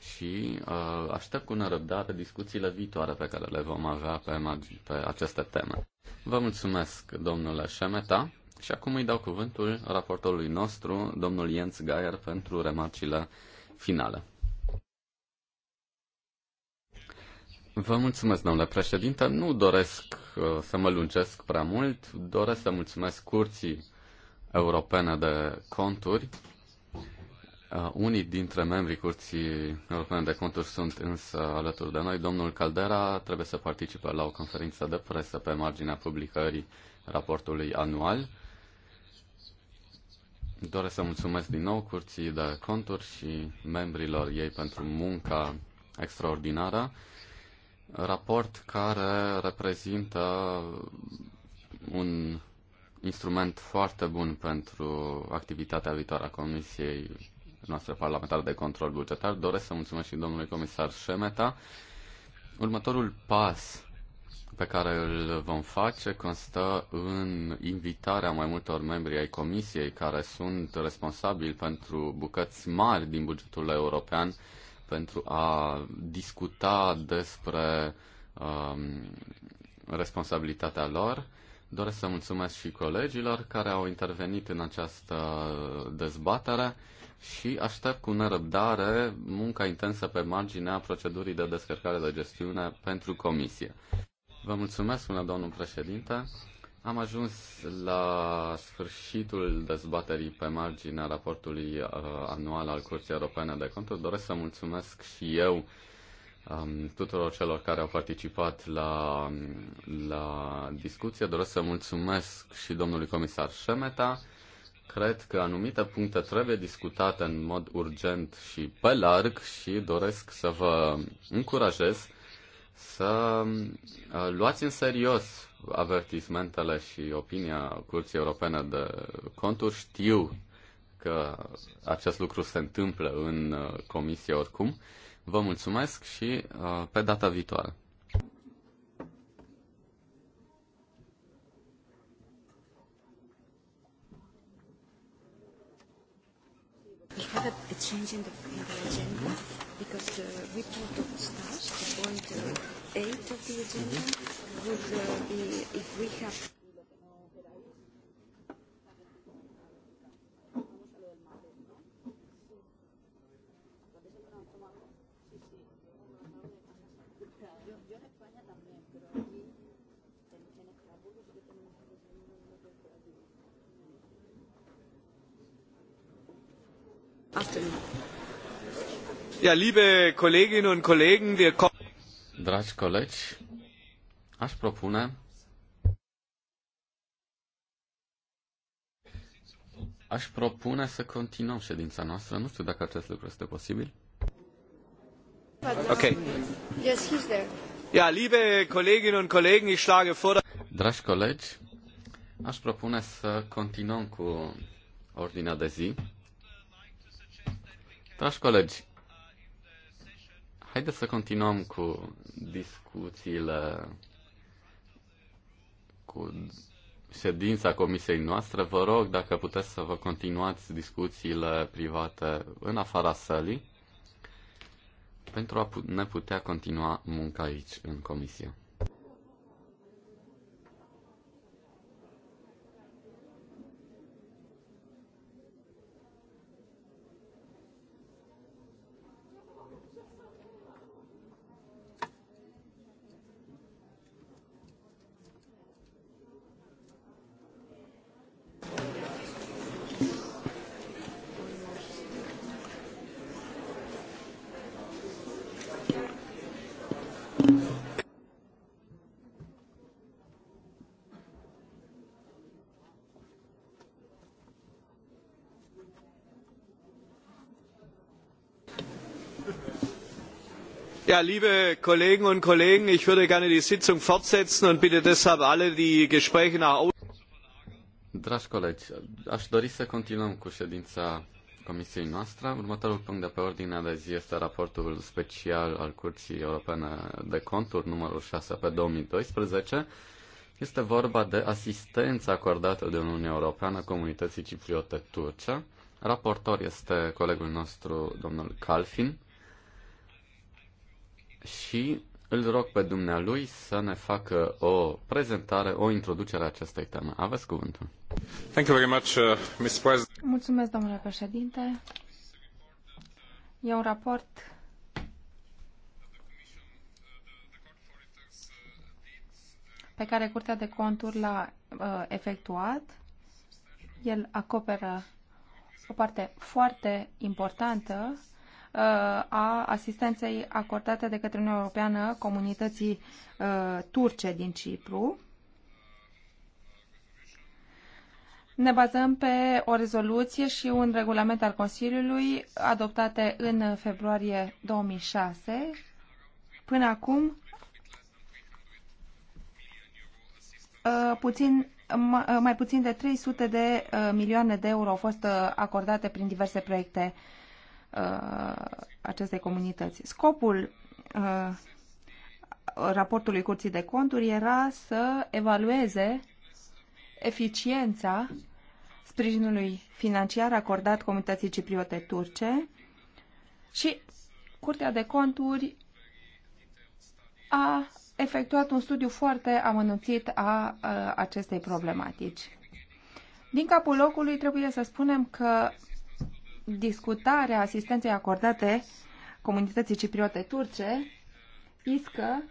S2: și uh, aștept cu nerăbdare discuțiile viitoare pe care le vom avea pe, pe aceste teme. Vă mulțumesc, domnule Șemeta, și acum îi dau cuvântul raportorului nostru, domnul Jens Geier, pentru remarcile finale. Vă mulțumesc, domnule președinte. Nu doresc să mă lungesc prea mult, doresc să mulțumesc curții Europene de Conturi. Uh, unii dintre membrii Curții Europene de Conturi sunt însă alături de noi. Domnul Caldera trebuie să participe la o conferință de presă pe marginea publicării raportului anual. Doresc să mulțumesc din nou Curții de Conturi și membrilor ei pentru munca extraordinară. Raport care reprezintă un instrument foarte bun pentru activitatea viitoare a Comisiei noastre parlamentare de control bugetar. Doresc să mulțumesc și domnului comisar Șemeta. Următorul pas pe care îl vom face constă în invitarea mai multor membri ai comisiei care sunt responsabili pentru bucăți mari din bugetul european pentru a discuta despre um, responsabilitatea lor Doresc să mulțumesc și colegilor care au intervenit în această dezbatere și aștept cu nerăbdare munca intensă pe marginea procedurii de descărcare de gestiune pentru comisie. Vă mulțumesc, spune domnul președinte. Am ajuns la sfârșitul dezbaterii pe marginea raportului uh, anual al Curții Europene de Conturi. Doresc să mulțumesc și eu um, tuturor celor care au participat la, la discuție. Doresc să mulțumesc și domnului comisar Șemeta. Cred că anumite puncte trebuie discutate în mod urgent și pe larg și doresc să vă încurajez să uh, luați în serios avertismentele și opinia Curții Europene de Conturi. Știu că acest lucru se întâmplă în uh, comisie oricum Vă mulțumesc și uh, pe data viitoare.
S1: We a, a change in the, in the agenda because the the point uh, eight of the agenda would uh, be if we have.
S2: Ja, liebe Kolleginnen und Kollegen, wir kommen. Dragi colegi, aș propune Aș propune să continuăm ședința noastră. Nu știu dacă acest lucru este posibil.
S1: Ok. Yes, he's there.
S2: Ja, liebe Kolleginnen und Kollegen, ich schlage vor... Dragi colegi, aș propune să continuăm cu ordinea de zi. Dragi colegi, Haideți să continuăm cu discuțiile cu ședința comisiei noastre. Vă rog dacă puteți să vă continuați discuțiile private în afara sălii pentru a ne putea continua munca aici, în comisie. Ja, liebe Kolleginnen und Kollegen, ich würde gerne die Sitzung fortsetzen und bitte deshalb alle die Gespräche nach außen. Dragi colegi, aș dori să continuăm cu ședința comisiei noastre. Următorul punct de pe ordinea de zi este raportul special al Curții Europene de Conturi, numărul 6 pe 2012. Este vorba de asistența acordată de Uniunea Europeană comunității cipriote turce. Raportor este colegul nostru, domnul Calfin și îl rog pe dumnealui să ne facă o prezentare, o introducere a acestei teme. Aveți cuvântul. Thank you very much, uh, Ms. President.
S3: Mulțumesc, domnule președinte. E un raport pe care Curtea de Conturi l-a uh, efectuat. El acoperă o parte foarte importantă Uh, a asistenței acordate de către Uniunea Europeană comunității uh, turce din Cipru. Ne bazăm pe o rezoluție și un regulament al Consiliului adoptate în februarie 2006. Până acum, uh, puțin, mai puțin de 300 de milioane de euro au fost acordate prin diverse proiecte uh, Uh, acestei comunități. Scopul uh, raportului Curții de Conturi era să evalueze eficiența sprijinului financiar acordat comunității cipriote turce și Curtea de Conturi a efectuat un studiu foarte amănunțit a, a uh, acestei problematici. Din capul locului trebuie să spunem că discutarea asistenței acordate comunității cipriote turce iscă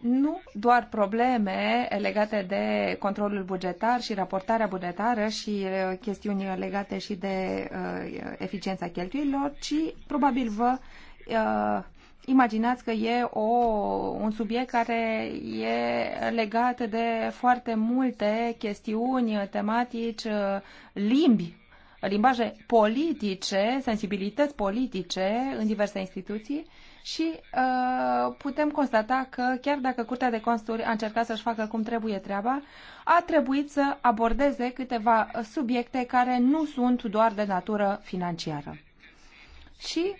S3: nu doar probleme legate de controlul bugetar și raportarea bugetară și chestiuni legate și de eficiența cheltuielor, ci probabil vă imaginați că e o, un subiect care e legat de foarte multe chestiuni tematici, limbi limbaje politice, sensibilități politice în diverse instituții și uh, putem constata că chiar dacă Curtea de Consturi a încercat să-și facă cum trebuie treaba, a trebuit să abordeze câteva subiecte care nu sunt doar de natură financiară. Și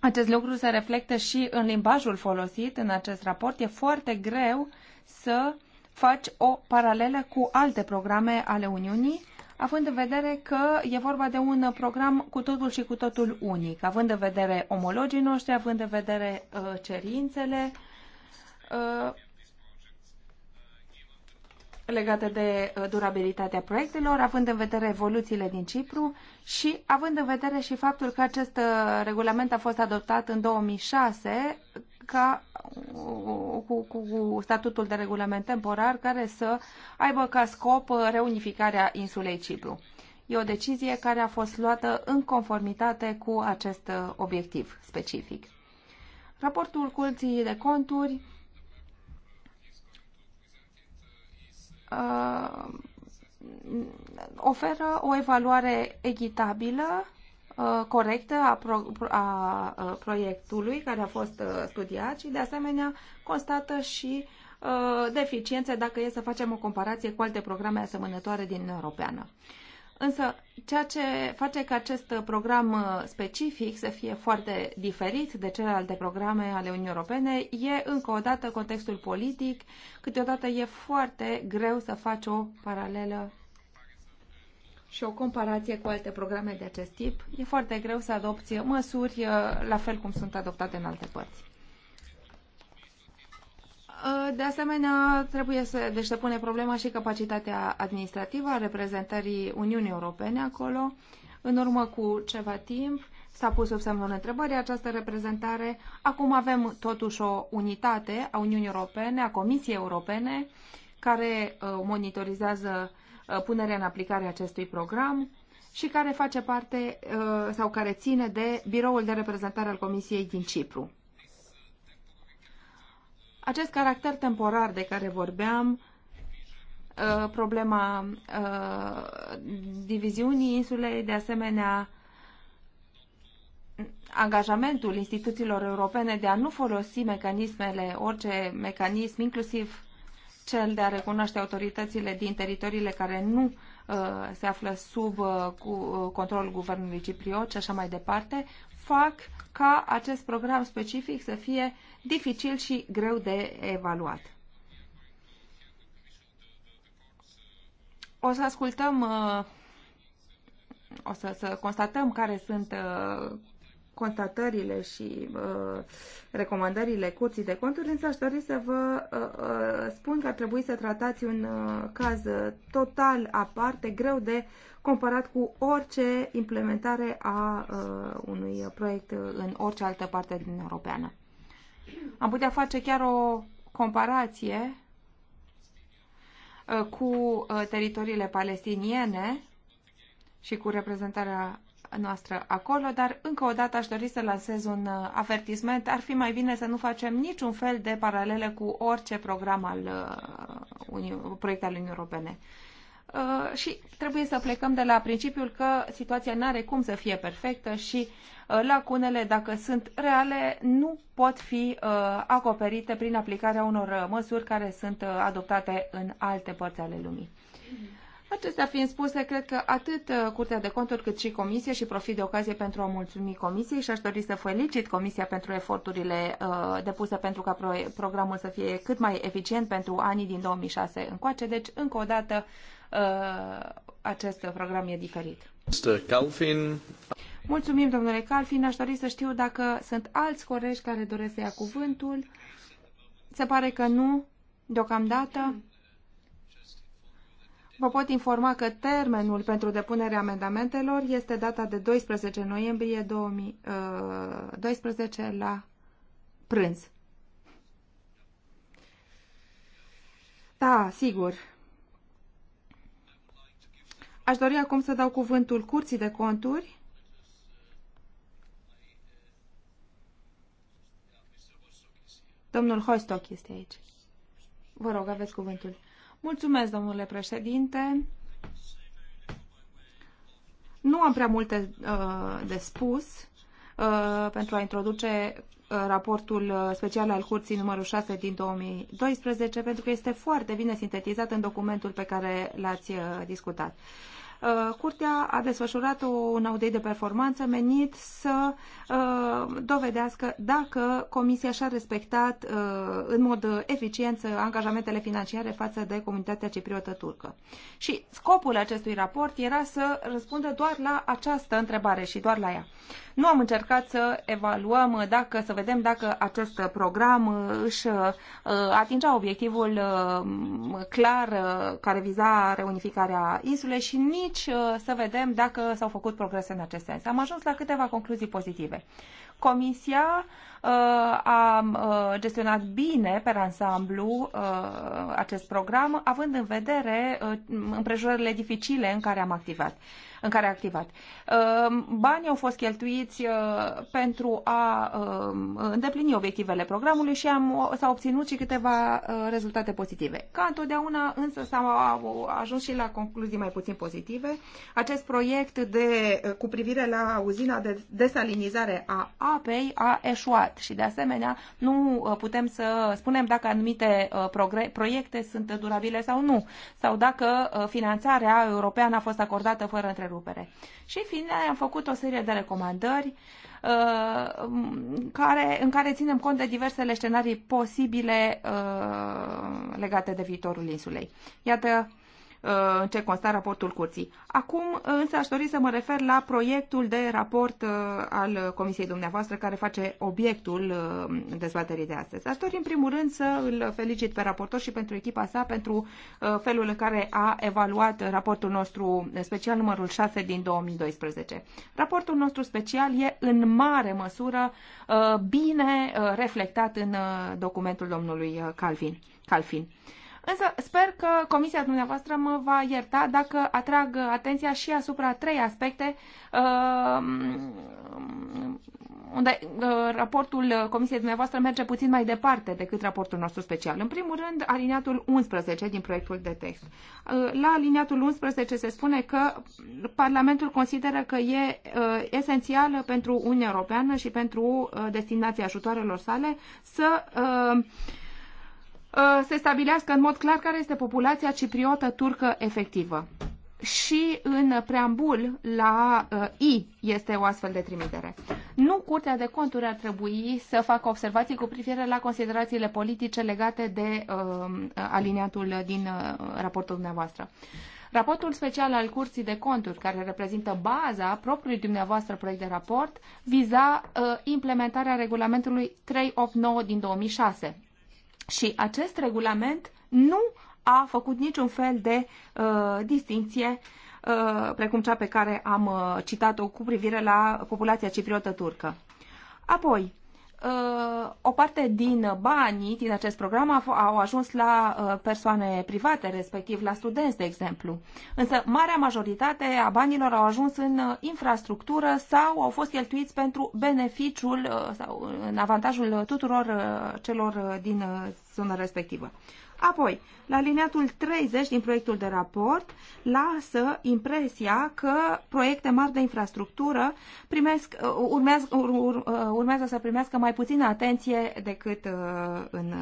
S3: acest lucru se reflectă și în limbajul folosit în acest raport. E foarte greu să faci o paralelă cu alte programe ale Uniunii având în vedere că e vorba de un program cu totul și cu totul unic, având în vedere omologii noștri, având în vedere uh, cerințele uh, legate de uh, durabilitatea proiectelor, având în vedere evoluțiile din Cipru și având în vedere și faptul că acest uh, regulament a fost adoptat în 2006, ca uh, cu, cu statutul de regulament temporar care să aibă ca scop uh, reunificarea insulei Cipru. E o decizie care a fost luată în conformitate cu acest uh, obiectiv specific. Raportul Curții de Conturi oferă o evaluare echitabilă Uh, corectă a, pro, a uh, proiectului care a fost uh, studiat și, de asemenea, constată și deficiențe dacă e să facem o comparație cu alte programe asemănătoare din Europeană. Însă, ceea ce face ca acest program specific să fie foarte diferit de celelalte programe ale Uniunii Europene e, încă o dată, contextul politic. Câteodată e foarte greu să faci o paralelă și o comparație cu alte programe de acest tip, e foarte greu să adopți măsuri uh, la fel cum sunt adoptate în alte părți. Uh, de asemenea, trebuie să deștepune deci problema și capacitatea administrativă a reprezentării Uniunii Europene acolo. În urmă cu ceva timp s-a pus sub semnul întrebării această reprezentare. Acum avem totuși o unitate a Uniunii Europene, a Comisiei Europene, care uh, monitorizează Uh, punerea în aplicare a acestui program și care face parte uh, sau care ține de biroul de reprezentare al Comisiei din Cipru. Acest caracter temporar de care vorbeam, uh, problema diviziunii insulei, de asemenea angajamentul instituțiilor europene de a nu folosi mecanismele, orice mecanism, inclusiv cel de a recunoaște autoritățile din teritoriile care nu uh, se află sub uh, uh, controlul guvernului cipriot și așa mai departe, fac ca acest program specific să fie dificil și greu de evaluat. O să ascultăm, o să, să constatăm care sunt constatările și uh, recomandările curții de conturi, însă aș dori să vă uh, uh, spun că ar trebui să tratați un uh, caz total aparte, greu de comparat cu orice implementare a uh, unui proiect în orice altă parte din Europeană. Am putea face chiar o comparație uh, cu uh, teritoriile palestiniene și cu reprezentarea noastră acolo, dar încă o dată aș dori să lansez un uh, avertisment. Ar fi mai bine să nu facem niciun fel de paralele cu orice program al uh, proiect al Uniunii Europene. Uh, și trebuie să plecăm de la principiul că situația nu are cum să fie perfectă și uh, lacunele, dacă sunt reale, nu pot fi uh, acoperite prin aplicarea unor uh, măsuri care sunt uh, adoptate în alte părți ale lumii. Mm -hmm. Acestea fiind spuse, cred că atât uh, Curtea de Conturi cât și comisia și profit de ocazie pentru a mulțumi Comisiei și aș dori să felicit Comisia pentru eforturile uh, depuse pentru ca pro- programul să fie cât mai eficient pentru anii din 2006 încoace. Deci, încă o dată, uh, acest program e diferit.
S2: Mr. Calfin.
S3: Mulțumim, domnule Calfin. Aș dori să știu dacă sunt alți colegi care doresc să ia cuvântul. Se pare că nu, deocamdată. Vă pot informa că termenul pentru depunerea amendamentelor este data de 12 noiembrie 2012 uh, la prânz. Da, sigur. Aș dori acum să dau cuvântul Curții de Conturi. Domnul Hoistock este aici. Vă rog, aveți cuvântul. Mulțumesc, domnule președinte. Nu am prea multe uh, de spus uh, pentru a introduce uh, raportul special al Curții numărul 6 din 2012, pentru că este foarte bine sintetizat în documentul pe care l-ați discutat. Uh, curtea a desfășurat un audit de performanță menit să uh, dovedească dacă Comisia și-a respectat uh, în mod eficient angajamentele financiare față de comunitatea cipriotă turcă. Și scopul acestui raport era să răspundă doar la această întrebare și doar la ea. Nu am încercat să evaluăm uh, dacă, să vedem dacă acest program uh, își uh, atingea obiectivul clar care viza reunificarea insulei și nici să vedem dacă s-au făcut progrese în acest sens. Am ajuns la câteva concluzii pozitive. Comisia a gestionat bine pe ansamblu acest program, având în vedere împrejurările dificile în care am activat în care a activat. Ehm, banii au fost cheltuiți ehm, pentru a ehm, îndeplini obiectivele programului și am, s-au obținut și câteva rezultate pozitive. Ca întotdeauna, însă, s-au ajuns și la concluzii mai puțin pozitive. Acest proiect de, cu privire la uzina de desalinizare a apei a eșuat și, de asemenea, nu putem să spunem dacă anumite proiecte sunt durabile sau nu, sau dacă finanțarea europeană a fost acordată fără întrerupere întrerupere. Și în fine, am făcut o serie de recomandări uh, care, în care ținem cont de diversele scenarii posibile uh, legate de viitorul insulei. Iată în uh, ce consta raportul curții. Acum uh, însă aș dori să mă refer la proiectul de raport uh, al comisiei dumneavoastră care face obiectul dezbaterii de astăzi. Aș dori în primul rând să îl felicit pe raportor și pentru echipa sa pentru felul în care a evaluat raportul nostru special numărul 6 din 2012. Raportul nostru special e în mare măsură bine reflectat în documentul domnului Calvin. Calvin. Însă sper că comisia dumneavoastră mă va ierta dacă atrag atenția și asupra trei aspecte uh, unde uh, raportul comisiei dumneavoastră merge puțin mai departe decât raportul nostru special. În primul rând, aliniatul 11 din proiectul de text. Uh, la aliniatul 11 se spune că Parlamentul consideră că e uh, esențial pentru Uniunea Europeană și pentru uh, destinația ajutoarelor sale să uh, Uh, se stabilească în mod clar care este populația cipriotă turcă efectivă. Și în preambul la uh, I este o astfel de trimitere. Nu Curtea de Conturi ar trebui să facă observații cu privire la considerațiile politice legate de uh, aliniatul din uh, raportul dumneavoastră. Raportul special al Curții de Conturi, care reprezintă baza propriului dumneavoastră proiect de raport, viza uh, implementarea regulamentului 389 din 2006 și acest regulament nu a făcut niciun fel de uh, distinție uh, precum cea pe care am uh, citat-o cu privire la populația cipriotă turcă. Apoi, o parte din banii din acest program au ajuns la uh, persoane private, respectiv la studenți, de exemplu. Însă, marea majoritate a banilor au ajuns în uh, infrastructură sau au fost cheltuiți pentru beneficiul uh, sau în avantajul tuturor celor din zona respectivă. Apoi, la liniatul 30 din proiectul de raport, lasă impresia că proiecte mari de infrastructură primesc, uh, urmează, ur, uh, urmează să primească mai puțină atenție decât uh, în,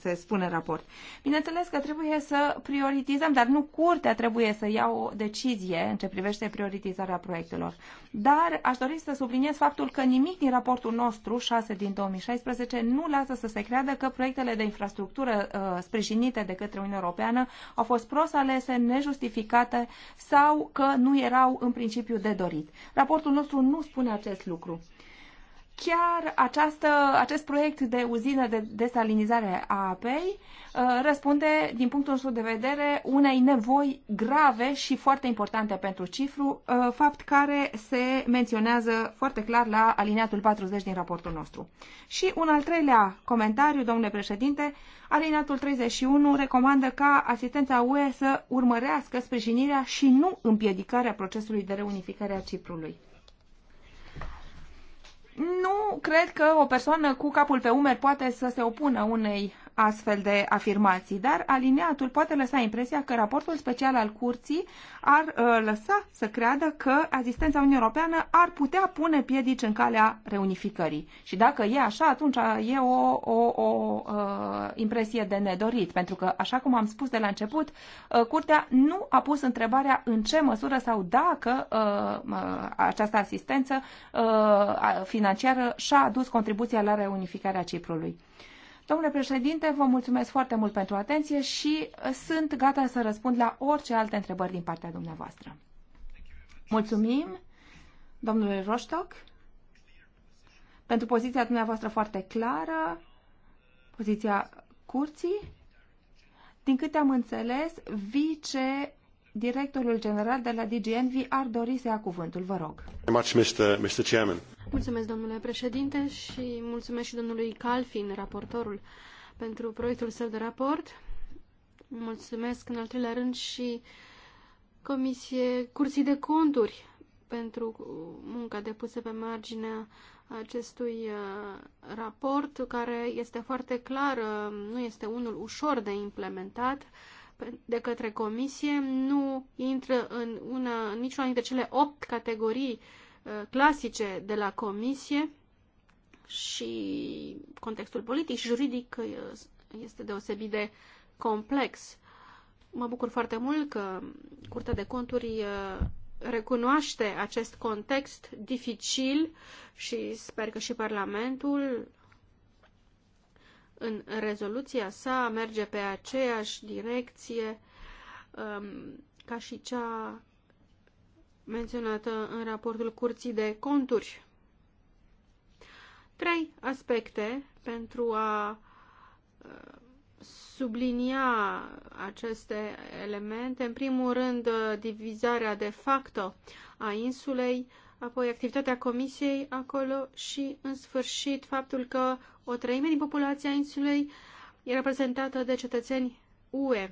S3: se spune în raport. Bineînțeles că trebuie să prioritizăm, dar nu curtea trebuie să ia o decizie în ce privește prioritizarea proiectelor. Dar aș dori să subliniez faptul că nimic din raportul nostru, 6 din 2016, nu lasă să se creadă că proiectele de infrastructură sprijinite de către Uniunea Europeană au fost prost alese, nejustificate sau că nu erau în principiu de dorit. Raportul nostru nu spune acest lucru chiar această, acest proiect de uzină de desalinizare a apei uh, răspunde, din punctul nostru de vedere, unei nevoi grave și foarte importante pentru cifru, uh, fapt care se menționează foarte clar la alineatul 40 din raportul nostru. Și un al treilea comentariu, domnule președinte, alineatul 31 recomandă ca asistența UE să urmărească sprijinirea și nu împiedicarea procesului de reunificare a Ciprului. Nu cred că o persoană cu capul pe umeri poate să se opună unei astfel de afirmații, dar alineatul poate lăsa impresia că raportul special al curții ar uh, lăsa să creadă că asistența Uniunii Europeană ar putea pune piedici în calea reunificării. Și dacă e așa, atunci e o, o, o uh, impresie de nedorit, pentru că, așa cum am spus de la început, uh, curtea nu a pus întrebarea în ce măsură sau dacă această asistență financiară și-a adus contribuția la reunificarea Ciprului. Domnule președinte, vă mulțumesc foarte mult pentru atenție și sunt gata să răspund la orice alte întrebări din partea dumneavoastră. Mulțumim, domnule Roștoc, pentru poziția dumneavoastră foarte clară, poziția curții. Din câte am înțeles, vice directorul general de la DGNV ar dori să ia cuvântul. Vă rog. Much, Mr. Mr. Chairman.
S1: Mulțumesc, domnule președinte, și mulțumesc și domnului Calfin, raportorul, pentru proiectul său de raport. Mulțumesc, în al treilea rând, și Comisie Curții de Conturi pentru munca depusă pe marginea acestui uh, raport, care este foarte clar, uh, nu este unul ușor de implementat de către Comisie, nu intră în, una, în niciuna dintre cele opt categorii uh, Uh, clasice de la Comisie și contextul politic și juridic uh, este deosebit de complex. Mă bucur foarte mult că Curtea de Conturi uh, recunoaște acest context dificil și sper că și Parlamentul în rezoluția sa merge pe aceeași direcție um, ca și cea menționată în raportul Curții de Conturi. Trei aspecte pentru a uh, sublinia aceste elemente. În primul rând, uh, divizarea de facto a insulei, apoi activitatea comisiei acolo și, în sfârșit, faptul că o treime din populația insulei e reprezentată de cetățeni UE.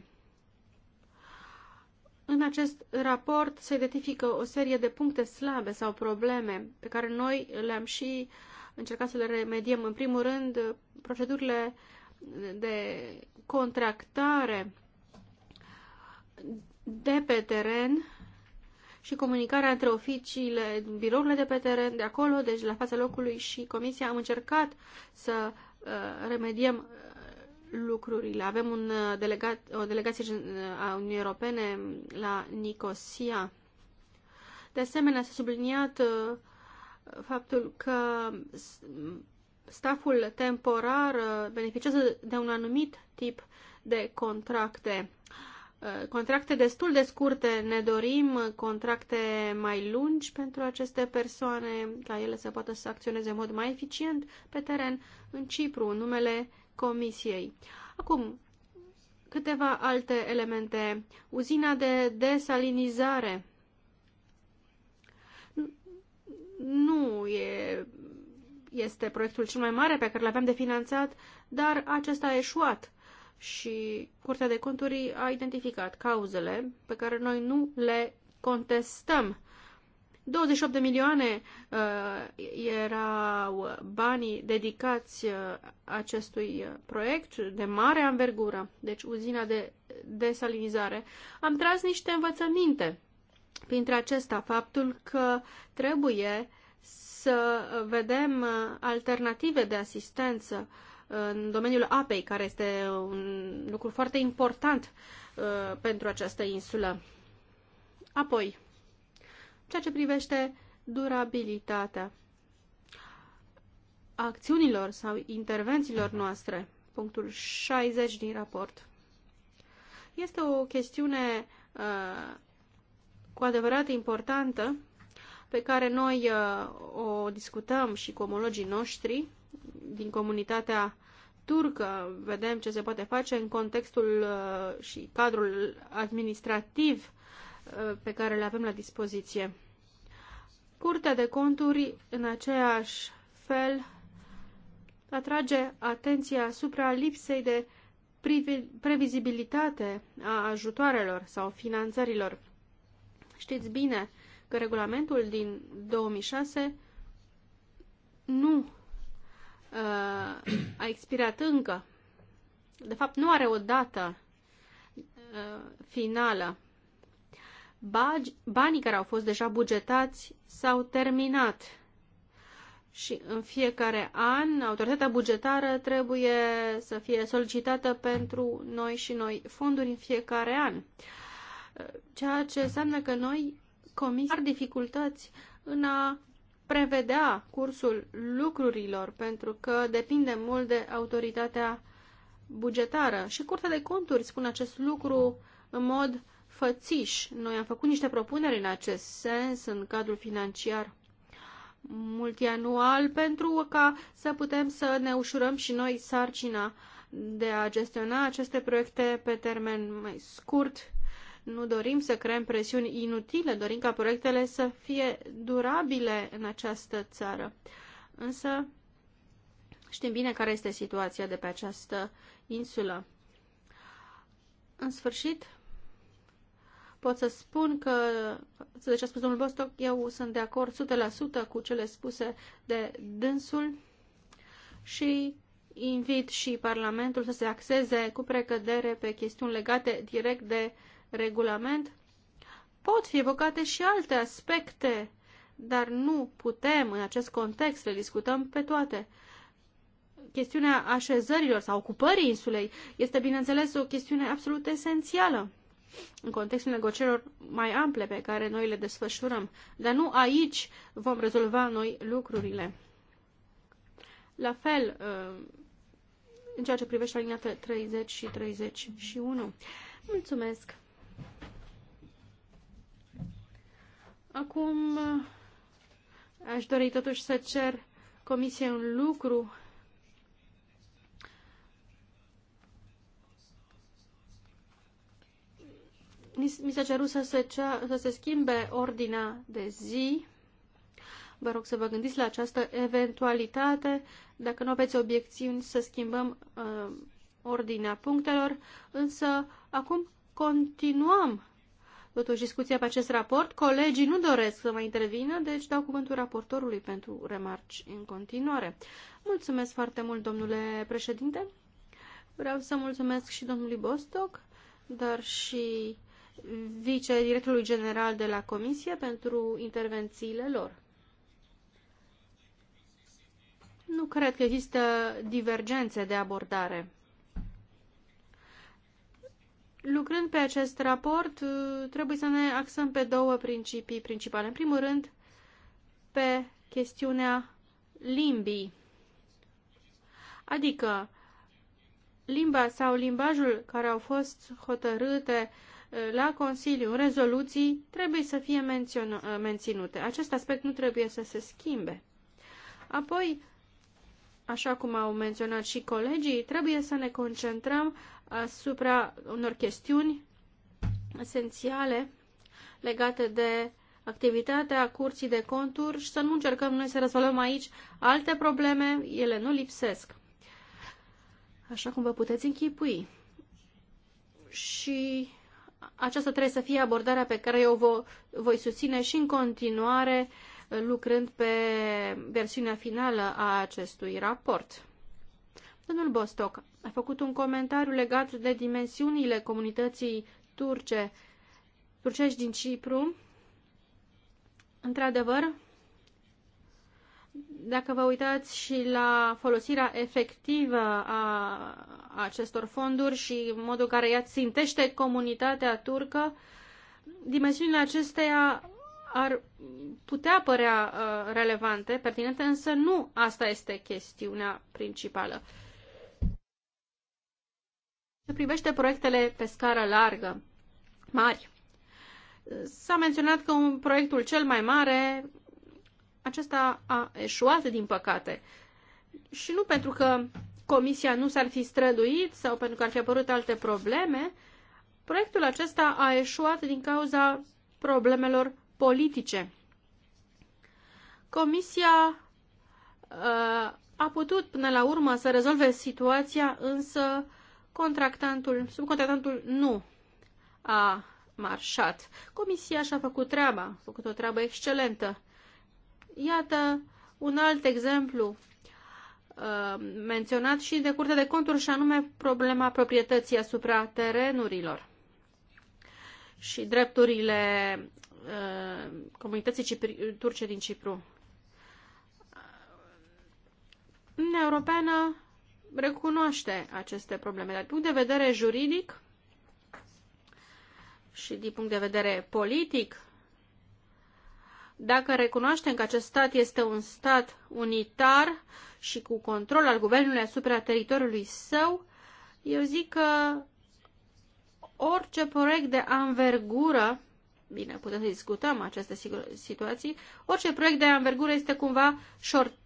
S1: În acest raport se identifică o serie de puncte slabe sau probleme pe care noi le-am și încercat să le remediem. În primul rând, procedurile de contractare de pe teren și comunicarea între oficiile, birourile de pe teren, de acolo, deci la fața locului și comisia, am încercat să uh, remediem lucrurile. Avem un uh, delegat, o delegație uh, a Uniunii Europene la Nicosia. De asemenea, s-a subliniat uh, faptul că staful temporar beneficiază de un anumit tip de contracte. Contracte destul de scurte ne dorim, contracte mai lungi pentru aceste persoane, ca ele să poată să acționeze în mod mai eficient pe teren în Cipru, numele Comisiei. Acum, câteva alte elemente. Uzina de desalinizare. Nu e, este proiectul cel mai mare pe care l-aveam de finanțat, dar acesta a eșuat și Curtea de Conturi a identificat cauzele pe care noi nu le contestăm. 28 de milioane uh, erau banii dedicați uh, acestui uh, proiect de mare anvergură, deci uzina de desalinizare. Am tras niște învățăminte printre acesta faptul că trebuie să vedem uh, alternative de asistență uh, în domeniul apei, care este un lucru foarte important uh, pentru această insulă. Apoi, ceea ce privește durabilitatea acțiunilor sau intervențiilor noastre, punctul 60 din raport. Este o chestiune uh, cu adevărat importantă pe care noi uh, o discutăm și cu omologii noștri din comunitatea turcă. Vedem ce se poate face în contextul uh, și cadrul administrativ Uh, pe care le avem la dispoziție. Curtea de conturi, în aceeași fel, atrage atenția asupra lipsei de previzibilitate a ajutoarelor sau finanțărilor. Știți bine că regulamentul din 2006 nu uh, a expirat încă. De fapt, nu are o dată uh, finală banii care au fost deja bugetați s-au terminat. Și în fiecare an, autoritatea bugetară trebuie să fie solicitată pentru noi și noi fonduri în fiecare an. Ceea ce înseamnă că noi comis dificultăți în a prevedea cursul lucrurilor, pentru că depinde mult de autoritatea bugetară. Și Curtea de Conturi spune acest lucru în mod fățiși. Noi am făcut niște propuneri în acest sens în cadrul financiar multianual pentru ca să putem să ne ușurăm și noi sarcina de a gestiona aceste proiecte pe termen mai scurt. Nu dorim să creăm presiuni inutile, dorim ca proiectele să fie durabile în această țară. Însă știm bine care este situația de pe această insulă. În sfârșit, pot să spun că, de ce a spus domnul Bostock, eu sunt de acord 100% cu cele spuse de dânsul și invit și Parlamentul să se axeze cu precădere pe chestiuni legate direct de regulament. Pot fi evocate și alte aspecte, dar nu putem în acest context le discutăm pe toate. Chestiunea așezărilor sau ocupării insulei este, bineînțeles, o chestiune absolut esențială în contextul negocierilor mai ample pe care noi le desfășurăm. Dar nu aici vom rezolva noi lucrurile. La fel, uh, în ceea ce privește aliniate 30 și 31. Mulțumesc! Acum uh, aș dori totuși să cer Comisiei un lucru mi s-a cerut să se, cea, să se schimbe ordinea de zi. Vă rog să vă gândiți la această eventualitate. Dacă nu aveți obiecțiuni, să schimbăm uh, ordinea punctelor. Însă, acum continuăm totuși discuția pe acest raport. Colegii nu doresc să mai intervină, deci dau cuvântul raportorului pentru remarci în continuare. Mulțumesc foarte mult, domnule președinte. Vreau să mulțumesc și domnului Bostock, dar și vicedirectorului general de la Comisie pentru intervențiile lor. Nu cred că există divergențe de abordare. Lucrând pe acest raport, trebuie să ne axăm pe două principii principale. În primul rând, pe chestiunea limbii. Adică, limba sau limbajul care au fost hotărâte uh, la Consiliu rezoluții trebuie să fie menținute. Acest aspect nu trebuie să se schimbe. Apoi, așa cum au menționat și colegii, trebuie să ne concentrăm asupra unor chestiuni esențiale legate de activitatea curții de conturi și să nu încercăm noi să rezolvăm aici alte probleme, ele nu lipsesc. Așa cum vă puteți închipui. Și aceasta trebuie să fie abordarea pe care eu voi susține și în continuare uh, lucrând pe versiunea finală a acestui raport. Domnul Bostock a făcut un comentariu legat de dimensiunile comunității turce, turcești din Cipru. Într-adevăr, dacă vă uitați și la folosirea efectivă a acestor fonduri și modul care ea țintește comunitatea turcă, dimensiunile acesteia ar putea părea uh, relevante, pertinente, însă nu asta este chestiunea principală. Se privește proiectele pe scară largă, mari. S-a menționat că un proiectul cel mai mare acesta a eșuat, din păcate. Și nu pentru că comisia nu s-ar fi străduit sau pentru că ar fi apărut alte probleme, proiectul acesta a eșuat din cauza problemelor politice. Comisia uh, a putut până la urmă să rezolve situația, însă contractantul, subcontractantul nu a marșat. Comisia și-a făcut treaba, a făcut o treabă excelentă. Iată un alt exemplu uh, menționat și de curte de Conturi și anume problema proprietății asupra terenurilor și drepturile uh, comunității cipri, turce din Cipru. Uniunea Europeană recunoaște aceste probleme, dar din punct de vedere juridic și din punct de vedere politic, dacă recunoaștem că acest stat este un stat unitar și cu control al guvernului asupra teritoriului său, eu zic că orice proiect de anvergură, bine, putem să discutăm aceste situații, orice proiect de anvergură este cumva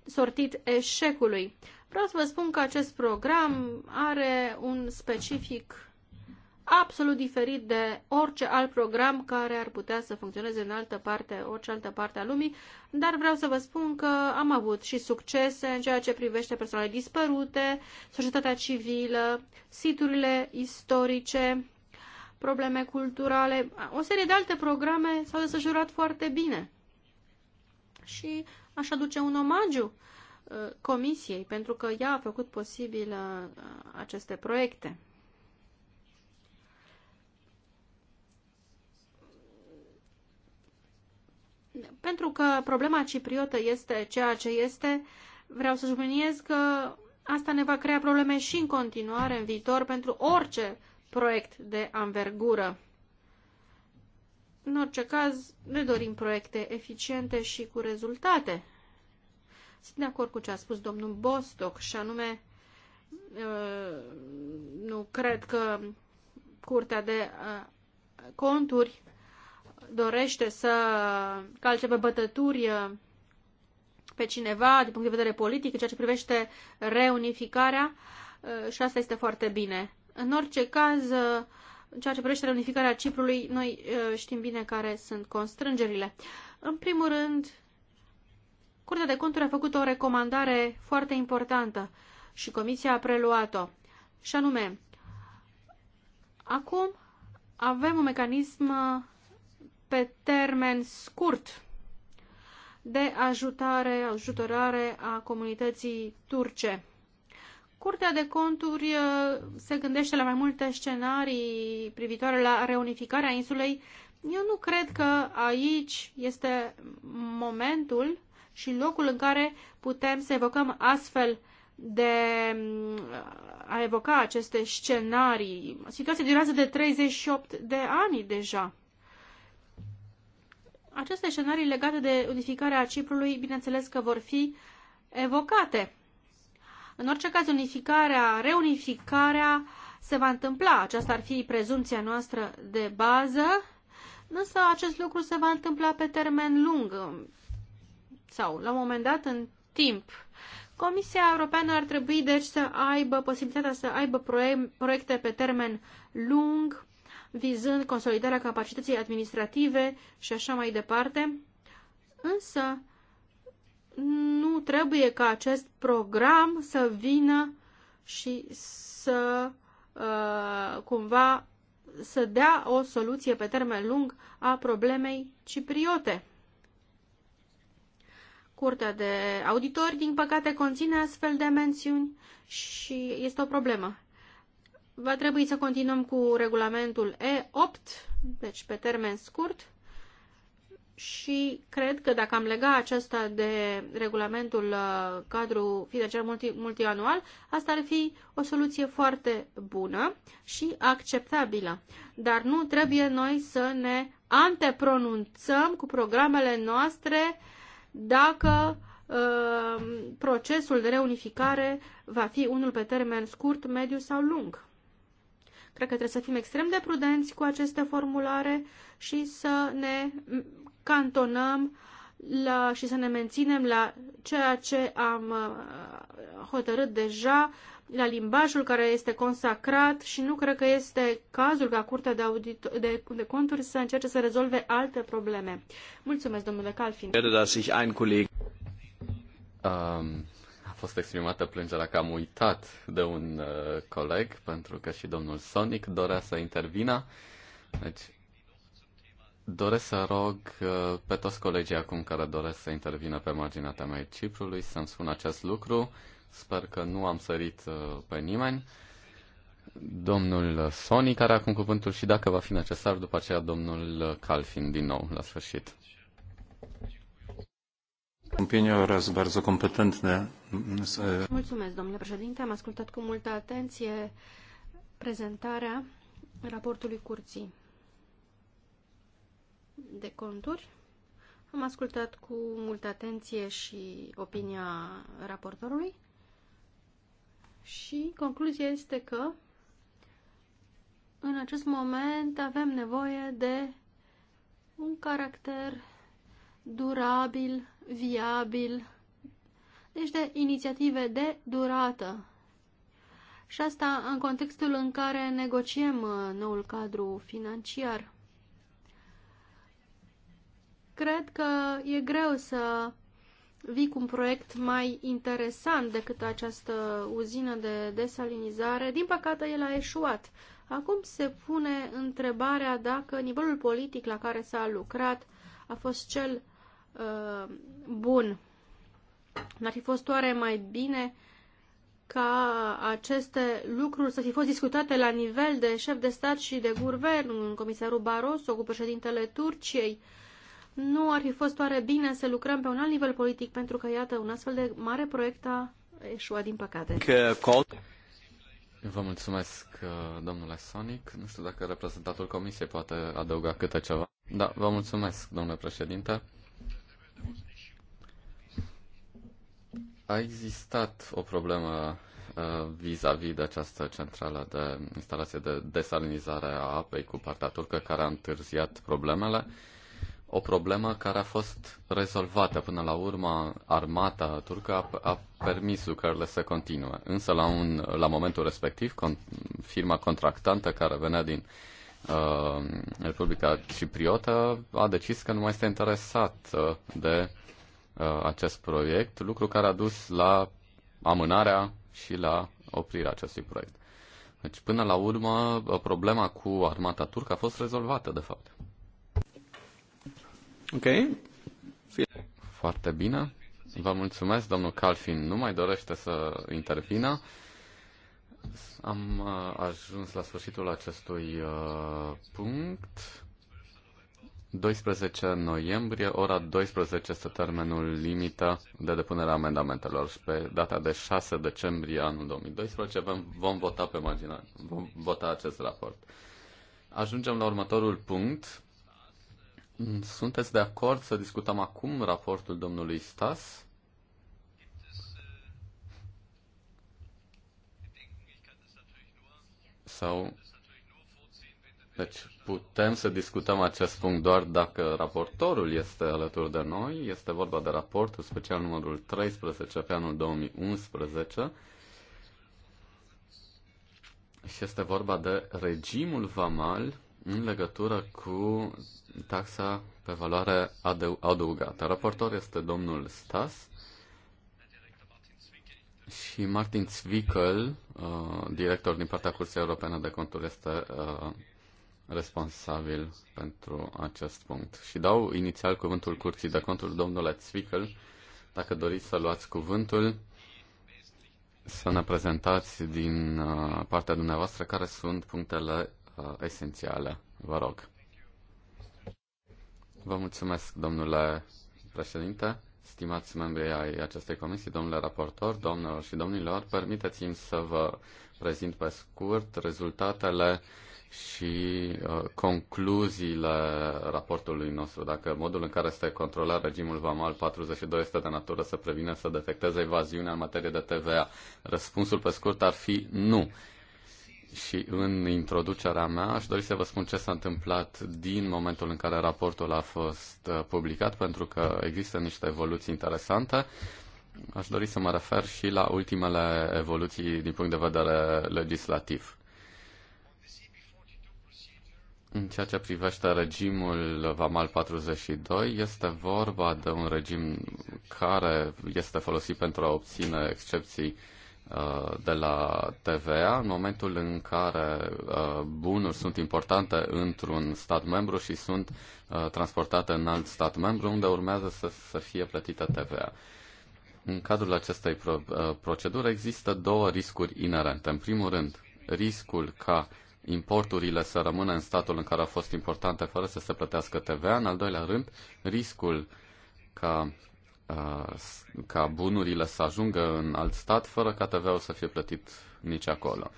S1: sortit eșecului. Vreau să vă spun că acest program are un specific absolut diferit de orice alt program care ar putea să funcționeze în altă parte, orice altă parte a lumii, dar vreau să vă spun că am avut și succese în ceea ce privește persoanele dispărute, societatea civilă, siturile istorice, probleme culturale, o serie de alte programe s-au desfășurat foarte bine. Și aș aduce un omagiu uh, comisiei, pentru că ea a făcut posibil uh, aceste proiecte. Pentru că problema cipriotă este ceea ce este, vreau să subliniez că asta ne va crea probleme și în continuare, în viitor, pentru orice proiect de anvergură. În orice caz, ne dorim proiecte eficiente și cu rezultate. Sunt de acord cu ce a spus domnul Bostock și anume ă, nu cred că Curtea de ă, Conturi dorește să calce pe bătături uh, pe cineva din punct de vedere politic în ceea ce privește reunificarea uh, și asta este foarte bine. În orice caz, uh, în ceea ce privește reunificarea Ciprului, noi știm bine care sunt constrângerile. În primul rând, Curtea de Conturi a făcut o recomandare foarte importantă și Comisia a preluat-o. Și anume, acum avem un mecanism pe termen scurt de ajutare, ajutorare a comunității turce. Curtea de conturi uh, se gândește la mai multe scenarii privitoare la reunificarea insulei. Eu nu cred că aici este momentul și locul în care putem să evocăm astfel de uh, a evoca aceste scenarii. Situația durează de 38 de ani deja. Aceste scenarii legate de unificarea Ciprului, bineînțeles că vor fi evocate. În orice caz, unificarea, reunificarea se va întâmpla. Aceasta ar fi prezumția noastră de bază, însă acest lucru se va întâmpla pe termen lung sau, la un moment dat, în timp. Comisia Europeană ar trebui, deci, să aibă posibilitatea să aibă proiecte pe termen lung vizând consolidarea capacității administrative și așa mai departe. Însă, nu trebuie ca acest program să vină și să uh, cumva să dea o soluție pe termen lung a problemei cipriote. Curtea de auditori, din păcate, conține astfel de mențiuni și este o problemă va trebui să continuăm cu regulamentul E8, deci pe termen scurt, și cred că dacă am legat acesta de regulamentul uh, cadru financiar multi, multianual, asta ar fi o soluție foarte bună și acceptabilă. Dar nu trebuie noi să ne antepronunțăm cu programele noastre dacă uh, procesul de reunificare va fi unul pe termen scurt, mediu sau lung. Cred că trebuie să fim extrem de prudenți cu aceste formulare și să ne cantonăm la, și să ne menținem la ceea ce am uh, hotărât deja, la limbajul care este consacrat și nu cred că este cazul ca Curtea de, audit, de, de Conturi să încerce să rezolve alte probleme. Mulțumesc, domnule Calfin.
S2: Um, fost exprimată plângerea că am uitat de un uh, coleg, pentru că și domnul Sonic dorea să intervină. Deci, doresc să rog uh, pe toți colegii acum care doresc să intervină pe marginea temei Ciprului să-mi spun acest lucru. Sper că nu am sărit uh, pe nimeni. Domnul Sonic are acum cuvântul și dacă va fi necesar, după aceea domnul Calfin din nou, la sfârșit. Mm,
S1: Mulțumesc, domnule președinte. Am ascultat cu multă atenție prezentarea raportului curții de conturi. Am ascultat cu multă atenție și opinia raportorului și concluzia este că în acest moment avem nevoie de un caracter durabil viabil, deci de inițiative de durată. Și asta în contextul în care negociem uh, noul cadru financiar. Cred că e greu să vii cu un proiect mai interesant decât această uzină de desalinizare. Din păcate, el a eșuat. Acum se pune întrebarea dacă nivelul politic la care s-a lucrat a fost cel Uh, bun. N-ar fi fost oare mai bine ca aceste lucruri să fi fost discutate la nivel de șef de stat și de guvern, în comisarul Barroso cu președintele Turciei? Nu ar fi fost oare bine să lucrăm pe un alt nivel politic pentru că, iată, un astfel de mare proiect a eșuat, din păcate.
S2: Vă mulțumesc, uh, domnule Sonic. Nu știu dacă reprezentantul comisiei poate adăuga câte ceva. Da, vă mulțumesc, domnule președinte. A existat o problemă uh, vis-a-vis -vis de această centrală de instalație de desalinizare a apei cu partea turcă care a întârziat problemele. O problemă care a fost rezolvată până la urmă. Armata turcă a, a permis lucrările să continue. Însă la, un, la momentul respectiv, con, firma contractantă care venea din uh, Republica Cipriotă a decis că nu mai este interesat de Uh, acest proiect, lucru care a dus la amânarea și la oprirea acestui proiect. Deci, până la urmă, uh, problema cu armata turcă a fost rezolvată, de fapt. Ok. Foarte bine. Vă mulțumesc, domnul Calfin nu mai dorește să intervină. Am uh, ajuns la sfârșitul acestui uh, punct. 12 noiembrie, ora 12 este termenul limită de depunere a amendamentelor și pe data de 6 decembrie anul 2012 vom, vom vota pe marginal, vom vota acest raport. Ajungem la următorul punct. Sunteți de acord să discutăm acum raportul domnului Stas? Sau... Deci, putem să discutăm acest punct doar dacă raportorul este alături de noi. Este vorba de raportul special numărul 13 pe anul 2011 și este vorba de regimul vamal în legătură cu taxa pe valoare adăugată. Raportor este domnul Stas și Martin Zwickel, uh, director din partea Curții Europene de Conturi, este uh, responsabil pentru acest punct. Și dau inițial cuvântul Curții de Conturi, domnule Zwickel, dacă doriți să luați cuvântul, să ne prezentați din uh, partea dumneavoastră care sunt punctele uh, esențiale. Vă rog. Vă mulțumesc, domnule președinte, stimați membri ai acestei comisii, domnule raportor, domnilor și domnilor. Permiteți-mi să vă prezint pe scurt rezultatele uh, și uh, concluziile raportului nostru. Dacă modul în care este controlat regimul VAMAL 42 este de natură să prevină, să detecteze evaziunea în materie de TVA, răspunsul pe scurt ar fi nu. Și în introducerea mea aș dori să vă spun ce s-a întâmplat din momentul în care raportul a fost uh, publicat, pentru că există niște evoluții interesante. Aș dori să mă refer și la ultimele evoluții din punct de vedere legislativ. În ceea ce privește regimul Vamal 42, este vorba de un regim care este folosit pentru a obține excepții uh, de la TVA în momentul în care uh, bunuri sunt importante într-un stat membru și sunt uh, transportate în alt stat membru unde urmează să, să fie plătită TVA. În cadrul acestei pro- proceduri există două riscuri inerente. În primul rând, riscul ca uh, importurile să rămână în statul în care au fost importante fără să se plătească TVA. În al doilea rând, riscul ca, uh, ca bunurile să ajungă în alt stat fără ca TVA-ul să fie plătit nici acolo.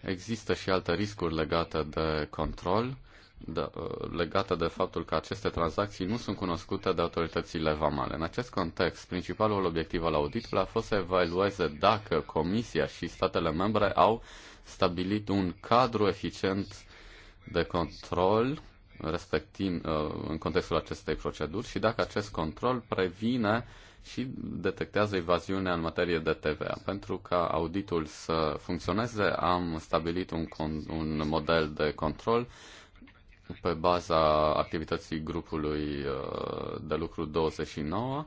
S2: Există și alte riscuri legate de control, de, uh, legate de faptul că aceste tranzacții nu sunt cunoscute de autoritățile vamale. În acest context, principalul obiectiv al auditului a fost să evalueze dacă Comisia și statele membre au stabilit un cadru eficient de control respectiv, uh, în contextul acestei proceduri și dacă acest control previne și detectează evaziunea în materie de TVA. Pentru ca auditul să funcționeze, am stabilit un, un model de control pe baza activității grupului uh, de lucru 29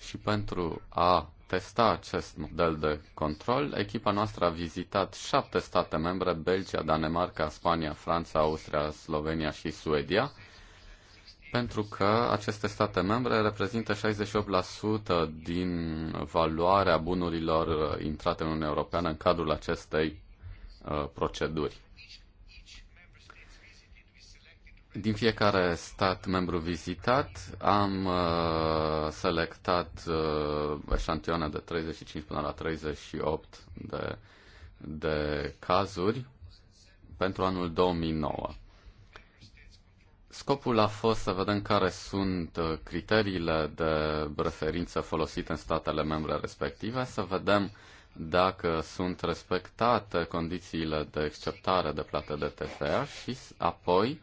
S2: și pentru a testa acest model de control, echipa noastră a vizitat șapte state membre, Belgia, Danemarca, Spania, Franța, Austria, Slovenia și Suedia, pentru că aceste state membre reprezintă 68% din valoarea bunurilor intrate în Uniunea Europeană în cadrul acestei uh, proceduri. Din fiecare stat membru vizitat am uh, selectat uh, eșantioane de 35 până la 38 de, de cazuri pentru anul 2009. Scopul a fost să vedem care sunt uh, criteriile de referință folosite în statele membre respective, să vedem dacă sunt respectate condițiile de acceptare de plată de TVA și apoi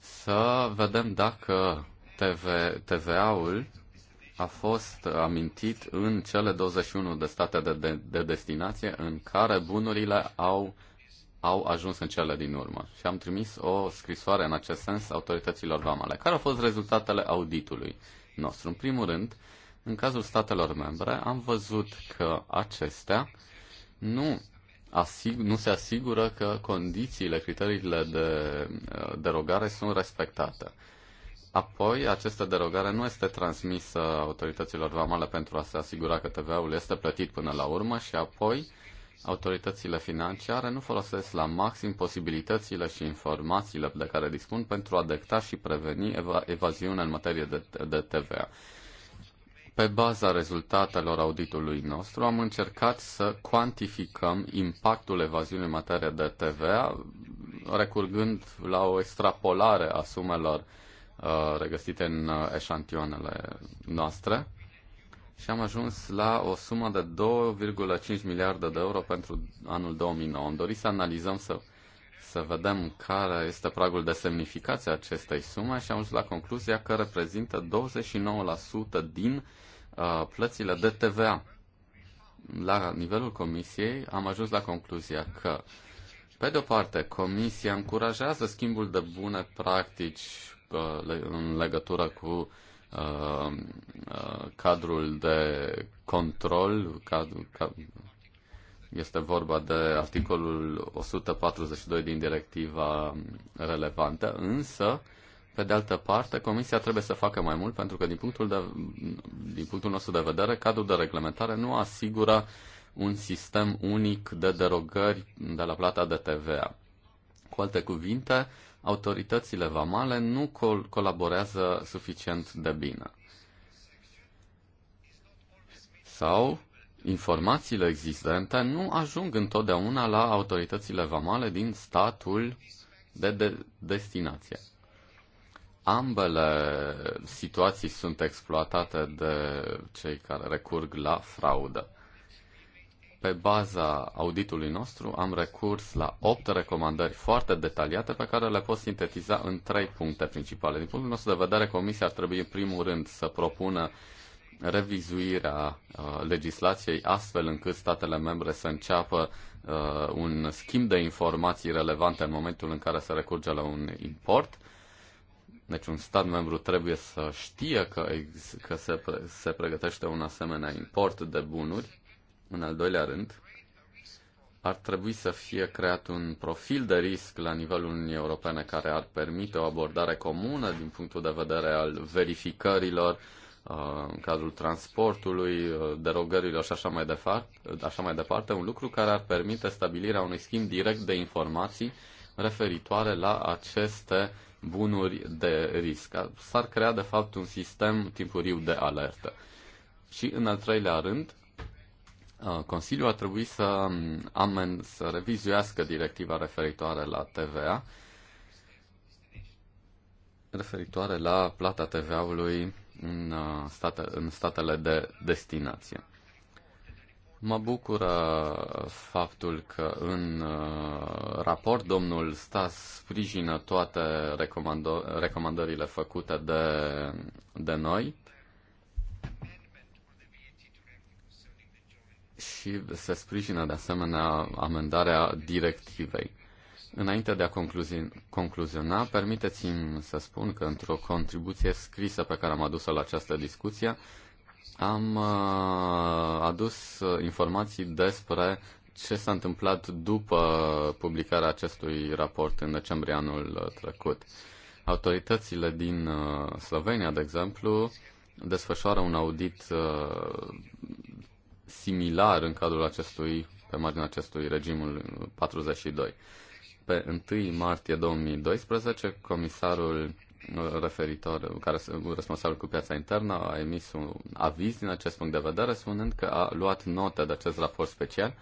S2: să vedem dacă TV, TVA-ul a fost amintit în cele 21 de state de, de, de destinație în care bunurile au, au ajuns în cele din urmă. Și am trimis o scrisoare în acest sens autorităților vamale. Care au fost rezultatele auditului nostru? În primul rând, în cazul statelor membre, am văzut că acestea nu asig- nu se asigură că condițiile, criteriile de uh, derogare sunt respectate. Apoi, această derogare nu este transmisă autorităților vamale pentru a se asigura că TVA-ul este plătit până la urmă și apoi autoritățile financiare nu folosesc la maxim posibilitățile și informațiile de care dispun pentru a detecta și preveni ev- evaziunea în materie de, de TVA. Pe baza rezultatelor auditului nostru am încercat să cuantificăm impactul evaziunii în materie de TVA, recurgând la o extrapolare a sumelor uh, regăsite în uh, eșantioanele noastre și am ajuns la o sumă de 2,5 miliarde de euro pentru anul 2009. Am dorit să analizăm, să, să vedem care este pragul de semnificație a acestei sume și am ajuns la concluzia că reprezintă 29% din uh, Uh, plățile de TVA. La nivelul comisiei am ajuns la concluzia că, pe de-o parte, comisia încurajează schimbul de bune practici uh, în legătură cu uh, cadrul de control, este vorba de articolul 142 din directiva relevantă, însă pe de altă parte, Comisia trebuie să facă mai mult pentru că, din punctul, de, din punctul nostru de vedere, cadrul de reglementare nu asigură un sistem unic de derogări de la plata de TVA. Cu alte cuvinte, autoritățile vamale nu col- colaborează suficient de bine. Sau informațiile existente nu ajung întotdeauna la autoritățile vamale din statul de, de destinație. Ambele situații sunt exploatate de cei care recurg la fraudă. Pe baza auditului nostru am recurs la opt recomandări foarte detaliate pe care le pot sintetiza în trei puncte principale. Din punctul nostru de vedere, Comisia ar trebui în primul rând să propună revizuirea uh, legislației astfel încât statele membre să înceapă uh, un schimb de informații relevante în momentul în care se recurge la un import deci un stat membru trebuie să știe că, că se, se pregătește un asemenea import de bunuri. În al doilea rând, ar trebui să fie creat un profil de risc la nivelul Uniunii Europene care ar permite o abordare comună din punctul de vedere al verificărilor uh, în cadrul transportului, uh, derogărilor și așa mai, departe, așa mai departe, un lucru care ar permite stabilirea unui schimb direct de informații referitoare la aceste bunuri de risc. S-ar crea, de fapt, un sistem timpuriu de alertă. Și, în al treilea rând, uh, Consiliul a trebuit să, um, amen, să revizuiască directiva referitoare la TVA, referitoare la plata TVA-ului în, uh, state, în statele de destinație. Mă bucură faptul că în uh, raport domnul Stas sprijină toate recomandă- recomandările făcute de, de noi și se sprijină de asemenea amendarea directivei. Înainte de a concluziona, permiteți-mi să spun că într-o contribuție scrisă pe care am adus-o la această discuție, am uh, adus uh, informații despre ce s-a întâmplat după publicarea acestui raport în decembrie anul uh, trecut. Autoritățile din Slovenia, de exemplu, desfășoară un audit similar în cadrul acestui, pe marginea acestui regimul 42. Pe 1 martie 2012, comisarul referitor, care sunt responsabil cu piața internă, a emis un aviz din acest punct de vedere, spunând că a luat notă de acest raport special,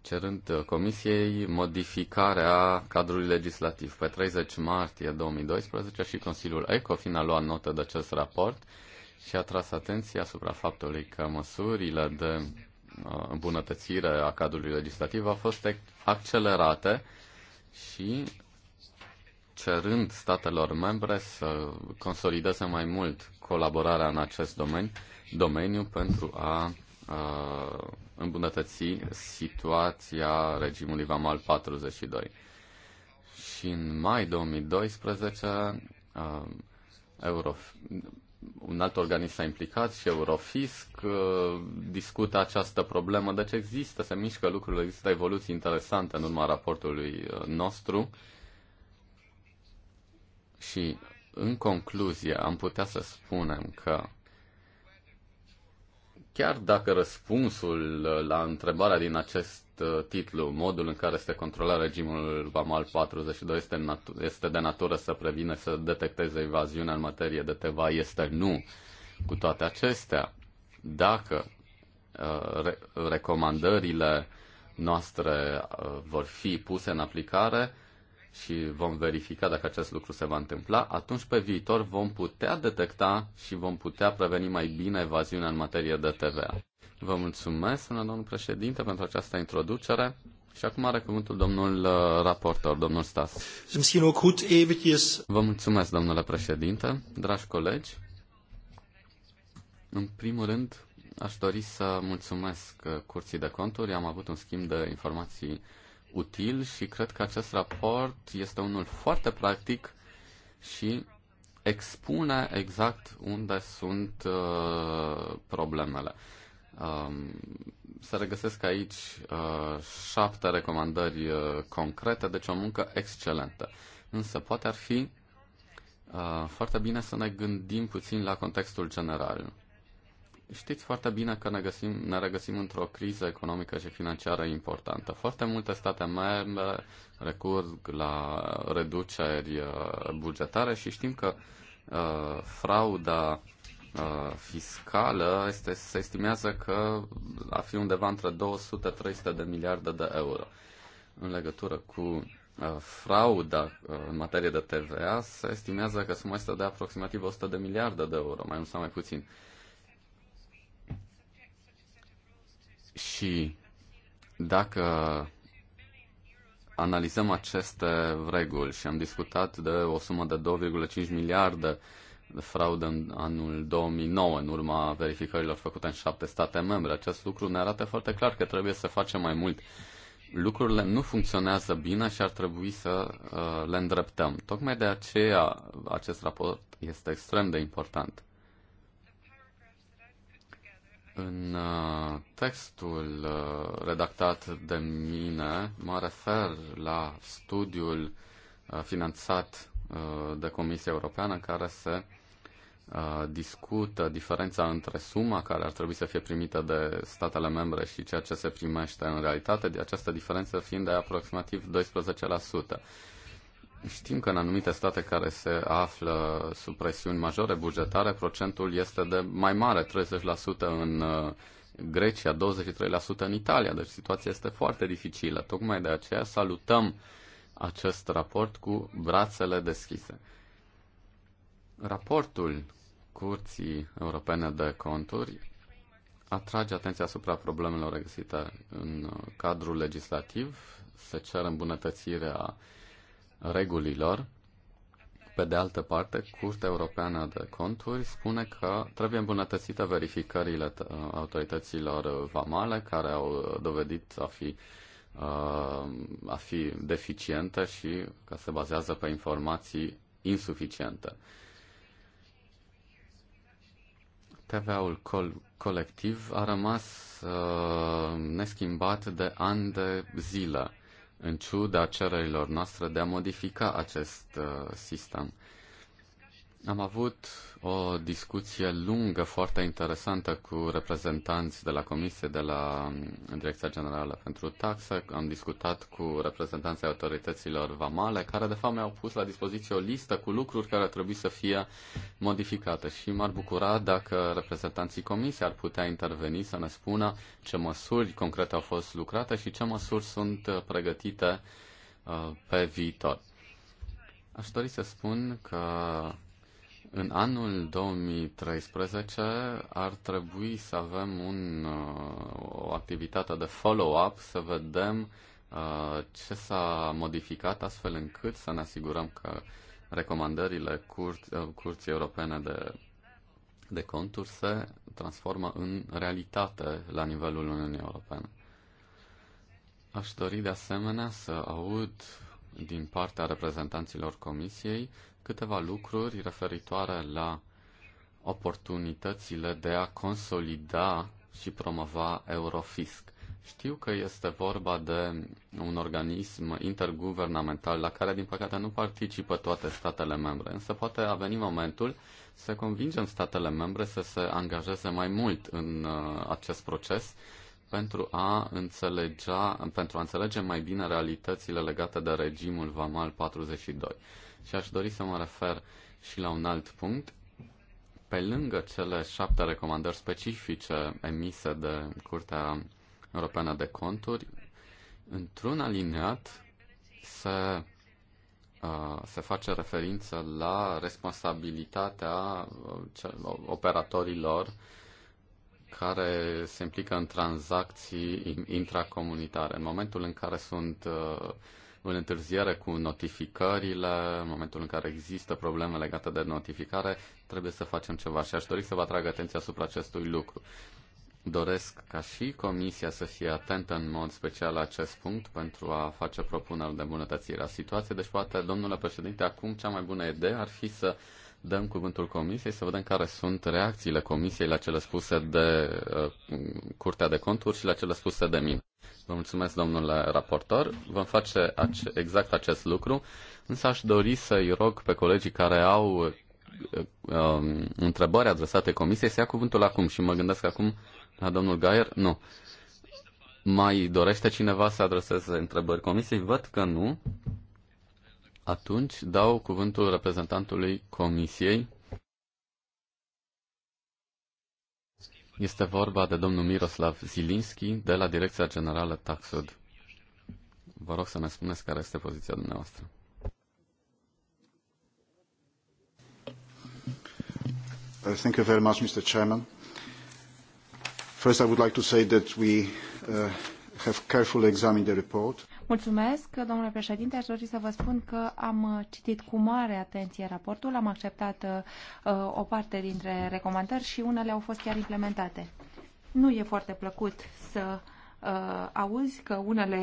S2: cerând uh, Comisiei modificarea cadrului legislativ. Pe 30 martie 2012 și Consiliul ECOFIN a luat notă de acest raport și a tras atenția asupra faptului că măsurile de uh, îmbunătățire a cadrului legislativ au fost accelerate și cerând statelor membre să consolideze mai mult colaborarea în acest domeniu, domeniu pentru a, uh, îmbunătăți situația regimului Vamal 42. Și în mai 2012, uh, Euro, un alt organism s-a implicat și Eurofisc discută această problemă. Deci există, se mișcă lucrurile, există evoluții interesante în urma raportului nostru. Uh, și, în concluzie, am putea să spunem că chiar dacă răspunsul la întrebarea din acest uh, titlu, modul în care se controla regimul VAMAL 42 este, natu- este de natură să prevină, să detecteze evaziunea în materie de TVA, este nu. Cu toate acestea, dacă uh, re- recomandările noastre uh, vor fi puse în aplicare, și vom verifica dacă acest lucru se va întâmpla, atunci pe viitor vom putea detecta și vom putea preveni mai bine evaziunea în materie de TVA. Vă mulțumesc, domnul președinte, pentru această introducere. Și acum are cuvântul domnul uh, raportor, domnul Stas. Vă mulțumesc, domnule președinte, dragi colegi. În primul rând, aș dori să mulțumesc uh, Curții de Conturi. Am avut un schimb de informații util și cred că acest raport este unul foarte practic și expune exact unde sunt uh, problemele. Um, se regăsesc aici uh, șapte recomandări uh, concrete, deci o muncă excelentă. Însă poate ar fi uh, foarte bine să ne gândim puțin la contextul general. Știți foarte bine că ne, găsim, ne regăsim într-o criză economică și financiară importantă. Foarte multe state membre recurg la reduceri uh, bugetare și știm că uh, frauda uh, fiscală este, se estimează că a fi undeva între 200-300 de miliarde de euro. În legătură cu uh, frauda uh, în materie de TVA, se estimează că suma este de aproximativ 100 de miliarde de euro, mai mult sau mai puțin. Uh, Și dacă analizăm aceste reguli și am discutat de o sumă de 2,5 miliarde de fraudă în anul 2009 în urma verificărilor făcute în șapte state membre. Acest lucru ne arată foarte clar că trebuie să facem mai mult. Lucrurile nu funcționează bine și ar trebui să uh, le îndreptăm. Tocmai de aceea acest raport este extrem de important. În uh, textul uh, redactat de mine mă refer la studiul uh, finanțat de Comisia Europeană care se discută diferența între suma care ar trebui să fie primită de statele membre și ceea ce se primește în realitate, această diferență fiind de aproximativ 12%. Știm că în anumite state care se află sub presiuni majore bugetare, procentul este de mai mare, 30% în uh, Grecia, 23% în Italia, deci situația este foarte dificilă. Tocmai de aceea salutăm acest raport cu brațele deschise. Raportul Curții Europene de Conturi atrage atenția asupra problemelor regăsite în uh, cadrul legislativ, se cer îmbunătățirea regulilor. Pe de altă parte, Curtea Europeană de Conturi spune că trebuie îmbunătățită verificările uh, autorităților vamale care au dovedit a fi, uh, a fi deficiente și că se bazează pe informații insuficiente. TVA-ul col- colectiv a rămas uh, neschimbat de ani de zile în ciuda cererilor noastre de a modifica acest uh, sistem. Am avut o discuție lungă, foarte interesantă cu reprezentanți de la Comisie, de la Direcția Generală pentru Taxe. Am discutat cu reprezentanții autorităților vamale, care de fapt mi-au pus la dispoziție o listă cu lucruri care ar trebui să fie modificate. Și m-ar bucura dacă reprezentanții Comisiei ar putea interveni să ne spună ce măsuri concrete au fost lucrate și ce măsuri sunt pregătite uh, pe viitor. Aș dori să spun că în anul 2013 ar trebui să avem un, uh, o activitate de follow-up, să vedem uh, ce s-a modificat astfel încât să ne asigurăm că recomandările cur- uh, Curții Europene de, de Conturi se transformă în realitate la nivelul Uniunii Europene. Aș dori de asemenea să aud din partea reprezentanților Comisiei câteva lucruri referitoare la oportunitățile de a consolida și promova Eurofisc. Știu că este vorba de un organism interguvernamental la care, din păcate, nu participă toate statele membre, însă poate a venit momentul să convingem statele membre să se angajeze mai mult în uh, acest proces pentru a, înțelegea, pentru a înțelege mai bine realitățile legate de regimul VAMAL 42. Și aș dori să mă refer și la un alt punct. Pe lângă cele șapte recomandări specifice emise de Curtea Europeană de Conturi, într-un alineat se, uh, se face referință la responsabilitatea uh, operatorilor care se implică în tranzacții intracomunitare. În momentul în care sunt uh, în întârziere cu notificările, în momentul în care există probleme legate de notificare, trebuie să facem ceva și aș dori să vă atrag atenția asupra acestui lucru. Doresc ca și Comisia să fie atentă în mod special la acest punct pentru a face propuneri de îmbunătățire a situației. Deci poate, domnule președinte, acum cea mai bună idee ar fi să uh, dăm cuvântul Comisiei să vedem care sunt reacțiile Comisiei la cele spuse de uh, Curtea de Conturi și la cele spuse de mine. Vă mulțumesc, domnule raportor. Vom face ace- exact acest lucru, însă aș dori să-i rog pe colegii care au uh, um, întrebări adresate Comisiei să ia cuvântul acum și mă gândesc acum la domnul Gaier. Nu. Mai dorește cineva să adreseze întrebări Comisiei? Văd că nu. Atunci dau cuvântul reprezentantului Comisiei. Este vorba de domnul Miroslav Zilinski de la Direcția Generală Taxud. Vă rog să ne spuneți care este poziția dumneavoastră. Uh, thank you very
S3: much, Mr. Chairman. First, I would like to say that we uh, have carefully examined the report. Mulțumesc, domnule președinte. Aș dori să vă spun că am citit cu mare atenție raportul, am acceptat uh, o parte dintre recomandări și unele au fost chiar implementate. Nu e foarte plăcut să uh, uh, auzi că unele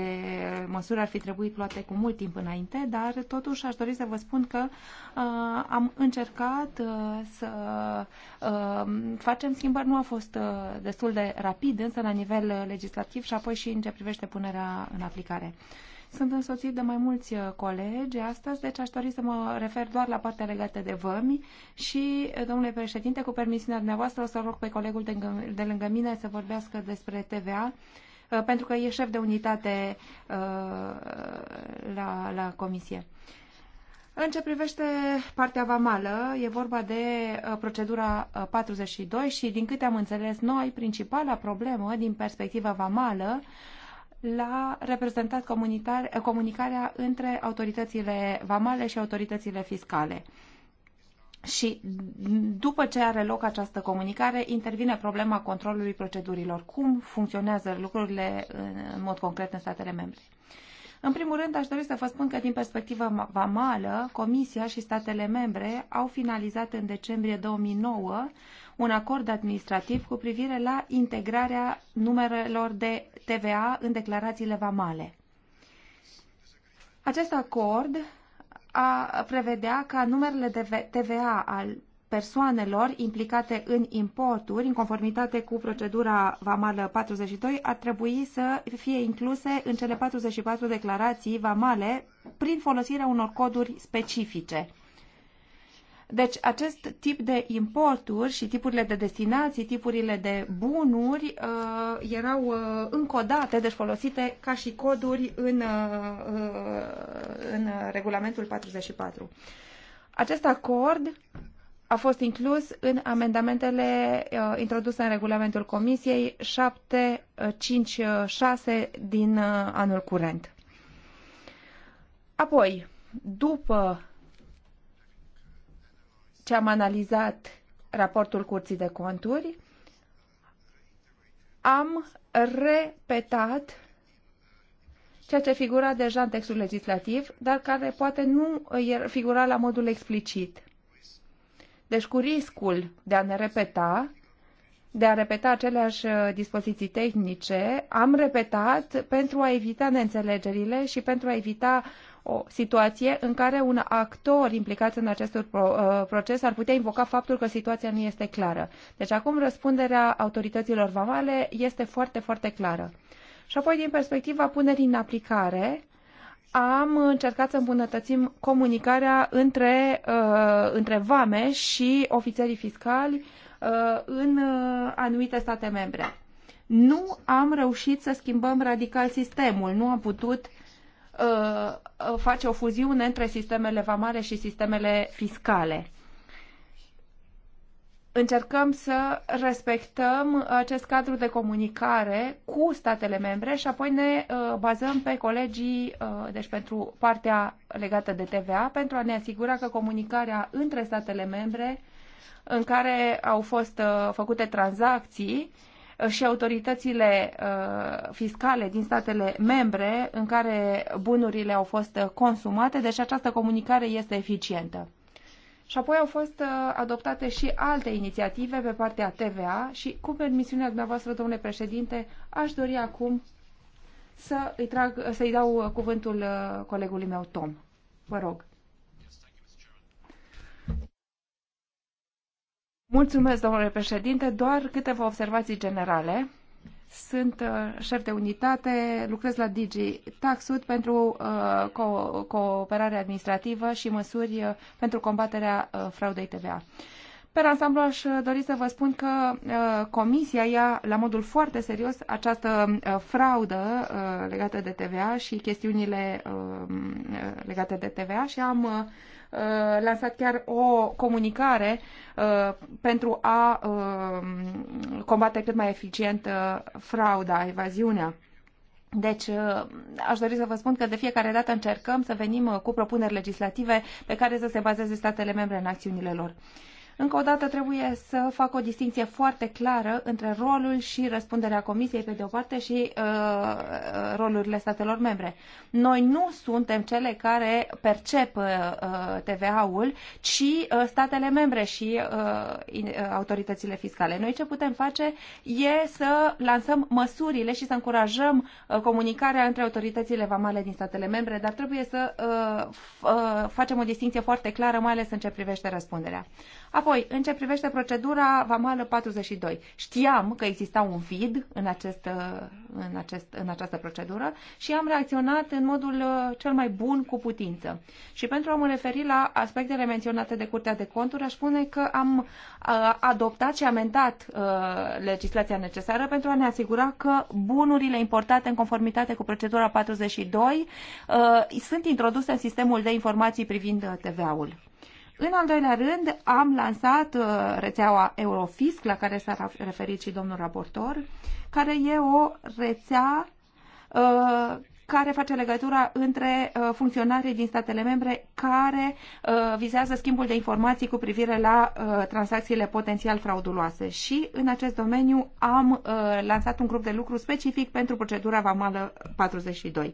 S3: măsuri ar fi trebuit luate cu mult timp înainte, dar totuși aș dori să vă spun că uh, am încercat uh, să uh, facem schimbări. Nu a fost uh, destul de rapid, însă la nivel legislativ și apoi și în ce privește punerea în aplicare. Sunt însoțit de mai mulți uh, colegi astăzi, deci aș dori să mă refer doar la partea legată de vămi și, uh, domnule președinte, cu permisiunea dumneavoastră, o să rog pe colegul de lângă mine să vorbească despre TVA Uh, pentru că e șef de unitate uh, la, la comisie. În ce privește partea vamală, e vorba de uh, procedura 42 și, din câte am înțeles noi, principala problemă din perspectiva vamală l-a reprezentat comunicarea între autoritățile vamale și autoritățile fiscale. Și după ce are loc această comunicare, intervine problema controlului procedurilor. Cum funcționează lucrurile în, mod concret în statele membre? În primul rând, aș dori să vă spun că, din perspectiva vamală, Comisia și statele membre au finalizat în decembrie 2009 un acord administrativ cu privire la integrarea numerelor de TVA în declarațiile vamale. Acest acord a prevedea ca numerele de TVA al persoanelor implicate în importuri, în conformitate cu procedura vamală 42, ar trebui să fie incluse în cele 44 declarații vamale prin folosirea unor coduri specifice. Deci acest tip de importuri și tipurile de destinații, tipurile de bunuri uh, erau uh, încodate, deci folosite ca și coduri în, uh, uh în regulamentul 44. Acest acord a fost inclus în amendamentele uh, introduse în regulamentul Comisiei 756 din uh, anul curent. Apoi, după ce am analizat raportul Curții de Conturi, am repetat ceea ce figura deja în textul legislativ, dar care poate nu figura la modul explicit. Deci cu riscul de a ne repeta, de a repeta aceleași uh, dispoziții tehnice, am repetat pentru a evita neînțelegerile și pentru a evita o situație în care un actor implicat în acest uh, proces ar putea invoca faptul că situația nu este clară. Deci acum răspunderea autorităților vamale este foarte, foarte clară. Și apoi, din perspectiva punerii în aplicare, am încercat să îmbunătățim comunicarea între, uh, între vame și ofițerii fiscali uh, în uh, anumite state membre. Nu am reușit să schimbăm radical sistemul, nu am putut Uh, face o fuziune între sistemele vamale și sistemele fiscale încercăm să respectăm acest cadru de comunicare cu statele membre și apoi ne uh, bazăm pe colegii, uh, deci pentru partea legată de TVA, pentru a ne asigura că comunicarea între statele membre în care au fost făcute tranzacții Uh, și autoritățile uh, fiscale din statele membre în care bunurile au fost uh, consumate, deci această comunicare este eficientă. Și apoi au fost adoptate și alte inițiative pe partea TVA și, cu permisiunea dumneavoastră, domnule președinte, aș dori acum să-i, trag, să-i dau cuvântul colegului meu, Tom. Vă rog. Mulțumesc, domnule președinte. Doar câteva observații generale. Sunt uh, șef de unitate, lucrez la Digi Taxud pentru uh, co- cooperare administrativă și măsuri uh, pentru combaterea fraudei TVA. Pe ansamblu aș dori să vă spun că uh, Comisia ia la modul foarte serios această uh, fraudă uh, legată de TVA și chestiunile um, legate de TVA și am Uh, lansat chiar o comunicare uh, pentru a um, combate cât mai eficient uh, frauda, evaziunea. Deci, aș dori să vă spun că de fiecare dată încercăm să venim cu propuneri legislative pe care să se bazeze statele membre în acțiunile lor. Încă o dată trebuie să fac o distinție foarte clară între rolul și răspunderea Comisiei pe de o parte și uh, uh rolurile statelor membre. Noi nu suntem cele care percep uh, uh TVA-ul, ci uh, statele membre și uh, uh, autoritățile fiscale. Noi ce putem face e să lansăm măsurile și să încurajăm uh, comunicarea între autoritățile vamale din statele membre, dar trebuie să uh, uh, facem o distinție foarte clară, mai ales în ce privește răspunderea. A Apoi, în ce privește procedura Vamală 42, știam că exista un vid în, acest, uh, în, acest, în această procedură și am reacționat în modul uh, cel mai bun cu putință. Și pentru a mă referi la aspectele menționate de Curtea de Conturi, aș spune că am uh, adoptat și amendat legislația necesară pentru a ne asigura că bunurile importate în conformitate cu procedura 42 sunt introduse în sistemul de informații privind TVA-ul. În al doilea rând, am lansat uh, rețeaua Eurofisc, la care s-a referit și domnul raportor, care e o rețea uh, care face legătura între uh, funcționarii din statele membre care vizează schimbul de informații cu privire la tranzacțiile potențial frauduloase. Și în acest domeniu am lansat un grup de lucru specific pentru procedura vamală 42.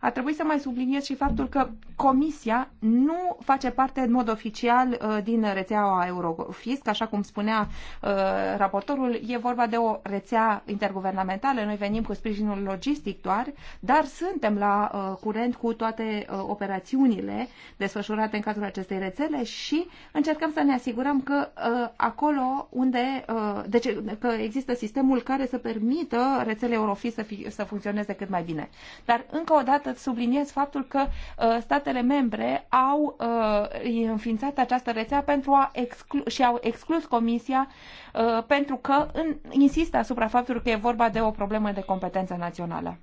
S3: Ar trebui să mai subliniez și faptul că Comisia nu face parte în mod oficial uh, din rețeaua Eurofisc, așa cum spunea uh, raportorul. E vorba de o rețea interguvernamentală. Noi venim cu sprijinul logistic doar, dar suntem la uh, curent cu toate operațiunile desfășurate în cadrul acestei rețele și încercăm să ne asigurăm că acolo unde deci, că există sistemul care să permită rețele Eurofis să, fi, să funcționeze cât mai bine. Dar, încă o dată, dată subliniez faptul că uh, statele membre au uh, înființat această rețea pentru a exclu- și au exclus Comisia uh, pentru că în, insistă asupra faptului că e vorba de o problemă de competență națională.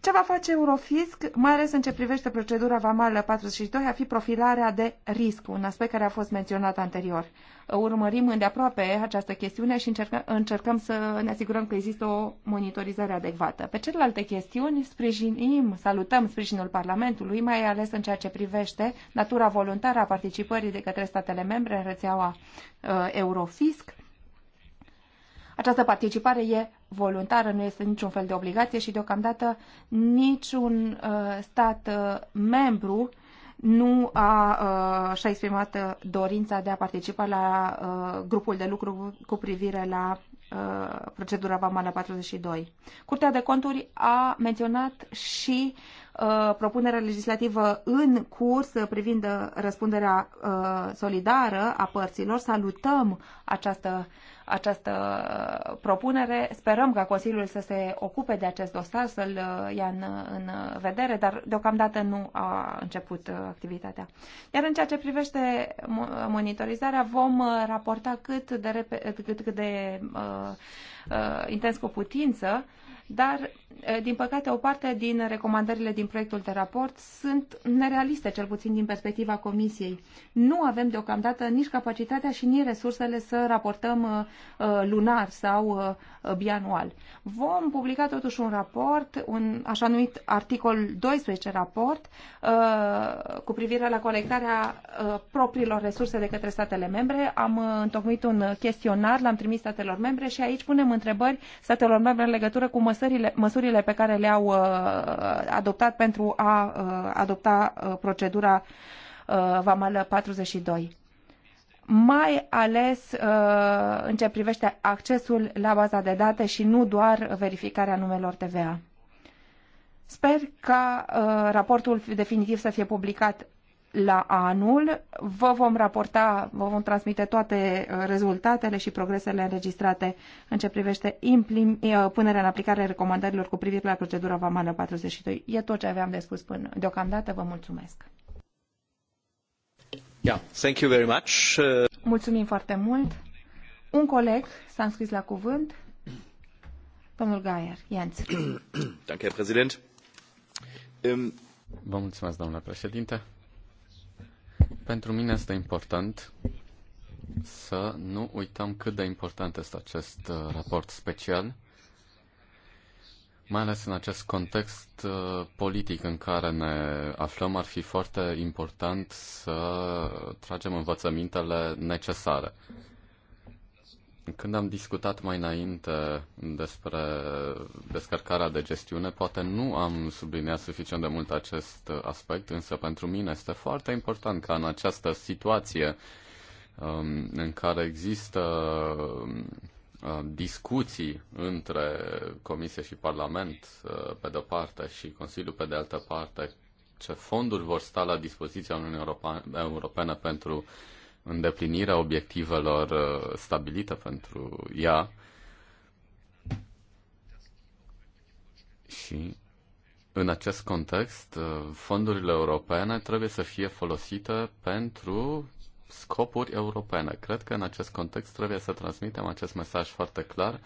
S3: Ce va face Eurofisc, mai ales în ce privește procedura vamală 42, a fi profilarea de risc, un aspect care a fost menționat anterior. Urmărim îndeaproape această chestiune și încercăm, încercăm să ne asigurăm că există o monitorizare adecvată. Pe celelalte chestiuni, sprijinim, salutăm sprijinul Parlamentului, mai ales în ceea ce privește natura voluntară a participării de către statele membre în rețeaua uh, Eurofisc. Această participare e voluntară, nu este niciun fel de obligație și deocamdată niciun uh, stat uh, membru nu a, uh, și-a exprimat uh, dorința de a participa la uh, grupul de lucru cu privire la uh, procedura vamală 42. Curtea de conturi a menționat și uh, propunerea legislativă în curs privind uh, răspunderea uh, solidară a părților. Salutăm această uh, această uh, propunere. Sperăm ca Consiliul să se ocupe de acest dosar, să-l uh, ia în, în vedere, dar deocamdată nu a început uh, activitatea. Iar în ceea ce privește monitorizarea, vom raporta cât de, repede, cât, cât de uh, uh, intens cu putință uh, dar, din păcate, o parte din recomandările din proiectul de raport sunt nerealiste, cel puțin din perspectiva Comisiei. Nu avem deocamdată nici capacitatea și nici resursele să raportăm lunar sau bianual. Vom publica totuși un raport, un așa numit articol 12 raport, cu privire la colectarea propriilor resurse de către statele membre. Am întocmit un chestionar, l-am trimis statelor membre și aici punem întrebări statelor membre în legătură cu măsurile măsările, măsurile pe care le-au uh, adoptat pentru a uh, adopta uh, procedura vamală 42 mai ales uh, în ce privește accesul la baza de date și nu doar verificarea numelor TVA. Sper ca uh, raportul definitiv să fie publicat la anul. Vă vom raporta, vă vom transmite toate uh, rezultatele și progresele înregistrate în ce privește implim, uh, punerea în aplicare recomandărilor cu privire la procedura vamală 42. E tot ce aveam de spus până deocamdată. Vă mulțumesc.
S2: Yeah, thank you very much. Uh,
S3: Mulțumim foarte mult. Un coleg s-a înscris la cuvânt. Domnul Gaier, ianț.
S2: Danke, președinte. Ähm, vă mulțumesc, domnule președinte. Pentru mine este important să nu uităm cât de important este acest uh, raport special, mai ales în acest context uh, politic în care ne aflăm, ar fi foarte important să tragem învățămintele necesare. Când am discutat mai înainte despre descărcarea de gestiune, poate nu am subliniat suficient de mult acest aspect, însă pentru mine este foarte important ca în această situație um, în care există um, discuții între Comisie și Parlament, uh, pe de-o parte, și Consiliul, pe de altă parte, ce fonduri vor sta la dispoziția Uniunii Europene pentru uh, îndeplinirea obiectivelor uh, stabilite pentru ea și în acest context, uh, fondurile europene trebuie să fie folosite pentru scopuri europene. Cred că în acest context trebuie să transmitem acest mesaj foarte clar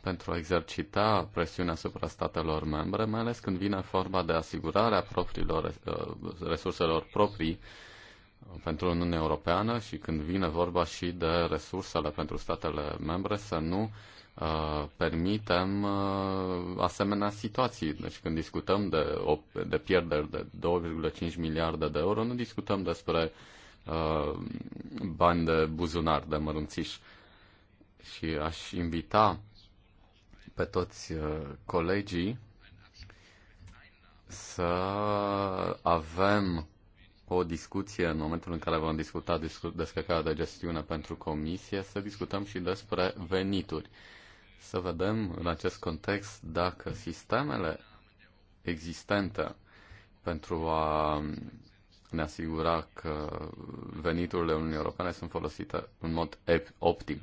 S2: pentru a exercita presiunea asupra statelor membre, mai ales când vine vorba de asigurarea propriilor uh, resurselor proprii pentru Uniunea Europeană și când vine vorba și de resursele pentru statele membre să nu uh, permitem uh, asemenea situații. Deci când discutăm de, o, de pierderi de 2,5 miliarde de euro, nu discutăm despre uh, bani de buzunar, de mărunțiși. Și aș invita pe toți uh, colegii să avem o discuție în momentul în care vom discuta descărcarea de gestiune pentru comisie, să discutăm și despre venituri. Să vedem în acest context dacă sistemele existente pentru a ne asigura că veniturile Uniunii Europene sunt folosite în mod optim.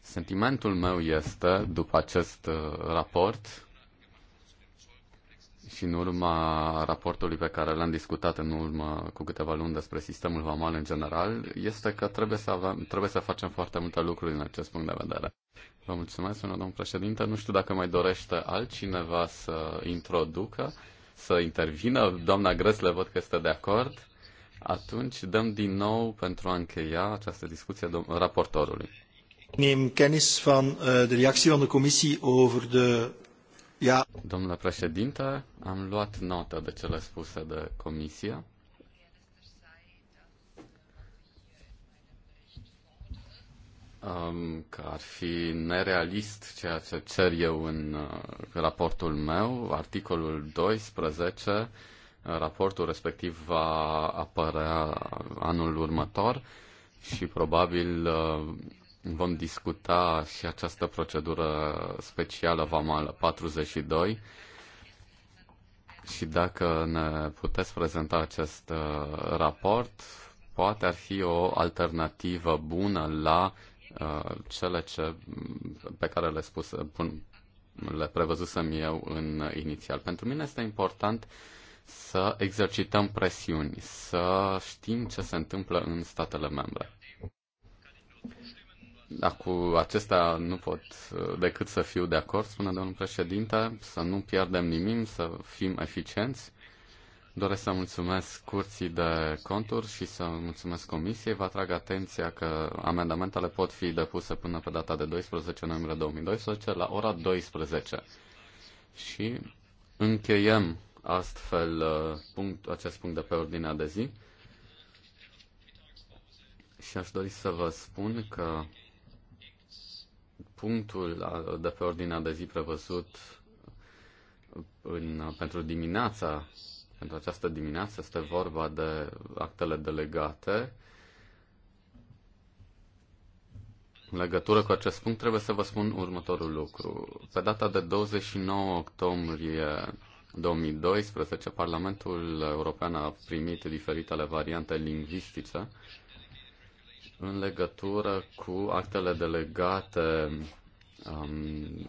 S2: Sentimentul meu este, după acest uh, raport, și în urma raportului pe care l-am discutat în urmă cu câteva luni despre sistemul vamal în general, este că trebuie să, avem, trebuie să facem foarte multe lucruri în acest punct de vedere. Vă mulțumesc, domnul președinte. Nu știu dacă mai dorește altcineva să introducă, să intervină. Doamna Gresle, văd că este de acord. Atunci dăm din nou pentru a încheia această discuție raportorului. Neem kennis van
S1: uh, de reactie van de commissie over de
S2: Domnule președinte, am luat notă de cele spuse de comisie. că ar fi nerealist ceea ce cer eu în uh, raportul meu, articolul 12, uh, raportul respectiv va apărea anul următor și probabil uh, vom discuta și această procedură specială VAMAL 42 și dacă ne puteți prezenta acest uh, raport, poate ar fi o alternativă bună la uh, cele ce, pe care le, spus pun, le prevăzusem eu în inițial. Pentru mine este important să exercităm presiuni, să știm ce se întâmplă în statele membre cu acesta nu pot decât să fiu de acord, spune domnul președinte, să nu pierdem nimic, să fim eficienți. Doresc să mulțumesc curții de conturi și să mulțumesc comisiei. Vă atrag atenția că amendamentele pot fi depuse până pe data de 12 noiembrie 2012 la ora 12. Și încheiem astfel uh, punct, acest punct de pe ordinea de zi. Și aș dori să vă spun că punctul de pe ordinea de zi prevăzut în, pentru dimineața, pentru această dimineață, este vorba de actele delegate. În legătură cu acest punct trebuie să vă spun următorul lucru. Pe data de 29 octombrie 2012, Parlamentul European a primit diferitele variante lingvistice în legătură cu actele delegate um,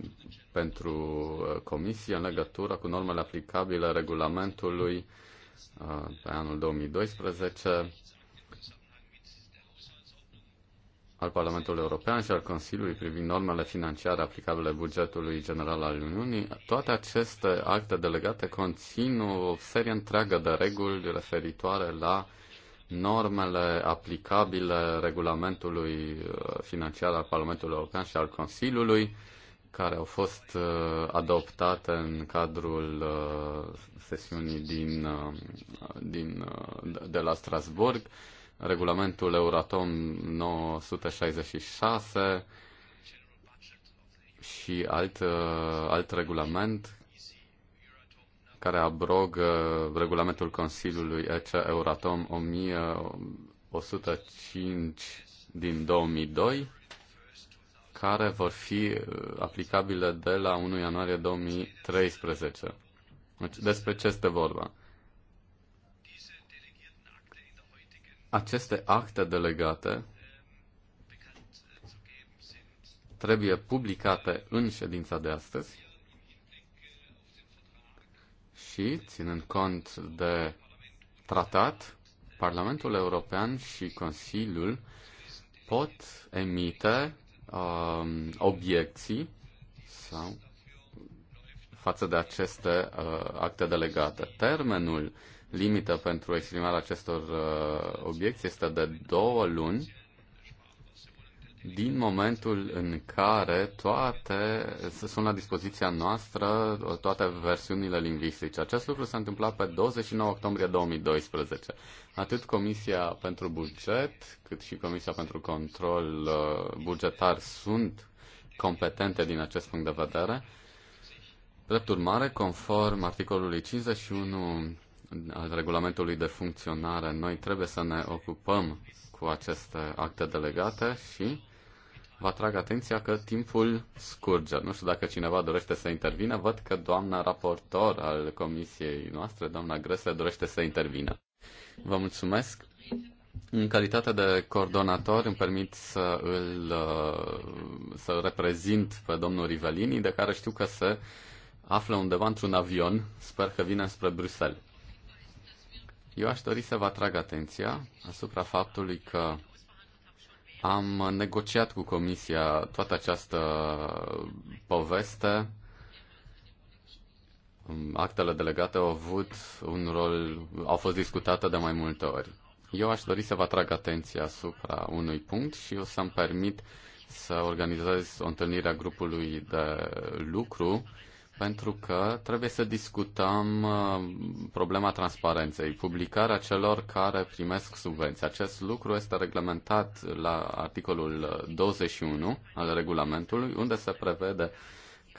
S2: pentru comisie, în legătură cu normele aplicabile regulamentului uh, pe anul 2012 al Parlamentului European și al Consiliului privind normele financiare aplicabile bugetului general al Uniunii, toate aceste acte delegate conțin o serie întreagă de reguli referitoare la uh, normele aplicabile regulamentului uh, financiar al Parlamentului European și al Consiliului, care au fost uh, adoptate în cadrul uh, sesiunii din, din, de la Strasburg, regulamentul Euratom 966 și alt, alt regulament care abrogă regulamentul Consiliului EC Euratom 1105 din 2002, care vor fi uh, aplicabile de la 1 ianuarie 2013. Deci, despre ce este vorba? Aceste acte delegate trebuie publicate în ședința de astăzi și, ținând cont de tratat, Parlamentul European și Consiliul pot emite um, obiecții sau față de aceste uh, acte delegate. Termenul limită pentru exprimarea acestor uh, obiecții este de două luni din momentul în care toate sunt la dispoziția noastră toate versiunile lingvistice. Acest lucru s-a întâmplat pe 29 octombrie 2012. Atât Comisia pentru Buget, cât și Comisia pentru Control uh, Bugetar sunt competente din acest punct de vedere. Drept urmare, conform articolului 51 al regulamentului de funcționare, noi trebuie să ne ocupăm cu aceste acte delegate și Vă atrag atenția că timpul scurge. Nu știu dacă cineva dorește să intervină. Văd că doamna raportor al comisiei noastre, doamna Grese, dorește să intervină. Vă mulțumesc. În calitate de coordonator îmi permit să îl uh, să reprezint pe domnul Rivelini, de care știu că se află undeva într-un avion. Sper că vine spre Bruxelles. Eu aș dori să vă atrag atenția asupra faptului că am negociat cu Comisia toată această poveste. Actele delegate au avut un rol, au fost discutate de mai multe ori. Eu aș dori să vă atrag atenția asupra unui punct și o să-mi permit să organizez o întâlnire a grupului de lucru pentru că trebuie să discutăm uh, problema transparenței, publicarea celor care primesc subvenții. Acest lucru este reglementat la articolul 21 uh, al regulamentului, unde se prevede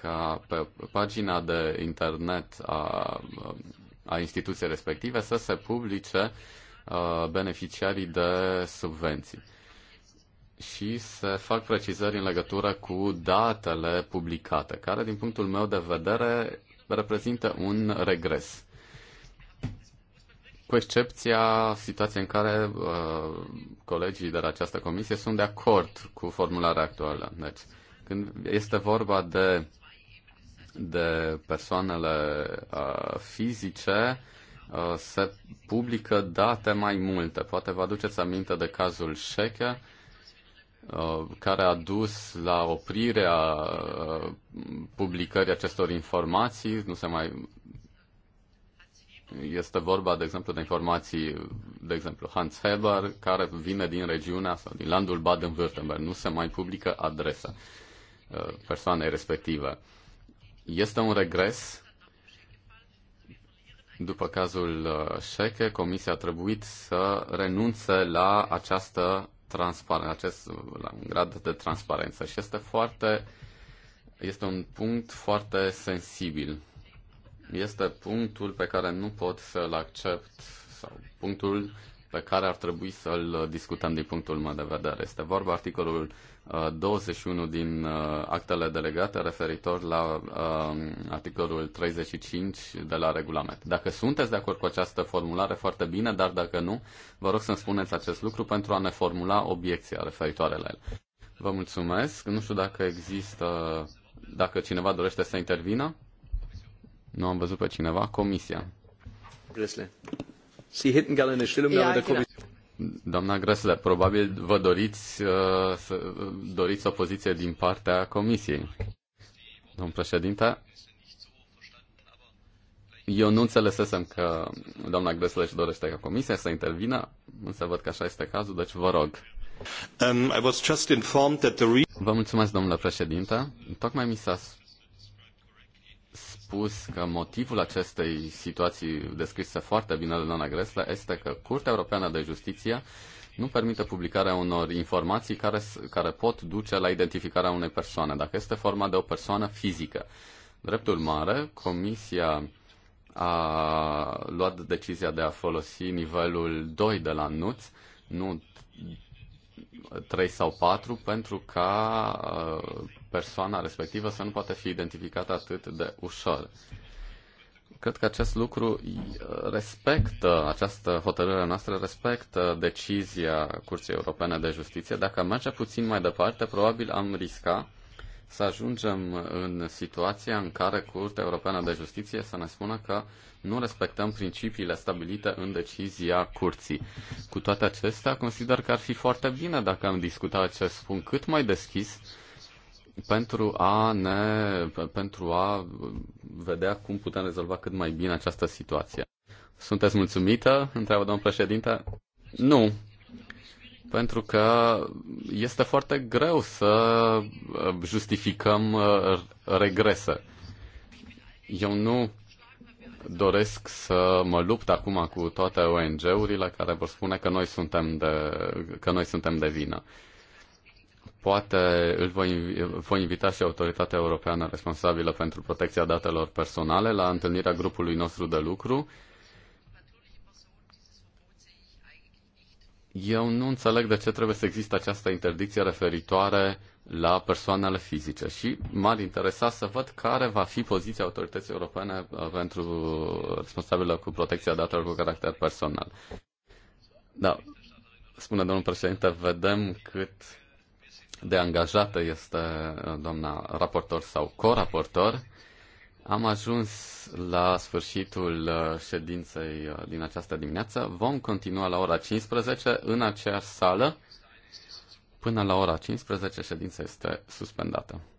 S2: ca pe pagina de internet a, uh, a instituției respective să se publice beneficiarii de subvenții și să fac precizări în legătură cu datele publicate, care, din punctul meu de vedere, reprezintă un regres. Cu excepția situației în care uh, colegii de la această comisie sunt de acord cu formularea actuală. Deci, când este vorba de, de persoanele uh, fizice, uh, se publică date mai multe. Poate vă aduceți aminte de cazul Sheche, Uh, care a dus la oprirea uh, publicării acestor informații, nu se mai este vorba, de exemplu, de informații, de exemplu, Hans Heber, care vine din regiunea sau din landul Baden-Württemberg. Nu se mai publică adresa uh, persoanei respective. Este un regres. După cazul Șeche, Comisia a trebuit să renunțe la această transparent, acest la un grad de transparență și este foarte este un punct foarte sensibil. Este punctul pe care nu pot să-l accept sau punctul pe care ar trebui să-l discutăm din punctul meu de vedere. Este vorba articolul 21 uh, din uh, actele delegate referitor la um, articolul 35 de la regulament. Dacă sunteți de acord cu această formulare, foarte bine, dar dacă nu, vă rog să-mi spuneți acest lucru pentru a ne formula obiecția referitoare la el. Vă mulțumesc. Nu știu dacă există, dacă cineva dorește să intervină. Nu am văzut pe cineva. Comisia. Sie hätten gerne eine Stellungnahme der Kommission. Doamna Grăsle, probabil vă doriți, uh, să, doriți o poziție din partea Comisiei. Domn președinte, eu nu înțelesesem că doamna Grăsle își dorește ca Comisia să intervină, însă văd că așa este cazul, deci vă rog. Um, I was just informed that the... Vă mulțumesc, domnule președinte. Tocmai mi s-a spus că motivul acestei situații descrise foarte bine de Nana Gresle este că Curtea Europeană de Justiție nu permite publicarea unor informații care, care pot duce la identificarea unei persoane, dacă este forma de o persoană fizică. Drept urmare, Comisia a luat decizia de a folosi nivelul 2 de la NUTS, nu 3 sau 4, pentru ca uh, persoana respectivă să nu poate fi identificată atât de ușor. Cred că acest lucru uh, respectă, această hotărâre noastră respectă decizia Curții Europene de Justiție. Dacă am merge puțin mai departe, probabil am risca să ajungem în situația în care Curtea Europeană de Justiție să ne spună că nu respectăm principiile stabilite în decizia Curții. Cu toate acestea, consider că ar fi foarte bine dacă am discutat acest punct cât mai deschis pentru a ne, pentru a vedea cum putem rezolva cât mai bine această situație. Sunteți mulțumită? Întreabă domnul președinte. Nu, pentru că este foarte greu să uh, justificăm uh, regrese. Eu nu doresc să mă lupt acum cu toate ONG-urile care vor spune că noi suntem de, că noi suntem de vină. Poate îl voi, voi invita și autoritatea europeană responsabilă pentru protecția datelor personale la întâlnirea grupului nostru de lucru. Eu nu înțeleg de ce trebuie să existe această interdicție referitoare la persoanele fizice și m-ar interesa să văd care va fi poziția autorității europene uh, pentru uh, responsabilă cu protecția datelor cu caracter personal. Da, spune domnul președinte, vedem cât de angajată este uh, doamna raportor sau coraportor. Am ajuns la sfârșitul uh, ședinței uh, din această dimineață. Vom continua la ora 15 în aceeași sală. Până la ora 15 ședința este suspendată.